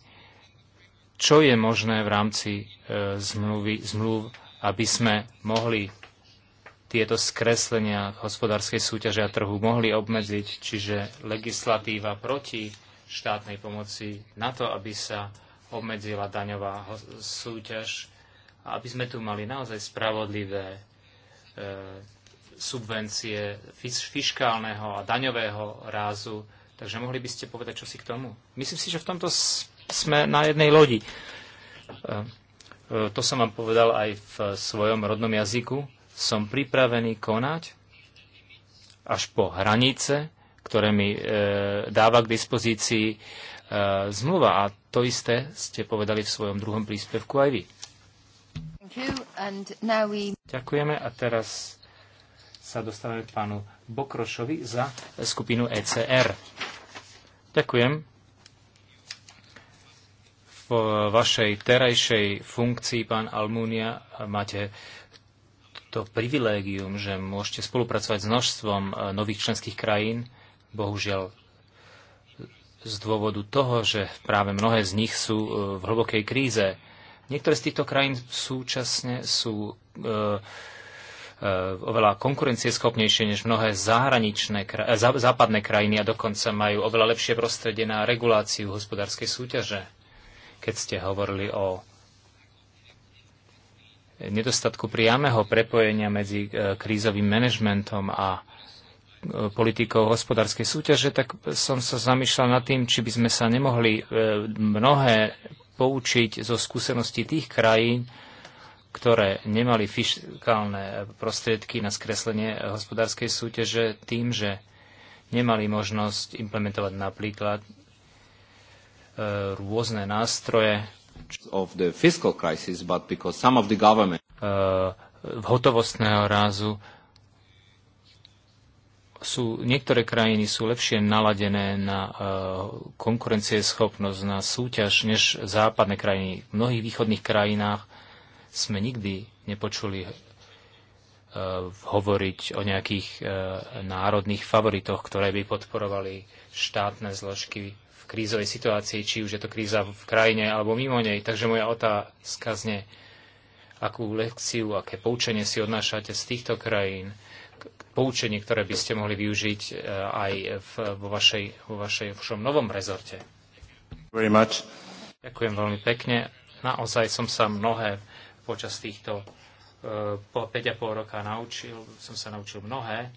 čo je možné v rámci zmluvy, zmluv, aby sme mohli tieto skreslenia hospodárskej súťaže a trhu mohli obmedziť, čiže legislatíva proti štátnej pomoci na to, aby sa obmedzila daňová súťaž a aby sme tu mali naozaj spravodlivé e, subvencie fiškálneho a daňového rázu. Takže mohli by ste povedať čo si k tomu? Myslím si, že v tomto sme na jednej lodi. E, e, to som vám povedal aj v svojom rodnom jazyku som pripravený konať až po hranice, ktoré mi e, dáva k dispozícii e, zmluva. A to isté ste povedali v svojom druhom príspevku aj vy. We... Ďakujeme a teraz sa dostávame k pánu Bokrošovi za skupinu ECR. Ďakujem. V vašej terajšej funkcii, pán Almúnia, máte to privilégium, že môžete spolupracovať s množstvom e, nových členských krajín, bohužiaľ z dôvodu toho, že práve mnohé z nich sú e, v hlbokej kríze. Niektoré z týchto krajín súčasne sú e, e, oveľa konkurencieschopnejšie než mnohé zahraničné, kraj, e, zá, západné krajiny a dokonca majú oveľa lepšie prostredie na reguláciu hospodárskej súťaže. Keď ste hovorili o nedostatku priameho prepojenia medzi e, krízovým manažmentom a e, politikou hospodárskej súťaže, tak som sa zamýšľal nad tým, či by sme sa nemohli e, mnohé poučiť zo skúseností tých krajín, ktoré nemali fiskálne prostriedky na skreslenie hospodárskej súťaže tým, že nemali možnosť implementovať napríklad rôzne nástroje of the fiscal crisis, but because some of the government... Uh, hotovostného rázu sú, niektoré krajiny sú lepšie naladené na uh, konkurencieschopnosť, na súťaž, než západné krajiny. V mnohých východných krajinách sme nikdy nepočuli uh, hovoriť o nejakých uh, národných favoritoch, ktoré by podporovali štátne zložky krízovej situácii, či už je to kríza v krajine alebo mimo nej. Takže moja otázka zne, akú lekciu, aké poučenie si odnášate z týchto krajín, poučenie, ktoré by ste mohli využiť e, aj vo, vašej, vo vašej všom novom rezorte. Very much. Ďakujem veľmi pekne. Naozaj som sa mnohé počas týchto e, po 5,5 roka naučil, som sa naučil mnohé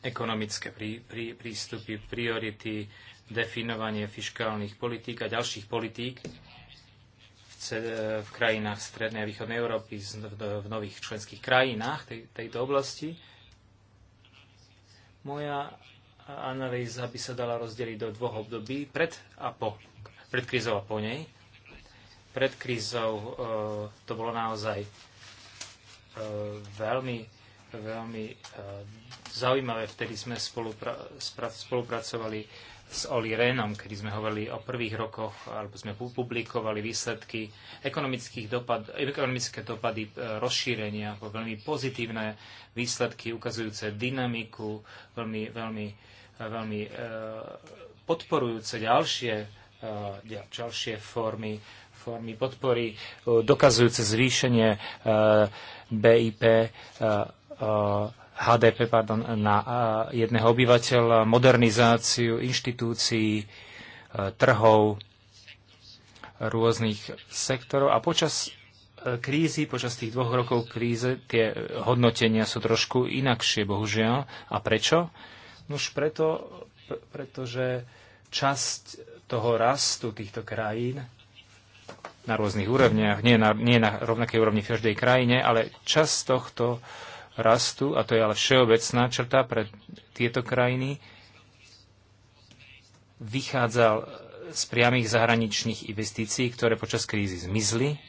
ekonomické prí, prí, prístupy, priority, definovanie fiskálnych politík a ďalších politík v, v krajinách Strednej a Východnej Európy, v nových členských krajinách tej, tejto oblasti. Moja analýza by sa dala rozdeliť do dvoch období, pred a po. Pred krízou a po nej. Pred krízou e, to bolo naozaj e, veľmi veľmi e, zaujímavé. Vtedy sme spolupra- spolupracovali s Oli Rénom, kedy sme hovorili o prvých rokoch, alebo sme publikovali výsledky ekonomických dopad, ekonomické dopady e, rozšírenia, veľmi pozitívne výsledky ukazujúce dynamiku, veľmi, veľmi, e, veľmi podporujúce ďalšie, ďalšie formy, formy podpory, dokazujúce zvýšenie BIP HDP eh, pardon, na eh, jedného obyvateľa, modernizáciu inštitúcií, eh, trhov, rôznych sektorov. A počas krízy, počas tých dvoch rokov kríze, tie hodnotenia sú trošku inakšie, bohužiaľ. A prečo? No už preto, pretože časť toho rastu týchto krajín na rôznych úrovniach, nie na, nie na rovnakej úrovni v každej krajine, ale časť tohto uh, rastu, a to je ale všeobecná črta pre tieto krajiny, vychádzal z priamých zahraničných investícií, ktoré počas krízy zmizli.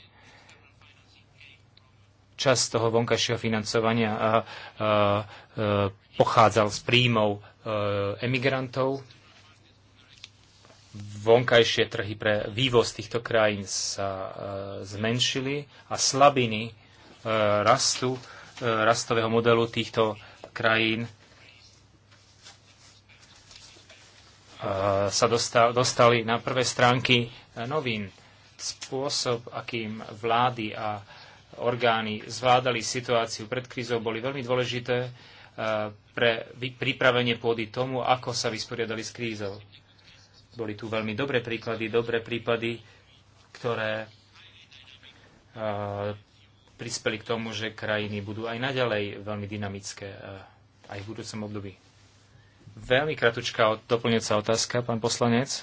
Čas toho vonkajšieho financovania a, a, a, pochádzal z príjmov a, e, emigrantov. Vonkajšie trhy pre vývoz týchto krajín sa a, e, zmenšili a slabiny a, e, rastu E, rastového modelu týchto krajín e, sa dostali na prvé stránky e, novín. Spôsob, akým vlády a orgány zvládali situáciu pred krízou, boli veľmi dôležité pre pripravenie pôdy tomu, ako sa vysporiadali s krízou. Boli tu veľmi dobré príklady, dobré prípady, ktoré prispeli k tomu, že krajiny budú aj naďalej veľmi dynamické e, aj v budúcom období. Veľmi kratučká doplňujúca otázka, pán poslanec.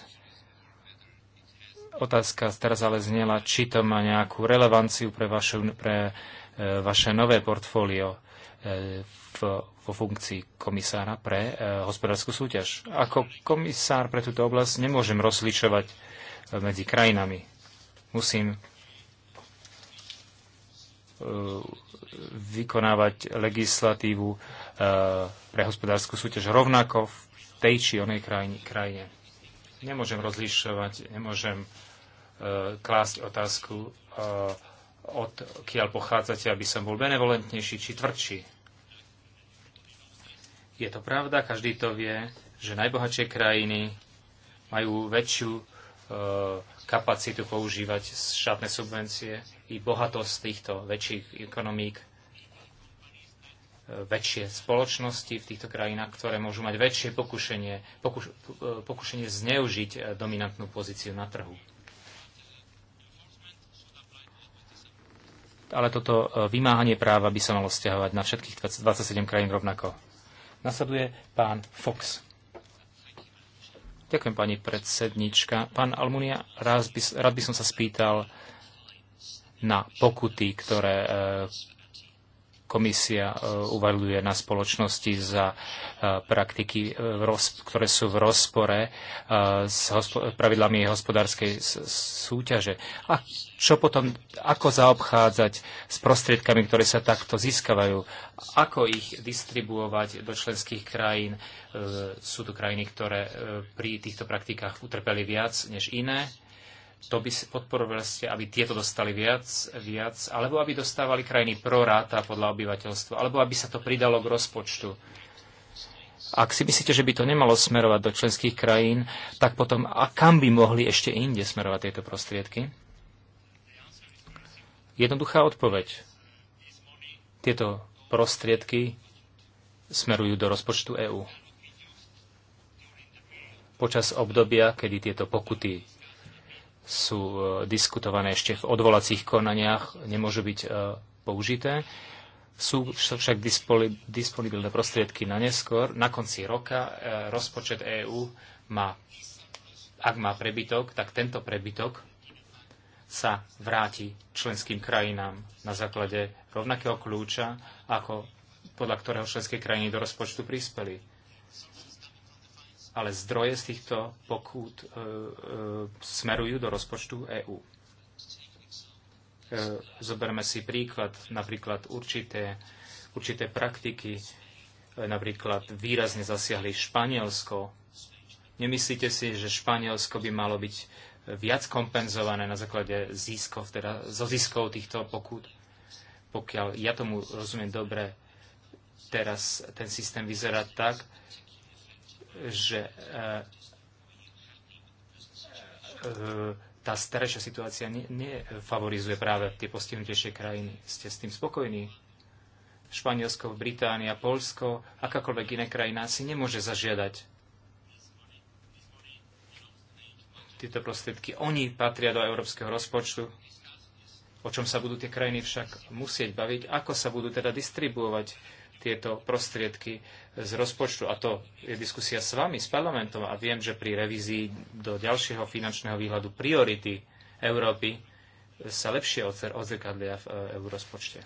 Otázka teraz ale znela, či to má nejakú relevanciu pre, vašu, pre e, vaše nové portfólio e, vo funkcii komisára pre hospodárskú súťaž. Ako komisár pre túto oblasť nemôžem rozličovať medzi krajinami. Musím E, vykonávať legislatívu e, pre hospodárskú súťaž rovnako v tej či onej krajine. Nemôžem rozlišovať, nemôžem e, klásť otázku, od kiaľ pochádzate, aby som bol benevolentnejší či tvrdší. Je to pravda, každý to vie, že najbohatšie krajiny majú väčšiu Eh, kapacitu používať štátne subvencie i bohatosť týchto väčších ekonomík, eh, väčšie spoločnosti v týchto krajinách, ktoré môžu mať väčšie pokušenie, pokuš, eh, pokušenie zneužiť dominantnú pozíciu na trhu. Ale toto vymáhanie práva by sa malo stiahovať na všetkých 27 krajín rovnako. Nasleduje pán Fox. Ďakujem, pani predsednička. Pán Almunia, rád by, rád by som sa spýtal na pokuty, ktoré komisia e, uvaľuje na spoločnosti za e, praktiky, e, ktoré sú v rozpore s pravidlami hospodárskej súťaže. A čo potom, ako zaobchádzať s prostriedkami, ktoré sa takto získavajú? Ako ich distribuovať do členských krajín? Sú tu krajiny, ktoré pri týchto praktikách utrpeli viac než iné? to by podporovali ste, aby tieto dostali viac, viac, alebo aby dostávali krajiny proráta podľa obyvateľstva, alebo aby sa to pridalo k rozpočtu. Ak si myslíte, že by to nemalo smerovať do členských krajín, tak potom a kam by mohli ešte inde smerovať tieto prostriedky? Jednoduchá odpoveď. Tieto prostriedky smerujú do rozpočtu EÚ. Počas obdobia, kedy tieto pokuty sú e, diskutované ešte v odvolacích konaniach, nemôžu byť e, použité. Sú však disponibilné prostriedky na neskôr. Na konci roka e, rozpočet EÚ má, ak má prebytok, tak tento prebytok sa vráti členským krajinám na základe rovnakého kľúča, ako podľa ktorého členské krajiny do rozpočtu prispeli ale zdroje z týchto pokút e, e, smerujú do rozpočtu EÚ. E, zoberme si príklad, napríklad určité, určité praktiky, e, napríklad výrazne zasiahli Španielsko. Nemyslíte si, že Španielsko by malo byť viac kompenzované na základe ziskov, teda zo ziskov týchto pokút? Pokiaľ ja tomu rozumiem dobre, teraz ten systém vyzerá tak, že e, e, tá starejšia situácia nefavorizuje práve tie postihnutejšie krajiny. Ste s tým spokojní? Španielsko, Británia, Polsko, akákoľvek iná krajina si nemôže zažiadať tieto prostriedky. Oni patria do európskeho rozpočtu. O čom sa budú tie krajiny však musieť baviť? Ako sa budú teda distribuovať tieto prostriedky z rozpočtu. A to je diskusia s vami, s parlamentom. A viem, že pri revízii do ďalšieho finančného výhľadu priority Európy sa lepšie odzrkadlia v e, eurozpočte.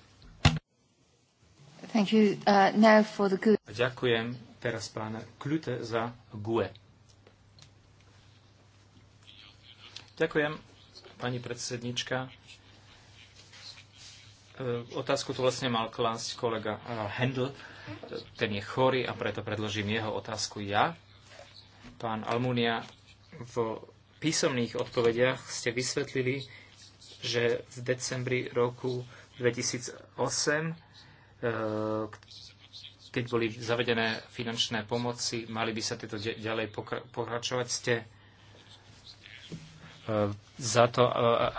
Uh, Ďakujem teraz pána Klute za GUE. Ďakujem, pani predsednička. E, otázku tu vlastne mal klásť kolega e, Hendl. Ten je chorý a preto predložím jeho otázku ja. Pán Almunia, vo písomných odpovediach ste vysvetlili, že v decembri roku 2008, e, keď boli zavedené finančné pomoci, mali by sa tieto ďalej pokračovať. Ste za to,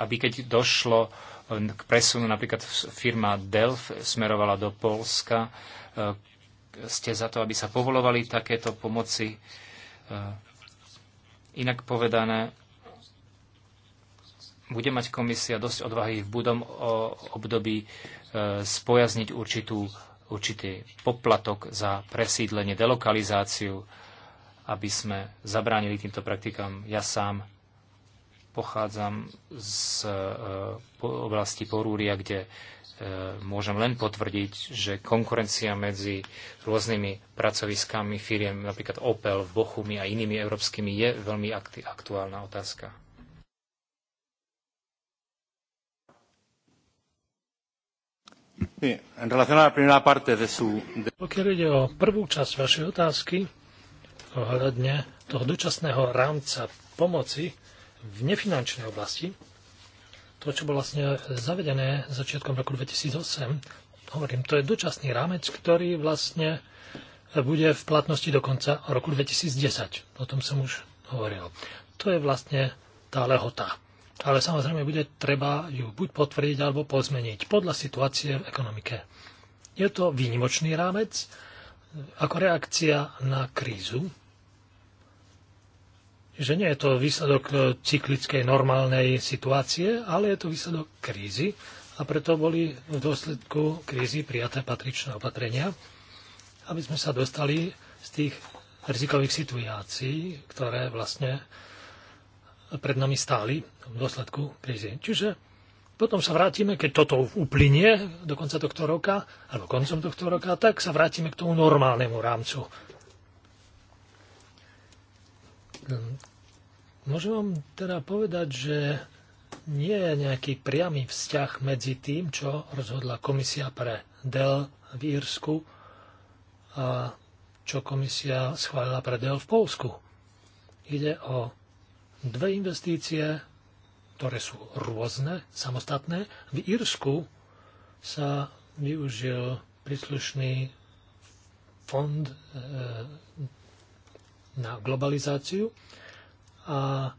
aby keď došlo k presunu napríklad firma Delf smerovala do Polska. E, ste za to, aby sa povolovali takéto pomoci? E, inak povedané, bude mať komisia dosť odvahy v budom období e, spojazniť určitú, určitý poplatok za presídlenie, delokalizáciu, aby sme zabránili týmto praktikám. Ja sám Pochádzam z e, oblasti Porúria, kde e, môžem len potvrdiť, že konkurencia medzi rôznymi pracoviskami firiem, napríklad Opel v Bochumi a inými európskymi, je veľmi aktuálna otázka. Pokiaľ ide o prvú časť vašej otázky, ohľadne toho dočasného rámca pomoci, v nefinančnej oblasti, to, čo bolo vlastne zavedené začiatkom roku 2008, hovorím, to je dočasný rámec, ktorý vlastne bude v platnosti do konca roku 2010. O tom som už hovoril. To je vlastne tá lehota. Ale samozrejme bude treba ju buď potvrdiť alebo pozmeniť podľa situácie v ekonomike. Je to výnimočný rámec ako reakcia na krízu, že nie je to výsledok e, cyklickej normálnej situácie, ale je to výsledok krízy a preto boli v dôsledku krízy prijaté patričné opatrenia, aby sme sa dostali z tých rizikových situácií, ktoré vlastne pred nami stáli v dôsledku krízy. Čiže potom sa vrátime, keď toto uplynie do konca tohto roka, alebo koncom tohto roka, tak sa vrátime k tomu normálnemu rámcu Ehm, môžem vám teda povedať, že nie je nejaký priamy vzťah medzi tým, čo rozhodla komisia pre DEL v Írsku a čo komisia schválila pre DEL v Polsku. Ide o dve investície, ktoré sú rôzne, samostatné. V Írsku sa využil príslušný fond ehm, na globalizáciu a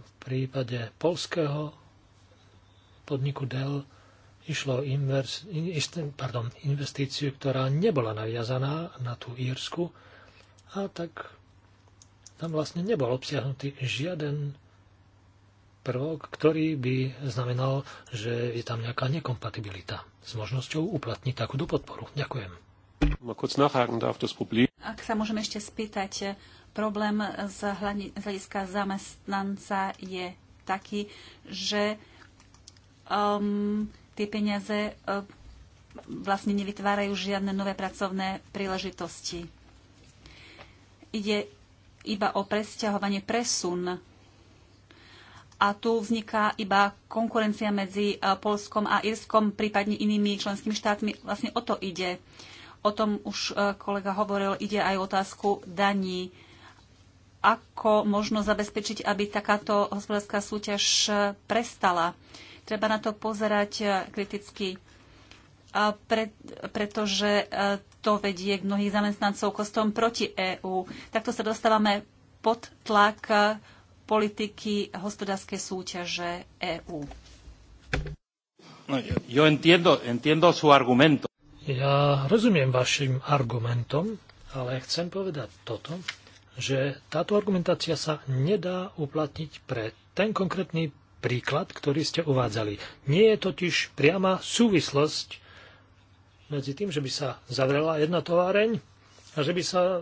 v prípade polského podniku Dell išlo invers, investíciu, ktorá nebola naviazaná na tú Írsku a tak tam vlastne nebol obsiahnutý žiaden prvok, ktorý by znamenal, že je tam nejaká nekompatibilita s možnosťou uplatniť takúto podporu. Ďakujem. Ak sa môžem ešte spýtať, eh, problém z hľadiska zamestnanca je taký, že um, tie peniaze um, vlastne nevytvárajú žiadne nové pracovné príležitosti. Ide iba o presťahovanie, presun. A tu vzniká iba konkurencia medzi eh, Polskom a Irskom, prípadne inými členskými štátmi. Vlastne o to ide. Uh, O tom už e, kolega hovoril, ide aj o otázku daní. Ako možno zabezpečiť, aby takáto hospodárska súťaž e, prestala? Treba na to pozerať e, kriticky, pretože to vedie k mnohých zamestnancov kostom proti EÚ. Takto sa dostávame pod tlak politiky hospodárskej súťaže EÚ. No, yo entiendo, entiendo su argumento. Ja rozumiem vašim argumentom, ale chcem povedať toto, že táto argumentácia sa nedá uplatniť pre ten konkrétny príklad, ktorý ste uvádzali. Nie je totiž priama súvislosť medzi tým, že by sa zavrela jedna továreň a že by sa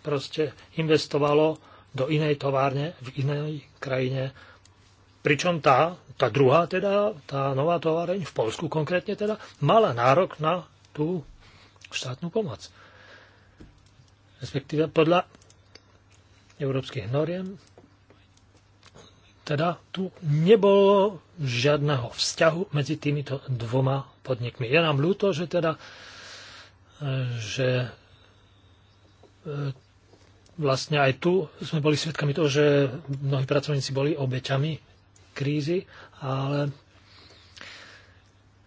proste investovalo do inej továrne v inej krajine, pričom tá tá druhá teda, tá nová továreň v Polsku konkrétne teda, mala nárok na tú štátnu pomoc. Respektíve podľa európskych noriem teda tu nebolo žiadneho vzťahu medzi týmito dvoma podnikmi. Je nám ľúto, že teda e, že e, vlastne aj tu sme boli svedkami toho, že mnohí pracovníci boli obeťami krízy, ale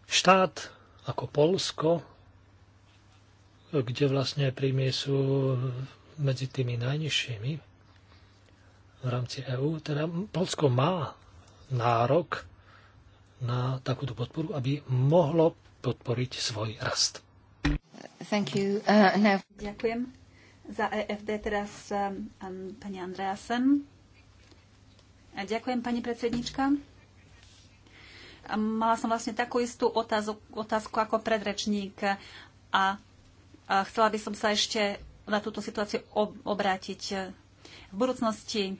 štát ako Polsko, kde vlastne príjmy sú medzi tými najnižšími v rámci EÚ, teda Polsko má nárok na takúto podporu, aby mohlo podporiť svoj rast. Thank you. Uh, no. Ďakujem. Za EFD teraz um, pani Andreasen. Ďakujem, pani predsednička. Mala som vlastne takú istú otázku, otázku ako predrečník a chcela by som sa ešte na túto situáciu obrátiť. V budúcnosti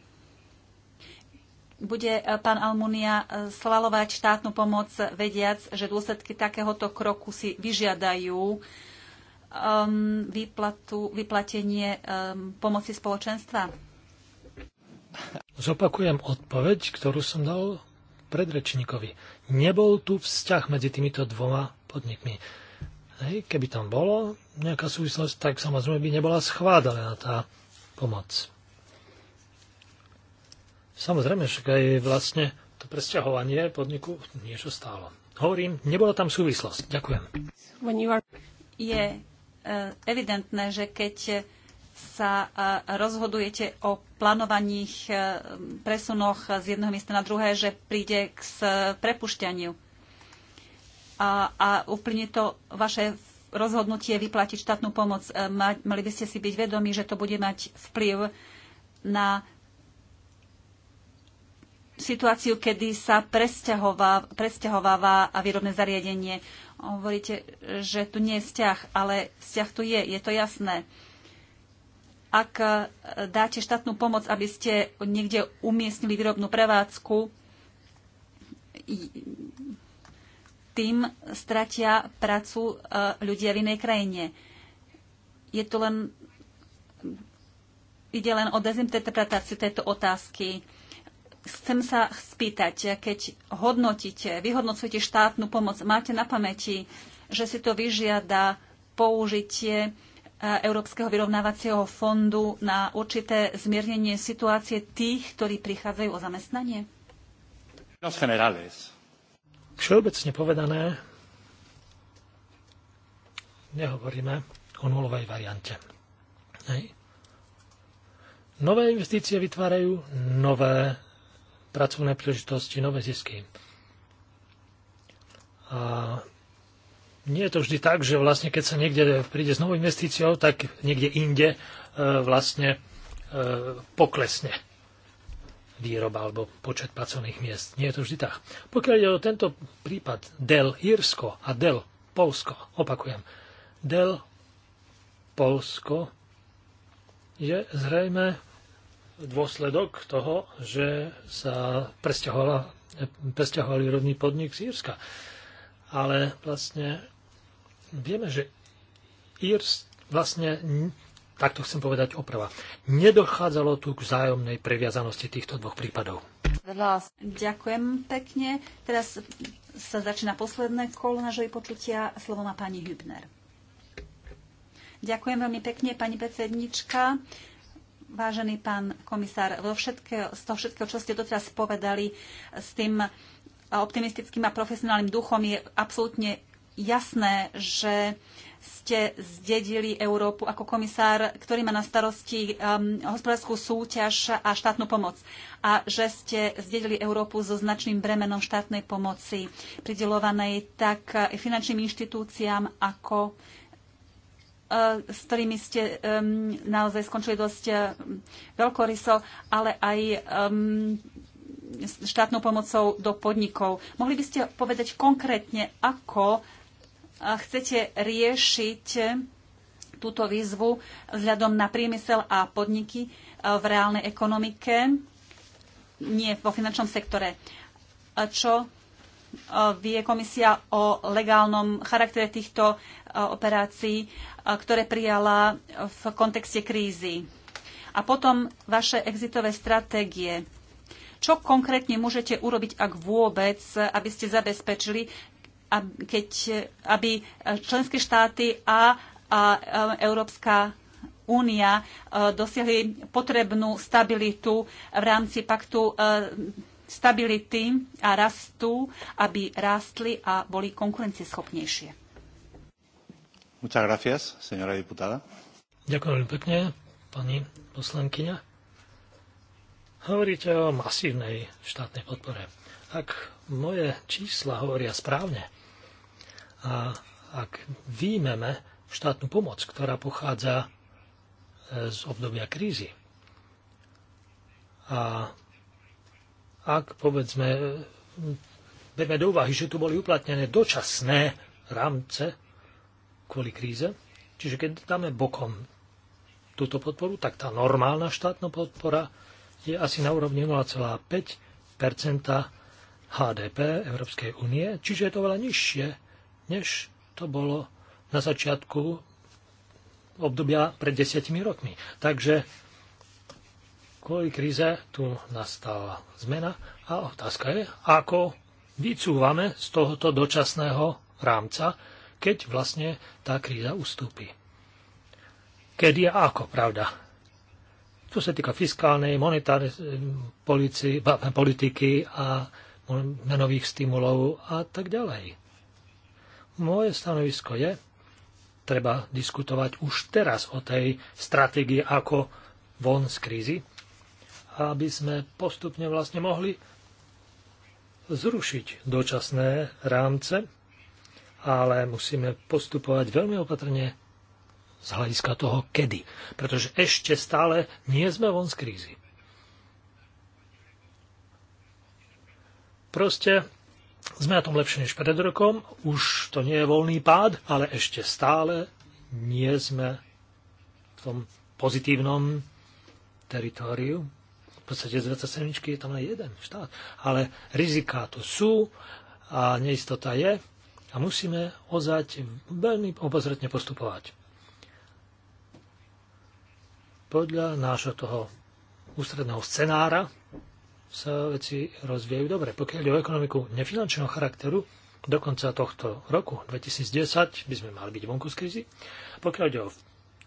bude pán Almunia slalovať štátnu pomoc, vediac, že dôsledky takéhoto kroku si vyžiadajú um, výplatu, vyplatenie um, pomoci spoločenstva? Zopakujem odpoveď, ktorú som dal predrečníkovi. Nebol tu vzťah medzi týmito dvoma podnikmi. Hej, keby tam bolo nejaká súvislosť, tak samozrejme by nebola schvádaná tá pomoc. Samozrejme, však aj vlastne to presťahovanie podniku niečo stálo. Hovorím, nebola tam súvislosť. Ďakujem. Je eh, evidentné, že keď sa e, rozhodujete o plánovaných e, presunoch z jedného miesta na druhé, že príde k prepušťaniu a, a úplne to vaše rozhodnutie vyplatiť štátnu pomoc. E, mali by ste si byť vedomi, že to bude mať vplyv na situáciu, kedy sa presťahová, presťahováva a výrobné zariadenie. Hovoríte, že tu nie je vzťah, ale vzťah tu je, je to jasné ak e, dáte štátnu pomoc, aby ste niekde umiestnili výrobnú prevádzku, tým stratia prácu e, ľudia v inej krajine. Je to len, ide len o dezinterpretáciu tejto otázky. Chcem sa spýtať, keď hodnotíte, vyhodnocujete štátnu pomoc, máte na pamäti, že si to vyžiada použitie Európskeho vyrovnávacieho fondu na určité zmiernenie situácie tých, ktorí prichádzajú o zamestnanie? Všeobecne povedané, nehovoríme o nulovej variante. Hej. Nové investície vytvárajú nové pracovné príležitosti, nové zisky. A nie je to vždy tak, že vlastne keď sa niekde príde s novou investíciou, tak niekde inde e, vlastne e, poklesne výroba alebo počet pracovných miest. Nie je to vždy tak. Pokiaľ ide o tento prípad Del Irsko a Del Polsko, opakujem, Del Polsko je zrejme dôsledok toho, že sa presťahovali rodný podnik z Írska. Ale vlastne vieme, že IRS vlastne, takto chcem povedať oprava, nedochádzalo tu k vzájomnej previazanosti týchto dvoch prípadov. Ďakujem pekne. Teraz sa začína posledné kolo nášho počutia. Slovo má pani Hübner. Ďakujem veľmi pekne, pani predsednička. Vážený pán komisár, vo všetkého, z toho všetkého, čo ste doteraz povedali, s tým optimistickým a profesionálnym duchom je absolútne jasné, že ste zdedili Európu ako komisár, ktorý má na starosti um, hospodárskú súťaž a štátnu pomoc. A že ste zdedili Európu so značným bremenom štátnej pomoci, pridelovanej tak eh, finančným inštitúciám, ako uh, s ktorými ste um, naozaj skončili dosť uh, veľkoryso, ale aj um, štátnou pomocou do podnikov. Mohli by ste povedať konkrétne, ako chcete riešiť túto výzvu vzhľadom na priemysel a podniky e, v reálnej ekonomike, nie vo finančnom sektore. Čo e, vie komisia o legálnom charaktere týchto e, operácií, ktoré prijala v kontexte krízy. A potom vaše exitové stratégie. Čo konkrétne môžete urobiť, ak vôbec, aby ste zabezpečili, keď, aby členské štáty a, a Európska únia e, dosiahli potrebnú stabilitu v rámci paktu e, stability a rastu, aby rástli a boli konkurencieschopnejšie. Muchas gracias, señora diputada. Ďakujem veľmi pekne, pani poslankyňa. Hovoríte o masívnej štátnej podpore. Ak moje čísla hovoria správne a ak výjmeme štátnu pomoc, ktorá pochádza e, z obdobia krízy a ak povedzme berme do úvahy, že tu boli uplatnené dočasné rámce kvôli kríze, čiže keď dáme bokom túto podporu, tak tá normálna štátna podpora je asi na úrovni 0,5 HDP Európskej únie, čiže je to veľa nižšie, než to bolo na začiatku obdobia pred desiatimi rokmi. Takže kvôli kríze tu nastala zmena a otázka je, ako vycúvame z tohoto dočasného rámca, keď vlastne tá kríza ustúpi. Kedy a ako, pravda? Tu sa týka fiskálnej, monetárnej eh, politiky a menových stimulov a tak ďalej. Moje stanovisko je, treba diskutovať už teraz o tej stratégii ako von z krízy, aby sme postupne vlastne mohli zrušiť dočasné rámce, ale musíme postupovať veľmi opatrne z hľadiska toho, kedy. Pretože ešte stále nie sme von z krízy. Proste sme na tom lepšie než pred rokom, už to nie je voľný pád, ale ešte stále nie sme v tom pozitívnom teritoriu. V podstate z 27 je tam len jeden štát. Ale riziká tu sú a neistota je a musíme ozať veľmi obozretne postupovať. Podľa nášho toho ústredného scenára sa veci rozvíjajú dobre. Pokiaľ je o ekonomiku nefinančného charakteru, do konca tohto roku 2010 by sme mali byť vonku z krízy. Pokiaľ ide o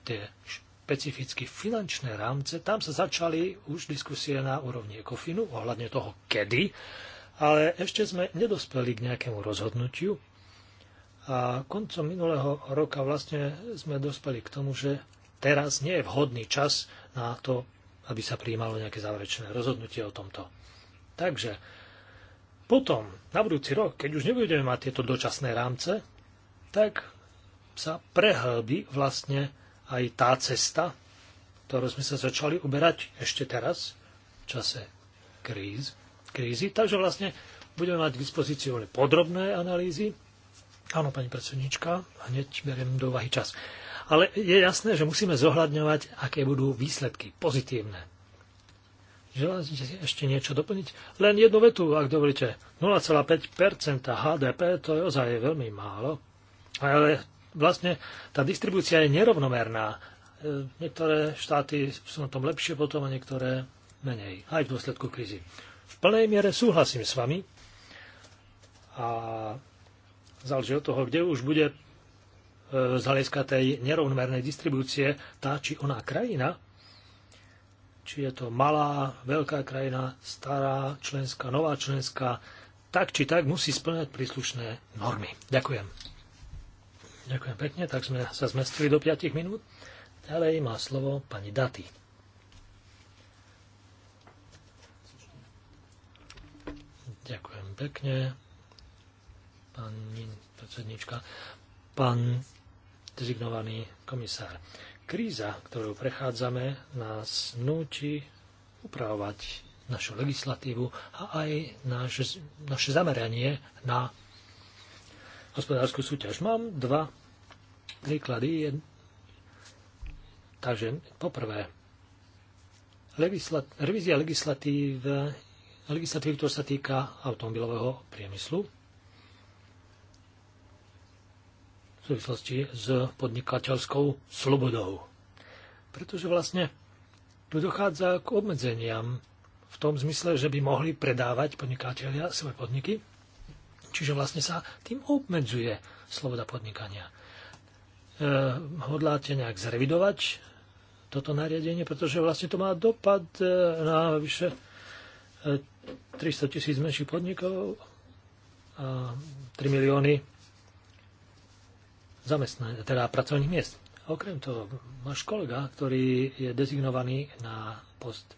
tie špecificky finančné rámce, tam sa začali už diskusie na úrovni ECOFINu ohľadne toho kedy, ale ešte sme nedospeli k nejakému rozhodnutiu a koncom minulého roka vlastne sme dospeli k tomu, že teraz nie je vhodný čas na to, aby sa prijímalo nejaké záverečné rozhodnutie o tomto Takže potom, na budúci rok, keď už nebudeme mať tieto dočasné rámce, tak sa prehlbí vlastne aj tá cesta, ktorú sme sa začali uberať ešte teraz, v čase kríz, krízy. Takže vlastne budeme mať k dispozícii podrobné analýzy. Áno, pani predsednička, hneď beriem do úvahy čas. Ale je jasné, že musíme zohľadňovať, aké budú výsledky pozitívne Želáte si ešte niečo doplniť? Len jednu vetu, ak dovolíte. 0,5% HDP to je ozaj veľmi málo. Ale vlastne tá distribúcia je nerovnomerná. E, niektoré štáty sú na tom lepšie potom a niektoré menej. Aj v dôsledku krízy. V plnej miere súhlasím s vami. A záleží od toho, kde už bude e, z hľadiska tej nerovnomernej distribúcie tá či oná krajina, či je to malá, veľká krajina, stará, členská, nová členská, tak či tak musí splňať príslušné normy. Ďakujem. Ďakujem pekne, tak sme sa zmestili do 5 minút. Ďalej má slovo pani Daty. Ďakujem pekne, pani predsednička, pán dezignovaný komisár. Kríza, ktorou prechádzame, nás núti upravovať našu legislatívu a aj naše, naše zameranie na hospodárskú súťaž. Mám dva príklady. Takže poprvé, legislat, revízia legislatív, legislatív, ktorá sa týka automobilového priemyslu. súvislosti s podnikateľskou slobodou. Pretože vlastne tu dochádza k obmedzeniam v tom zmysle, že by mohli predávať podnikatelia svoje podniky, čiže vlastne sa tým obmedzuje sloboda podnikania. E, hodláte nejak zrevidovať toto nariadenie, pretože vlastne to má dopad e, na vyše 300 e, tisíc menších podnikov a 3 milióny zamestnania, teda pracovných miest. A okrem toho, máš kolega, ktorý je dezignovaný na post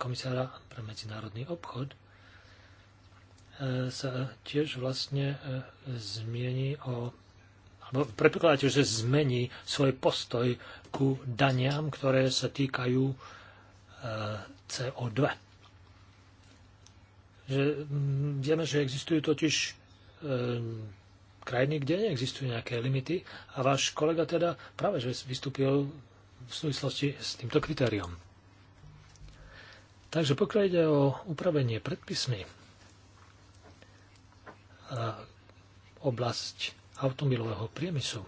komisára pre medzinárodný obchod, e, sa tiež vlastne e, zmieni o alebo predpokladáte, že zmení svoj postoj ku daniam, ktoré sa týkajú e, CO2. Že vieme, že existujú totiž krajiny, kde neexistujú nejaké limity a váš kolega teda práve že vystúpil v súvislosti s týmto kritériom. Takže pokiaľ ide o upravenie a oblasť automobilového priemyslu.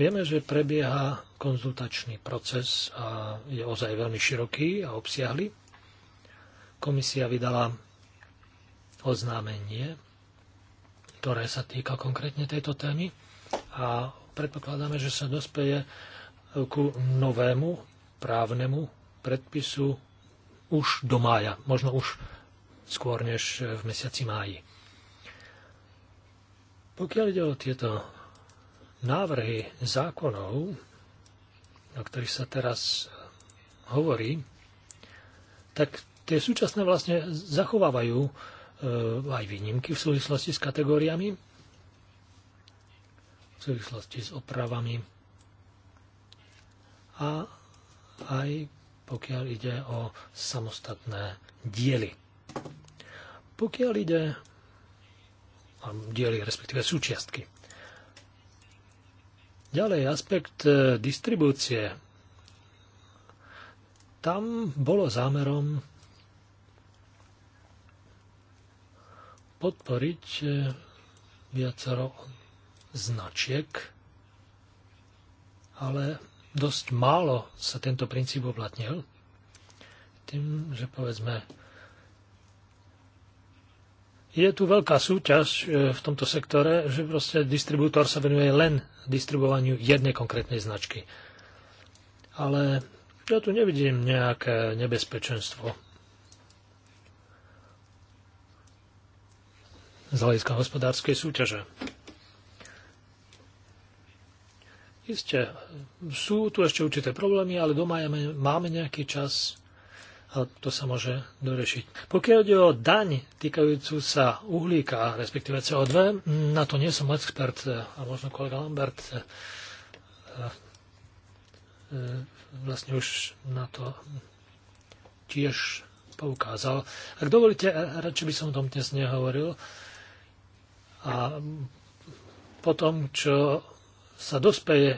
Vieme, že prebieha konzultačný proces a je ozaj veľmi široký a obsiahly. Komisia vydala oznámenie ktoré sa týka konkrétne tejto témy a predpokladáme, že sa dospeje ku novému právnemu predpisu už do mája, možno už skôr než v mesiaci máji. Pokiaľ ide o tieto návrhy zákonov, o ktorých sa teraz hovorí, tak tie súčasné vlastne zachovávajú E, aj výnimky v súvislosti s kategóriami, v súvislosti s opravami a aj pokiaľ ide o samostatné diely. Pokiaľ ide diely, respektíve súčiastky. Ďalej, aspekt e, distribúcie. Tam bolo zámerom podporiť e, viacero značiek, ale dosť málo sa tento princíp uplatnil. Tým, že povedzme, je tu veľká súťaž e, v tomto sektore, že proste distribútor sa venuje len distribuovaniu jednej konkrétnej značky. Ale ja tu nevidím nejaké nebezpečenstvo z hľadiska hospodárskej súťaže. Isté, sú tu ešte určité problémy, ale doma máme nejaký čas a to sa môže dorešiť. Pokiaľ ide o daň týkajúcu sa uhlíka, respektíve CO2, na to nie som expert eh, a možno kolega Lambert eh, eh, vlastne už na to tiež poukázal. Ak dovolíte, radšej by som o tom dnes nehovoril, a po tom, čo sa dospeje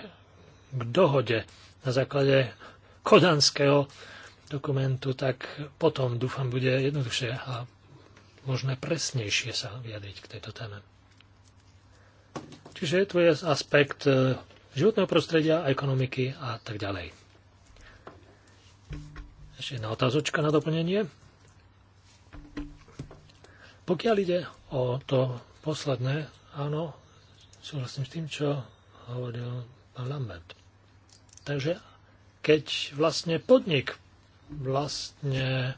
k dohode na základe kodanského dokumentu, tak potom, dúfam, bude jednoduchšie a možné presnejšie sa vyjadriť k tejto téme. Čiže tu je aspekt e, životného prostredia, ekonomiky a tak ďalej. Ešte jedna otázočka na doplnenie. Pokiaľ ide o to posledné, áno, súhlasím s tým, čo hovoril pán Lambert. Takže keď vlastne podnik vlastne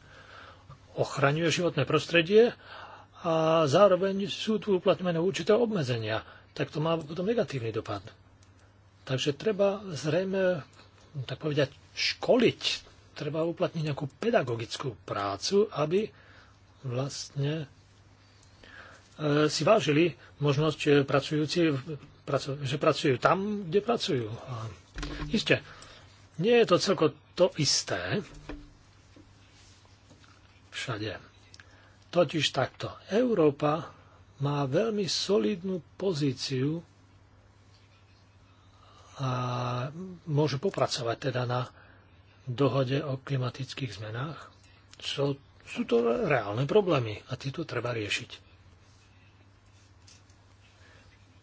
ochraňuje životné prostredie a zároveň sú tu uplatnené určité obmedzenia, tak to má potom negatívny dopad. Takže treba zrejme, tak povedať, školiť, treba uplatniť nejakú pedagogickú prácu, aby vlastne E, si vážili možnosť e, pracujúci, že pracujú tam, kde pracujú. A isté, nie je to celko to isté všade. Totiž takto. Európa má veľmi solidnú pozíciu a môže popracovať teda na dohode o klimatických zmenách. Sú, sú to reálne problémy a tieto treba riešiť.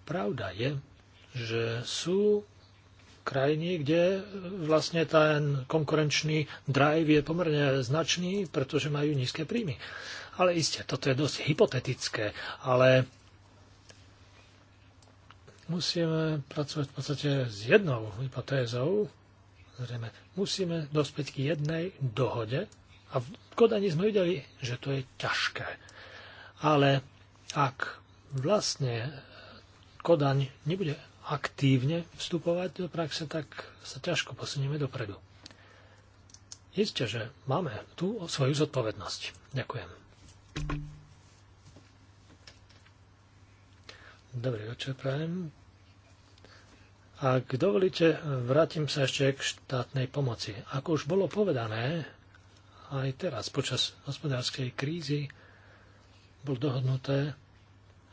Pravda je, že sú krajiny, kde vlastne ten konkurenčný drive je pomerne značný, pretože majú nízke príjmy. Ale isté, toto je dosť hypotetické, ale musíme pracovať v podstate s jednou hypotézou. Zrejme, musíme dospieť k jednej dohode a v Kodani sme videli, že to je ťažké. Ale ak vlastne Kodaň nebude aktívne vstupovať do praxe, tak sa ťažko posunieme dopredu. Isté, že máme tu svoju zodpovednosť. Ďakujem. Dobrý večer, prajem. Ak dovolíte, vrátim sa ešte k štátnej pomoci. Ako už bolo povedané, aj teraz počas hospodárskej krízy bol dohodnuté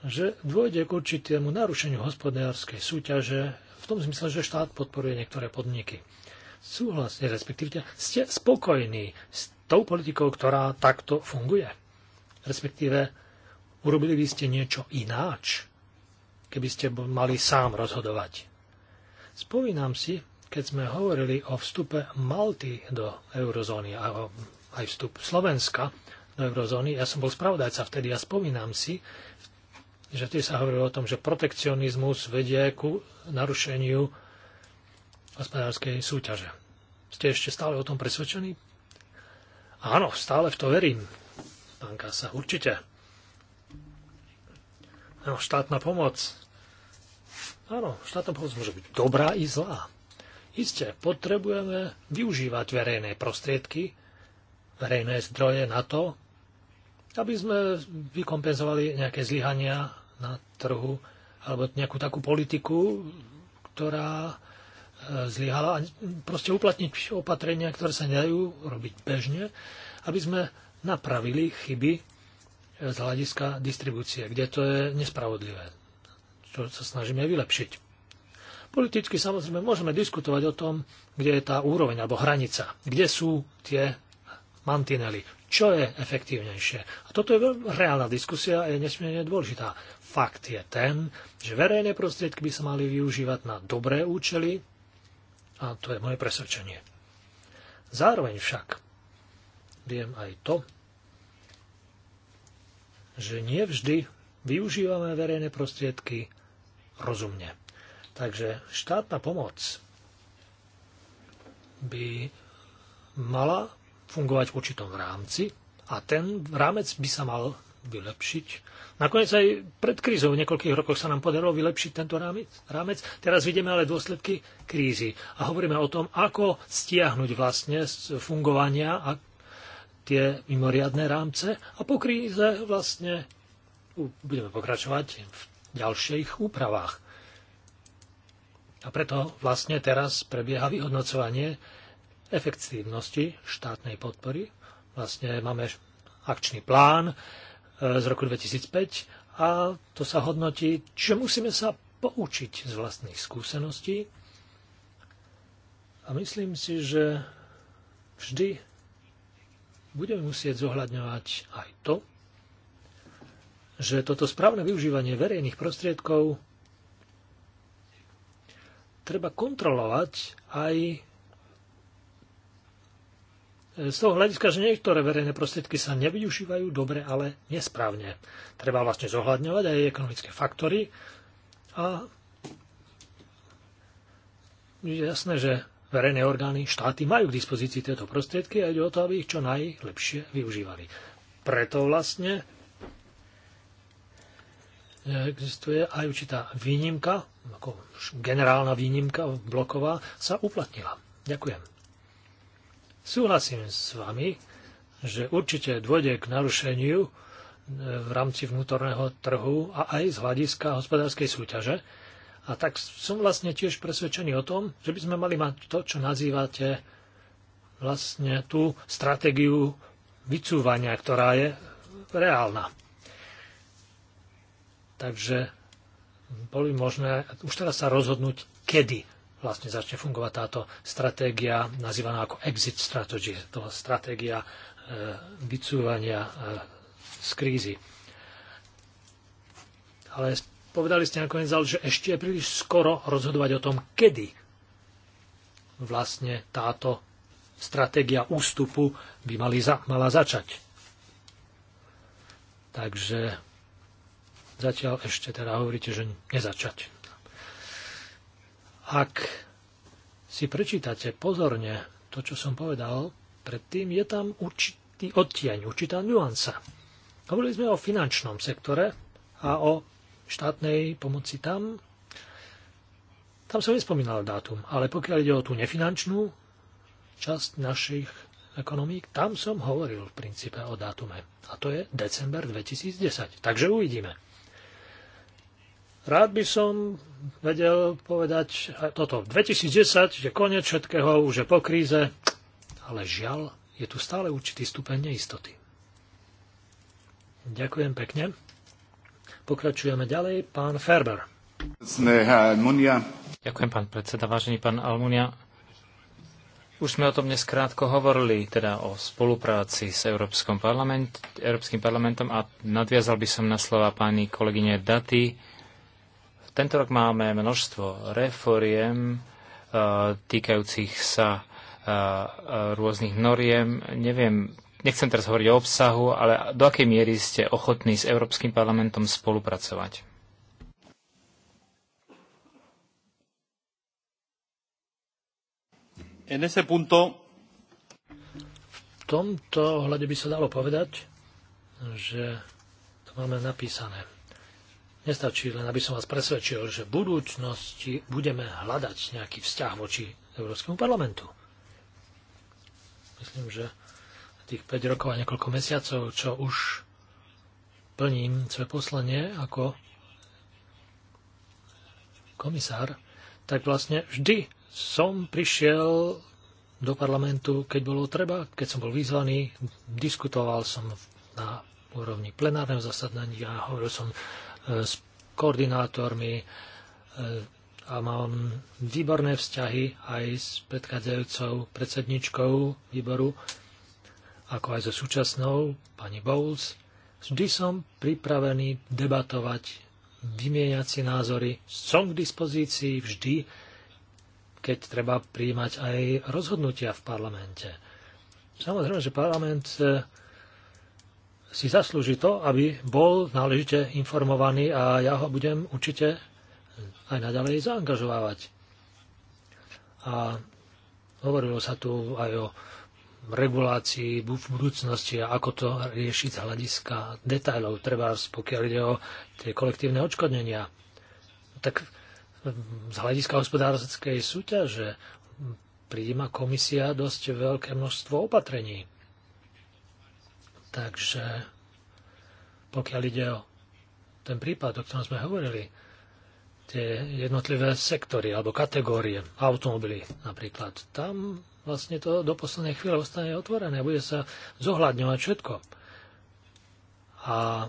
že dôjde k určitému narušeniu hospodárskej súťaže v tom zmysle, že štát podporuje niektoré podniky. Súhlasne, respektíve, ste spokojní s tou politikou, ktorá takto funguje? Respektíve, urobili by ste niečo ináč, keby ste mali sám rozhodovať. Spomínam si, keď sme hovorili o vstupe Malty do eurozóny a aj vstup Slovenska do eurozóny, ja som bol spravodajca vtedy a ja spomínam si, že tie sa hovorilo o tom, že protekcionizmus vedie ku narušeniu hospodárskej súťaže. Ste ešte stále o tom presvedčení? Áno, stále v to verím, pán Kasa, určite. No, štátna pomoc. Áno, štátna pomoc môže byť dobrá i zlá. Isté, potrebujeme využívať verejné prostriedky, verejné zdroje na to, aby sme vykompenzovali nejaké zlyhania na trhu alebo nejakú takú politiku, ktorá e, zlyhala a proste uplatniť opatrenia, ktoré sa nedajú robiť bežne, aby sme napravili chyby e, z hľadiska distribúcie, kde to je nespravodlivé, čo sa snažíme vylepšiť. Politicky samozrejme môžeme diskutovať o tom, kde je tá úroveň alebo hranica, kde sú tie mantinely, čo je efektívnejšie. A toto je reálna diskusia a je nesmierne dôležitá. Fakt je ten, že verejné prostriedky by sa mali využívať na dobré účely a to je moje presvedčenie. Zároveň však viem aj to, že nie vždy využívame verejné prostriedky rozumne. Takže štátna pomoc by mala fungovať v určitom rámci a ten rámec by sa mal vylepšiť Nakoniec aj pred krízou v niekoľkých rokoch sa nám podarilo vylepšiť tento rámec. rámec. Teraz vidíme ale dôsledky krízy a hovoríme o tom, ako stiahnuť vlastne z fungovania a tie mimoriadné rámce a po kríze vlastne budeme pokračovať v ďalších úpravách. A preto vlastne teraz prebieha vyhodnocovanie efektívnosti štátnej podpory. Vlastne máme akčný plán, z roku 2005 a to sa hodnotí, že musíme sa poučiť z vlastných skúseností a myslím si, že vždy budeme musieť zohľadňovať aj to, že toto správne využívanie verejných prostriedkov treba kontrolovať aj E, z toho hľadiska, že niektoré verejné prostriedky sa nevyužívajú dobre, ale nesprávne. Treba vlastne zohľadňovať aj ekonomické faktory a je jasné, že verejné orgány, štáty majú k dispozícii tieto prostriedky a ide o to, aby ich čo najlepšie využívali. Preto vlastne e, existuje aj určitá výnimka, ako generálna výnimka bloková, sa uplatnila. Ďakujem. Súhlasím s vami, že určite dôjde k narušeniu e, v rámci vnútorného trhu a aj z hľadiska hospodárskej súťaže. A tak som vlastne tiež presvedčený o tom, že by sme mali mať to, čo nazývate vlastne tú stratégiu vycúvania, ktorá je reálna. Takže boli možné už teraz sa rozhodnúť, kedy vlastne začne fungovať táto stratégia, nazývaná ako exit strategy, to stratégia e, vycúvania e, z krízy. Ale povedali ste nakoniec, že ešte je príliš skoro rozhodovať o tom, kedy vlastne táto stratégia ústupu by mali za, mala začať. Takže zatiaľ ešte teda hovoríte, že nezačať. Ak si prečítate pozorne to, čo som povedal predtým, je tam určitý odtieň, určitá nuansa. Hovorili sme o finančnom sektore a o štátnej pomoci tam. Tam som nespomínal dátum, ale pokiaľ ide o tú nefinančnú časť našich ekonomík, tam som hovoril v princípe o dátume. A to je december 2010. Takže uvidíme. Rád by som vedel povedať toto. 2010, že koniec všetkého, už je po kríze, ale žiaľ, je tu stále určitý stupeň neistoty. Ďakujem pekne. Pokračujeme ďalej. Pán Ferber. Ďakujem, pán predseda. Vážený pán Almunia, už sme o tom dnes krátko hovorili, teda o spolupráci s Európskym parlament, parlamentom a nadviazal by som na slova pani kolegyne Daty tento rok máme množstvo reforiem e, týkajúcich sa e, e, rôznych noriem. Neviem, nechcem teraz hovoriť o obsahu, ale do akej miery ste ochotní s Európskym parlamentom spolupracovať? V tomto ohľade by sa dalo povedať, že to máme napísané. Nestačí len, aby som vás presvedčil, že v budúcnosti budeme hľadať nejaký vzťah voči Európskemu parlamentu. Myslím, že tých 5 rokov a niekoľko mesiacov, čo už plním svoje poslanie ako komisár, tak vlastne vždy som prišiel do parlamentu, keď bolo treba, keď som bol vyzvaný, diskutoval som na úrovni plenárneho zasadania, hovoril som s koordinátormi e, a mám výborné vzťahy aj s predchádzajúcou predsedničkou výboru, ako aj so súčasnou pani Bowles. Vždy som pripravený debatovať, vymieňať si názory. Som k dispozícii vždy, keď treba príjmať aj rozhodnutia v parlamente. Samozrejme, že parlament e, si zaslúži to, aby bol náležite informovaný a ja ho budem určite aj naďalej zaangažovávať. A hovorilo sa tu aj o regulácii v budúcnosti a ako to riešiť z hľadiska detajlov, treba pokiaľ ide o tie kolektívne odškodnenia. Tak z hľadiska hospodárskej súťaže prijíma komisia dosť veľké množstvo opatrení. Takže pokiaľ ide o ten prípad, o ktorom sme hovorili, tie jednotlivé sektory alebo kategórie, automobily napríklad, tam vlastne to do poslednej chvíle ostane otvorené a bude sa zohľadňovať všetko. A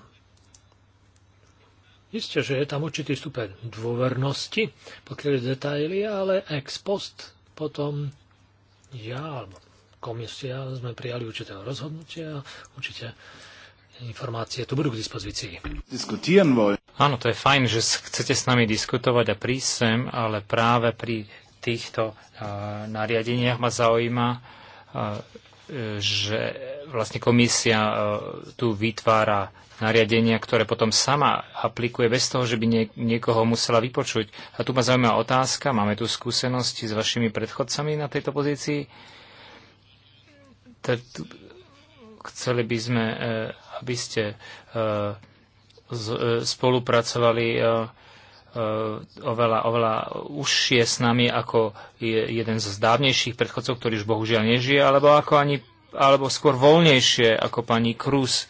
isté, že je tam určitý stupeň dôvernosti, pokiaľ je detaily, ale ex post potom ja alebo komisia sme prijali určité rozhodnutia, určite informácie tu budú k dispozícii. Áno, to je fajn, že chcete s nami diskutovať a prísť sem, ale práve pri týchto uh, nariadeniach ma zaujíma, uh, že vlastne komisia uh, tu vytvára nariadenia, ktoré potom sama aplikuje bez toho, že by nie, niekoho musela vypočuť. A tu ma zaujíma otázka, máme tu skúsenosti s vašimi predchodcami na tejto pozícii chceli by sme, e, aby ste e, e, spolupracovali oveľa, oveľa užšie s nami ako jeden z dávnejších predchodcov, ktorý už bohužiaľ nežije, alebo, ako ani, alebo skôr voľnejšie ako pani Krus.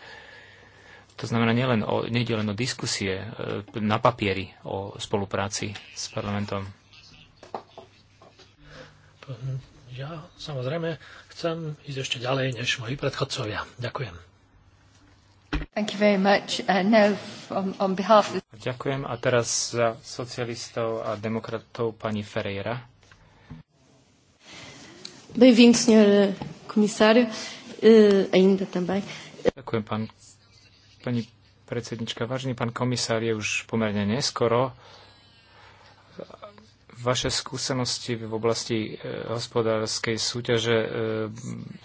To znamená, nielen o, nie len o diskusie na papieri o spolupráci s parlamentom. Ja, samozrejme, chcem ísť ešte ďalej než moji predchodcovia. Ďakujem. Thank you very much. Uh, no, on, on behalf of... Ďakujem. A teraz za socialistov a demokratov pani Ferreira. Bem-vindo, senhor eh, comissário, uh, ainda também. Ďakujem, pán, pani predsednička. Vážený pán komisár, je už pomerne neskoro. Uh, Vaše skúsenosti v oblasti e, hospodárskej súťaže e,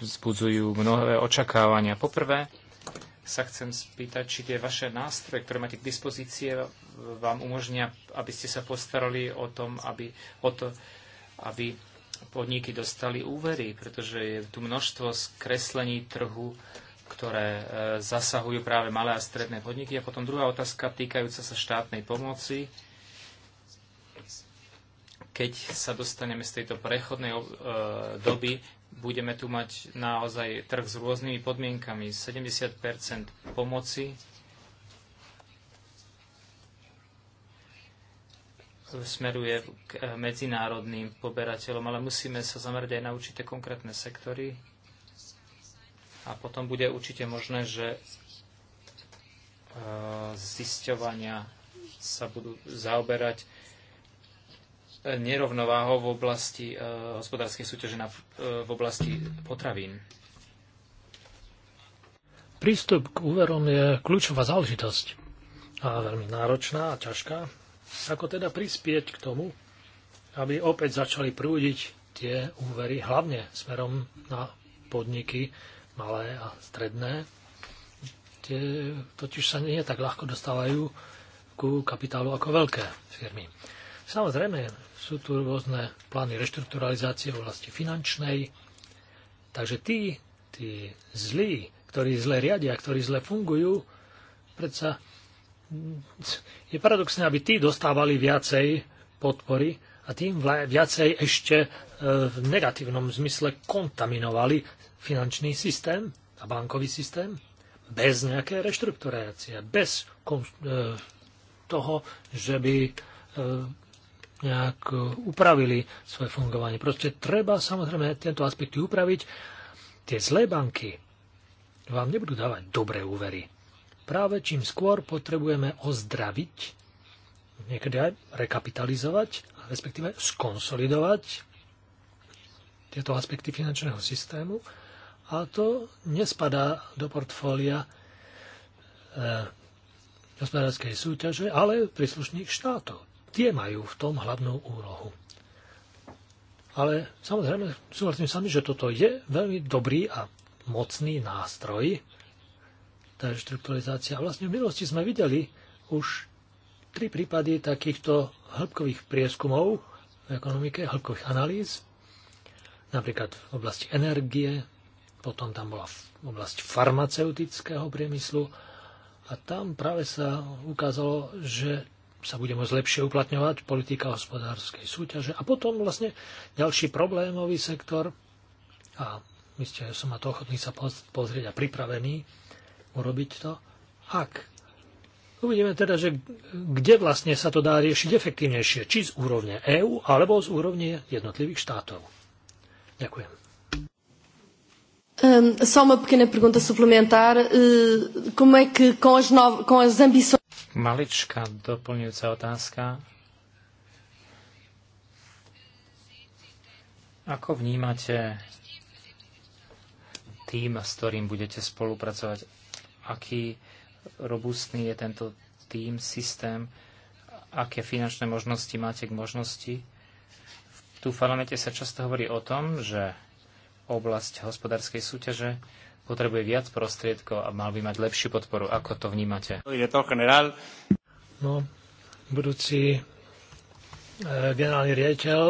vzbudzujú mnohé očakávania. Poprvé sa chcem spýtať, či tie vaše nástroje, ktoré máte k dispozície, vám umožnia, aby ste sa postarali o, tom, aby, o to, aby podniky dostali úvery, pretože je tu množstvo skreslení trhu, ktoré e, zasahujú práve malé a stredné podniky. A potom druhá otázka týkajúca sa štátnej pomoci keď sa dostaneme z tejto prechodnej e, doby, budeme tu mať naozaj trh s rôznymi podmienkami. 70 pomoci e, smeruje k e, medzinárodným poberateľom, ale musíme sa zamerať aj na určité konkrétne sektory. A potom bude určite možné, že zisťovania sa budú zaoberať nerovnováhou v oblasti e, hospodárskej súťaže na, e, v oblasti potravín. Prístup k úverom je kľúčová záležitosť a veľmi náročná a ťažká. Ako teda prispieť k tomu, aby opäť začali prúdiť tie úvery, hlavne smerom na podniky malé a stredné. Tie totiž sa nie tak ľahko dostávajú ku kapitálu ako veľké firmy. Samozrejme, sú tu rôzne plány reštrukturalizácie v oblasti finančnej. Takže tí, tí zlí, ktorí zle riadia, ktorí zle fungujú, predsa mm, je paradoxné, aby tí dostávali viacej podpory a tým viacej ešte e, v negatívnom zmysle kontaminovali finančný systém a bankový systém bez nejaké reštrukturácie, bez e, toho, že by e, nejak e, upravili svoje fungovanie. Proste treba samozrejme tento aspekt upraviť. Tie zlé banky vám nebudú dávať dobré úvery. Práve čím skôr potrebujeme ozdraviť, niekedy aj rekapitalizovať, respektíve skonsolidovať tieto aspekty finančného systému a to nespadá do portfólia e, hospodárskej súťaže, ale príslušných štátov tie majú v tom hlavnú úlohu. Ale samozrejme súhlasím sami, že toto je veľmi dobrý a mocný nástroj, tá reštrukturalizácia. A vlastne v minulosti sme videli už tri prípady takýchto hĺbkových prieskumov v ekonomike, hĺbkových analýz, napríklad v oblasti energie, potom tam bola oblasť farmaceutického priemyslu a tam práve sa ukázalo, že sa bude môcť lepšie uplatňovať politika hospodárskej súťaže. A potom vlastne ďalší problémový sektor, a my ste, som na to ochotný sa pozrieť a pripravený urobiť to, ak uvidíme teda, že kde vlastne sa to dá riešiť efektívnejšie, či z úrovne EÚ alebo z úrovne jednotlivých štátov. Ďakujem. Um, só uma pequena pergunta suplementar. Uh, como é que com as, no... com as ambições Maličká doplňujúca otázka. Ako vnímate tým, s ktorým budete spolupracovať? Aký robustný je tento tým, systém? Aké finančné možnosti máte k možnosti? Tu v parlamente sa často hovorí o tom, že oblasť hospodárskej súťaže potrebuje viac prostriedkov a mal by mať lepšiu podporu. Ako to vnímate? No, budúci e, generálny riaditeľ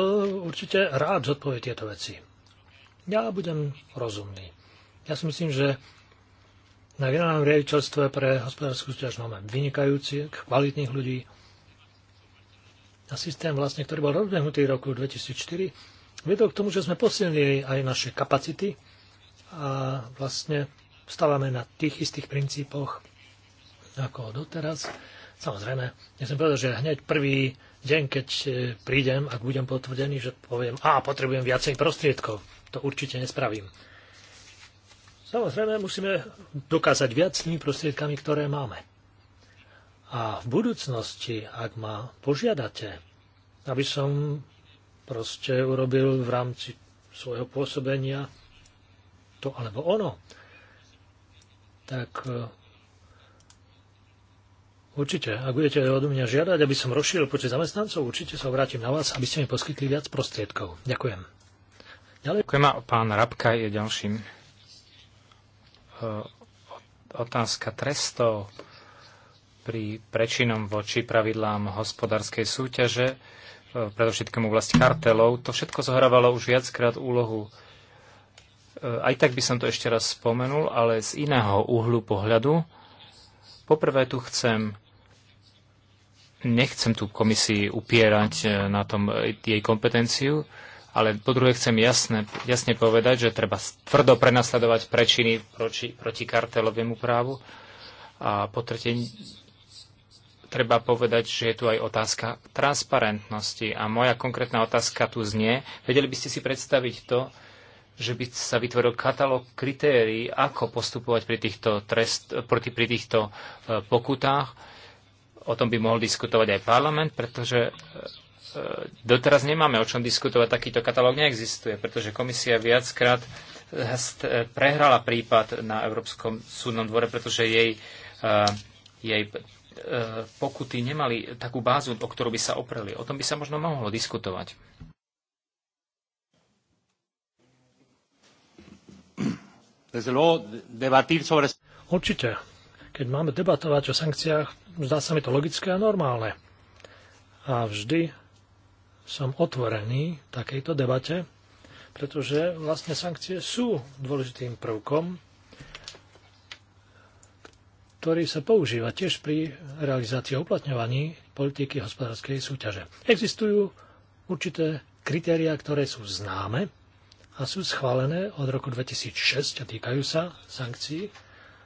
určite rád zodpovie tieto veci. Ja budem rozumný. Ja si myslím, že na generálnom riaditeľstve pre hospodárskú súťaž máme vynikajúcich, kvalitných ľudí. A systém, vlastne, ktorý bol rozbehnutý roku 2004, vedol k tomu, že sme posilnili aj naše kapacity a vlastne stávame na tých istých princípoch ako doteraz. Samozrejme, nechcem som povedať, že hneď prvý deň, keď e, prídem, ak budem potvrdený, že poviem, a potrebujem viacej prostriedkov. To určite nespravím. Samozrejme, musíme dokázať viac s tými prostriedkami, ktoré máme. A v budúcnosti, ak ma požiadate, aby som proste urobil v rámci svojho pôsobenia to alebo ono, tak e, určite, ak budete od mňa žiadať, aby som rozšíril počet zamestnancov, určite sa obrátim na vás, aby ste mi poskytli viac prostriedkov. Ďakujem. Ďalej. Ďakujem a pán Rabka je ďalším. E, otázka trestov pri prečinom voči pravidlám hospodárskej súťaže, e, predovšetkému oblasti kartelov, to všetko zohrávalo už viackrát úlohu E, aj tak by som to ešte raz spomenul, ale z iného uhlu pohľadu. Poprvé tu chcem nechcem tú komisii upierať e, na tom e, jej kompetenciu, ale po druhé chcem jasne, jasne povedať, že treba tvrdo prenasledovať prečiny proti, proti kartelovému právu. A po tretie, treba povedať, že je tu aj otázka transparentnosti. A moja konkrétna otázka tu znie, vedeli by ste si predstaviť to, že by sa vytvoril katalóg kritérií, ako postupovať pri týchto, trest, proti, pri týchto e, pokutách. O tom by mohol diskutovať aj parlament, pretože e, e, doteraz nemáme o čom diskutovať, takýto katalóg neexistuje, pretože komisia viackrát prehrala prípad na Európskom súdnom dvore, pretože jej, jej pokuty nemali takú bázu, o ktorú by sa opreli. O tom by sa možno mohlo diskutovať. Určite. Keď máme debatovať o sankciách, zdá sa mi to logické a normálne. A vždy som otvorený takejto debate, pretože vlastne sankcie sú dôležitým prvkom, ktorý sa používa tiež pri realizácii a uplatňovaní politiky hospodárskej súťaže. Existujú určité kritéria, ktoré sú známe a sú schválené od roku 2006 a týkajú sa sankcií.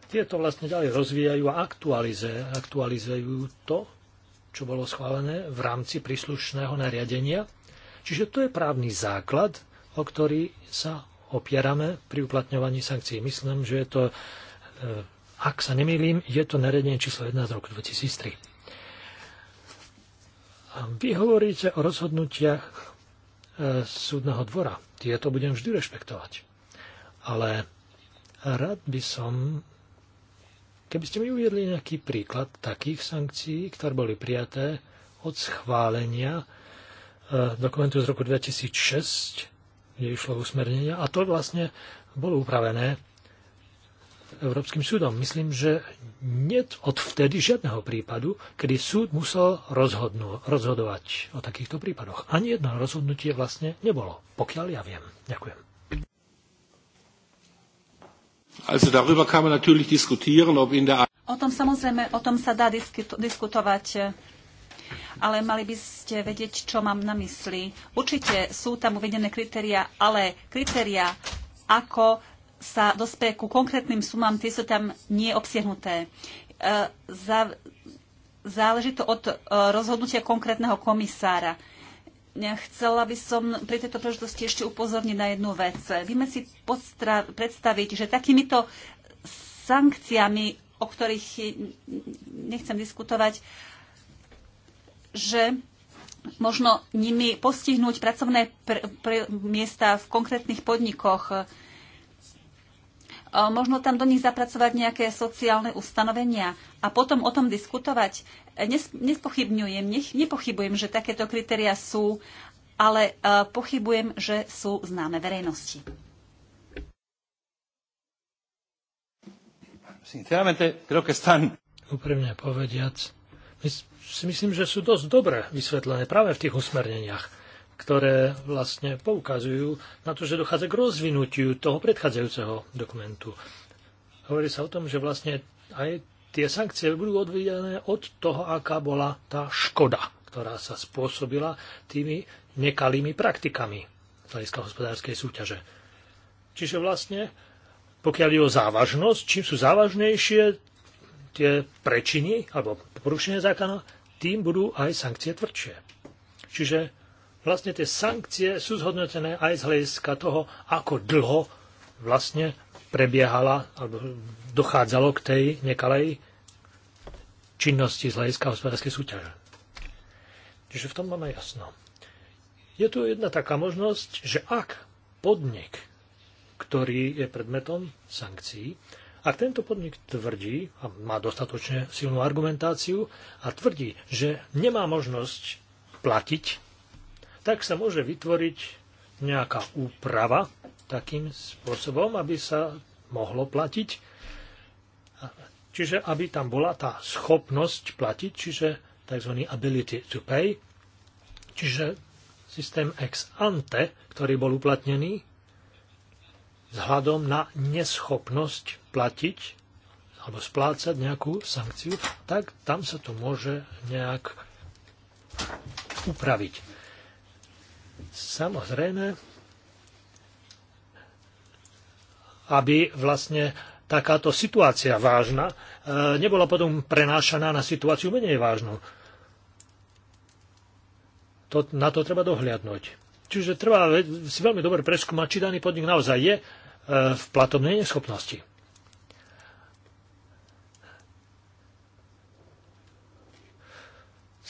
Tieto vlastne ďalej rozvíjajú a aktualizujú to, čo bolo schválené v rámci príslušného nariadenia. Čiže to je právny základ, o ktorý sa opierame pri uplatňovaní sankcií. Myslím, že je to, e, ak sa nemýlim, je to nariadenie číslo 1 z roku 2003. vy hovoríte o rozhodnutiach e, súdneho dvora tieto budem vždy rešpektovať. Ale rád by som, keby ste mi uviedli nejaký príklad takých sankcií, ktoré boli prijaté od schválenia e, dokumentu z roku 2006, kde išlo usmernenia, a to vlastne bolo upravené Európskym súdom. Myslím, že nie od vtedy žiadneho prípadu, kedy súd musel rozhodnú, rozhodovať o takýchto prípadoch. Ani jedno rozhodnutie vlastne nebolo, pokiaľ ja viem. Ďakujem. Also darüber kann man natürlich diskutieren, ob in der... O tom samozrejme, o tom sa dá diskutovať ale mali by ste vedieť, čo mám na mysli. Určite sú tam uvedené kritéria, ale kritéria, ako sa dospie ku konkrétnym sumám, tie sú tam nie obsiahnuté. E, záleží to od e, rozhodnutia konkrétneho komisára. Chcela by som pri tejto príležitosti ešte upozorniť na jednu vec. Vieme si predstaviť, že takýmito sankciami, o ktorých nechcem diskutovať, že možno nimi postihnúť pracovné pr- pr- miesta v konkrétnych podnikoch možno tam do nich zapracovať nejaké sociálne ustanovenia a potom o tom diskutovať. Nespochybňujem, nech, nepochybujem, že takéto kritéria sú, ale e, pochybujem, že sú známe verejnosti. Sinceramente, creo que están... Úprimne povediac, my si myslím, že sú dosť dobre vysvetlené práve v tých usmerneniach ktoré vlastne poukazujú na to, že dochádza k rozvinutiu toho predchádzajúceho dokumentu. Hovorí sa o tom, že vlastne aj tie sankcie budú odvidené od toho, aká bola tá škoda, ktorá sa spôsobila tými nekalými praktikami z hľadiska hospodárskej súťaže. Čiže vlastne, pokiaľ je o závažnosť, čím sú závažnejšie tie prečiny alebo porušenie zákona, tým budú aj sankcie tvrdšie. Čiže vlastne tie sankcie sú zhodnotené aj z hľadiska toho, ako dlho vlastne prebiehala alebo dochádzalo k tej nekalej činnosti z hľadiska hospodárskej súťaže. Čiže v tom máme jasno. Je tu jedna taká možnosť, že ak podnik, ktorý je predmetom sankcií, ak tento podnik tvrdí a má dostatočne silnú argumentáciu a tvrdí, že nemá možnosť platiť tak sa môže vytvoriť nejaká úprava takým spôsobom, aby sa mohlo platiť. Čiže aby tam bola tá schopnosť platiť, čiže tzv. ability to pay, čiže systém ex ante, ktorý bol uplatnený vzhľadom na neschopnosť platiť alebo splácať nejakú sankciu, tak tam sa to môže nejak upraviť. Samozrejme, aby vlastne takáto situácia vážna e, nebola potom prenášaná na situáciu menej vážnu. To, na to treba dohliadnúť. Čiže treba si veľmi dobre preskúmať, či daný podnik naozaj je e, v platobnej neschopnosti.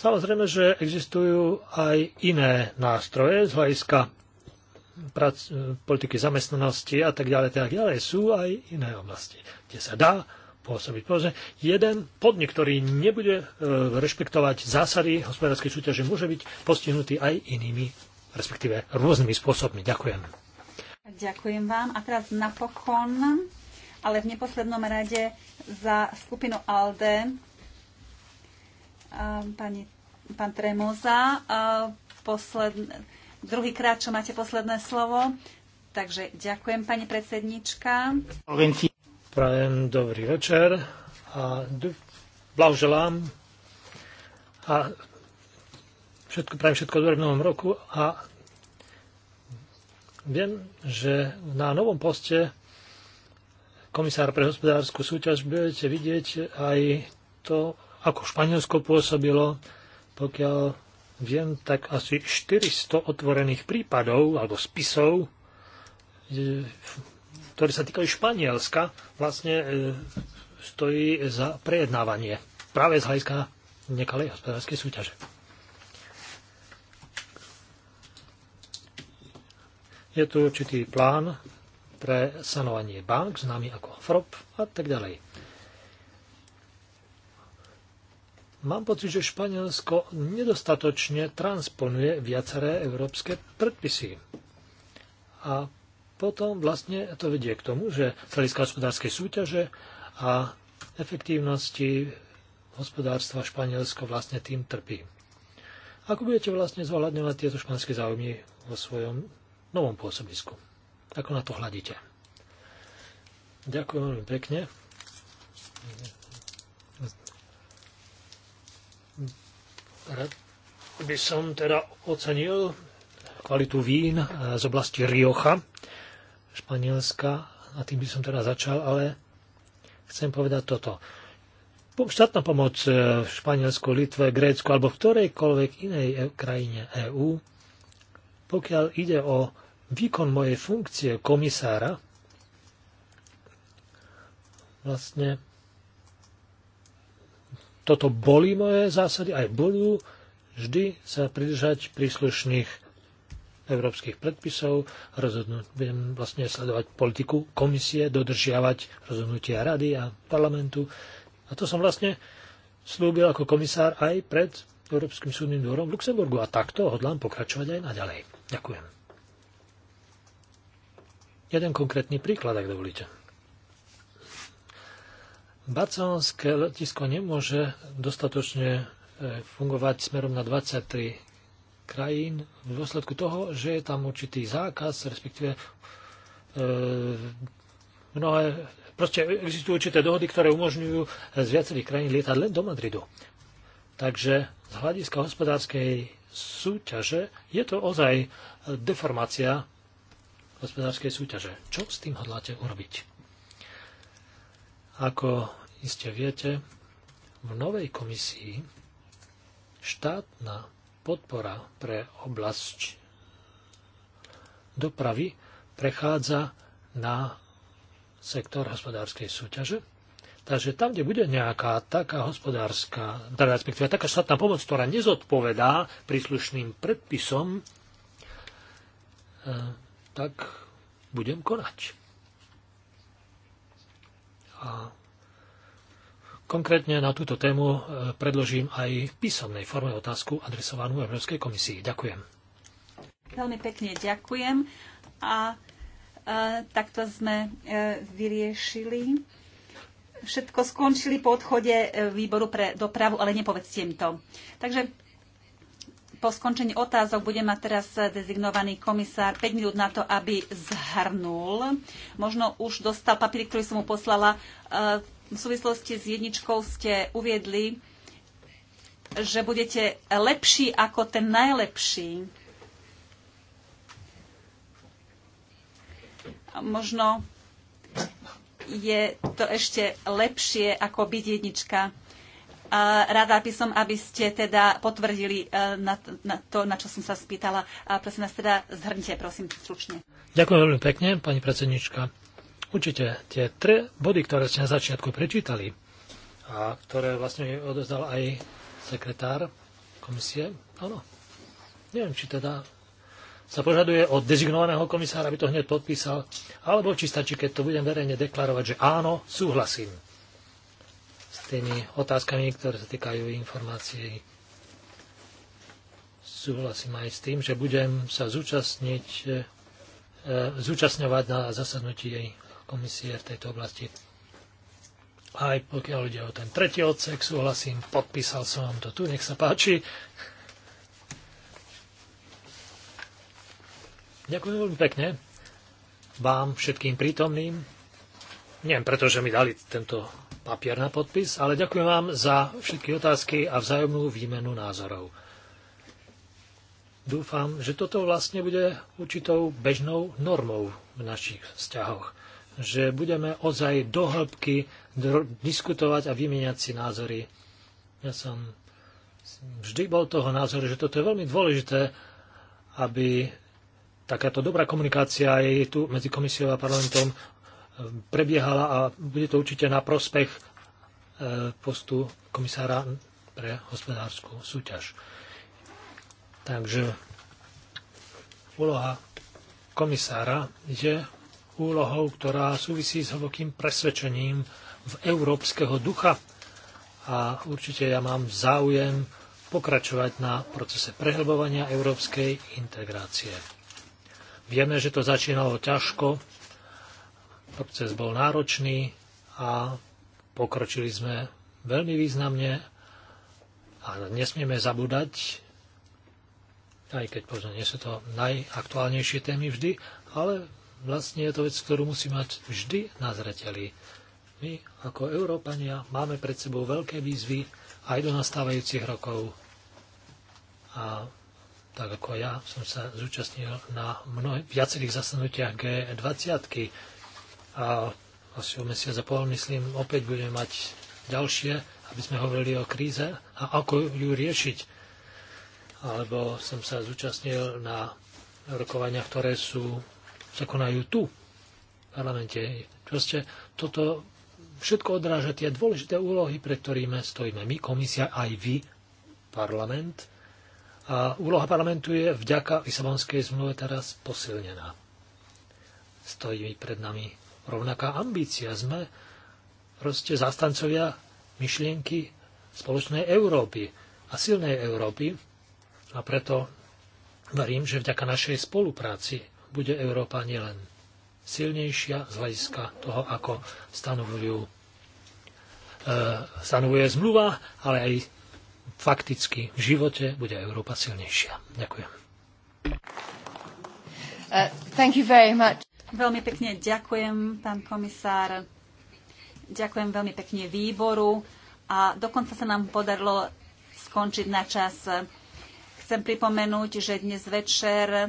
Samozrejme, že existujú aj iné nástroje z hľadiska prac, e, politiky zamestnanosti a tak ďalej, tak ďalej. Sú aj iné oblasti, kde sa dá pôsobiť. Povedzme, jeden podnik, ktorý nebude e, rešpektovať zásady hospodárskej súťaže, môže byť postihnutý aj inými, respektíve rôznymi spôsobmi. Ďakujem. Ďakujem vám. A teraz napokon, ale v neposlednom rade za skupinu ALDE Ehm, pani, pán Tremoza, ehm, posledn- druhýkrát, čo máte posledné slovo. Takže ďakujem, pani predsednička. Prajem dobrý večer a blahoželám a všetko, prajem všetko dobré v novom roku a viem, že na novom poste komisár pre hospodárskú súťaž budete vidieť aj to, ako Španielsko pôsobilo, pokiaľ viem, tak asi 400 otvorených prípadov alebo spisov, e, ktoré sa týkajú Španielska, vlastne e, stojí za prejednávanie práve z hľadiska nekalej hospodárskej súťaže. Je tu určitý plán pre sanovanie bank, známy ako FROP a tak ďalej. Mám pocit, že Španielsko nedostatočne transponuje viaceré európske predpisy. A potom vlastne to vedie k tomu, že z hľadiska hospodárskej súťaže a efektívnosti hospodárstva Španielsko vlastne tým trpí. Ako budete vlastne zohľadňovať tieto španské záujmy vo svojom novom pôsobisku? Ako na to hľadíte? Ďakujem veľmi pekne. Rád by som teda ocenil kvalitu vín eh, z oblasti Riocha, Španielska, a tým by som teda začal, ale chcem povedať toto. Štátna pomoc eh, v Španielsku, Litve, Grécku alebo v ktorejkoľvek inej eh, krajine EÚ, pokiaľ ide o výkon mojej funkcie komisára, vlastne toto boli moje zásady, aj budú vždy sa pridržať príslušných európskych predpisov, rozhodnúť, budem vlastne sledovať politiku komisie, dodržiavať rozhodnutia rady a parlamentu. A to som vlastne slúbil ako komisár aj pred Európskym súdnym dvorom v Luxemburgu. A takto hodlám pokračovať aj naďalej. Ďakujem. Jeden konkrétny príklad, ak dovolíte. Barcelonské letisko nemôže dostatočne e, fungovať smerom na 23 krajín v dôsledku toho, že je tam určitý zákaz, respektíve e, mnohé, proste existujú určité dohody, ktoré umožňujú z viacerých krajín lietať len do Madridu. Takže z hľadiska hospodárskej súťaže je to ozaj deformácia hospodárskej súťaže. Čo s tým hodláte urobiť? Ako iste viete, v novej komisii štátna podpora pre oblasť dopravy prechádza na sektor hospodárskej súťaže. Takže tam, kde bude nejaká taká hospodárska, teda respektíve taká štátna pomoc, ktorá nezodpovedá príslušným predpisom, eh, tak budem konať. A konkrétne na túto tému e, predložím aj v písomnej forme otázku adresovanú Európskej komisii. Ďakujem. Veľmi pekne ďakujem. A Uh, takto sme e, vyriešili. Všetko skončili po odchode e, výboru pre dopravu, ale nepovedzte im to. Takže po skončení otázok bude mať teraz dezignovaný komisár 5 minút na to, aby zhrnul. Možno už dostal papíry, ktorý som mu poslala. E, v súvislosti s jedničkou ste uviedli, že budete lepší ako ten najlepší. Možno je to ešte lepšie ako byť jednička. Rada by som, aby ste teda potvrdili e, na, na to, na čo som sa spýtala. Prosím vás teda zhrnite, prosím, stručne. Ďakujem veľmi pekne, pani predsednička. Určite tie tri body, ktoré ste na začiatku prečítali a ktoré vlastne odozdal aj sekretár komisie, áno, neviem, či teda sa požaduje od dezignovaného komisára, aby to hneď podpísal, alebo či stačí, keď to budem verejne deklarovať, že áno, súhlasím tými otázkami, ktoré sa týkajú informácií. Súhlasím aj s tým, že budem sa zúčastniť, e, e, zúčastňovať na zasadnutí jej komisie v tejto oblasti. Aj pokiaľ ide o ten tretí odsek, súhlasím, podpísal som vám to tu, nech sa páči. Ďakujem veľmi pekne vám, všetkým prítomným. Nie pretože mi dali tento papier na podpis, ale ďakujem vám za všetky otázky a vzájomnú výmenu názorov. Dúfam, že toto vlastne bude určitou bežnou normou v našich vzťahoch. Že budeme ozaj dohlbky diskutovať a vymieňať si názory. Ja som vždy bol toho názoru, že toto je veľmi dôležité, aby takáto dobrá komunikácia je tu medzi komisiou a parlamentom prebiehala a bude to určite na prospech e, postu komisára pre hospodárskú súťaž. Takže úloha komisára je úlohou, ktorá súvisí s hlbokým presvedčením v európskeho ducha a určite ja mám záujem pokračovať na procese prehlbovania európskej integrácie. Vieme, že to začínalo ťažko, Proces bol náročný a pokročili sme veľmi významne a nesmieme zabúdať, aj keď možno nie sú to najaktuálnejšie témy vždy, ale vlastne je to vec, ktorú musí mať vždy na zreteli. My ako Európania máme pred sebou veľké výzvy aj do nastávajúcich rokov. A tak ako ja som sa zúčastnil na mnohých viacerých zasadnutiach G20 a asi o mesiac a pol, myslím, opäť budeme mať ďalšie, aby sme hovorili o kríze a ako ju riešiť. Alebo som sa zúčastnil na rokovania, ktoré sú, sa konajú tu, v parlamente. Proste toto všetko odráža tie dôležité úlohy, pre ktorými stojíme my, komisia, aj vy, parlament. A úloha parlamentu je vďaka Lisabonskej zmluve teraz posilnená. Stojí pred nami rovnaká ambícia. Sme proste zastancovia myšlienky spoločnej Európy a silnej Európy a preto verím, že vďaka našej spolupráci bude Európa nielen silnejšia z hľadiska toho, ako stanovujú, e, stanovuje zmluva, ale aj fakticky v živote bude Európa silnejšia. Ďakujem. Uh, thank you very much. Veľmi pekne ďakujem, pán komisár. Ďakujem veľmi pekne výboru a dokonca sa nám podarilo skončiť na čas. Chcem pripomenúť, že dnes večer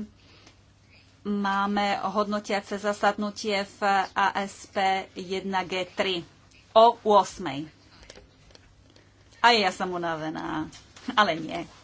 máme hodnotiace zasadnutie v ASP 1G3 o 8. Aj ja som unavená, ale nie.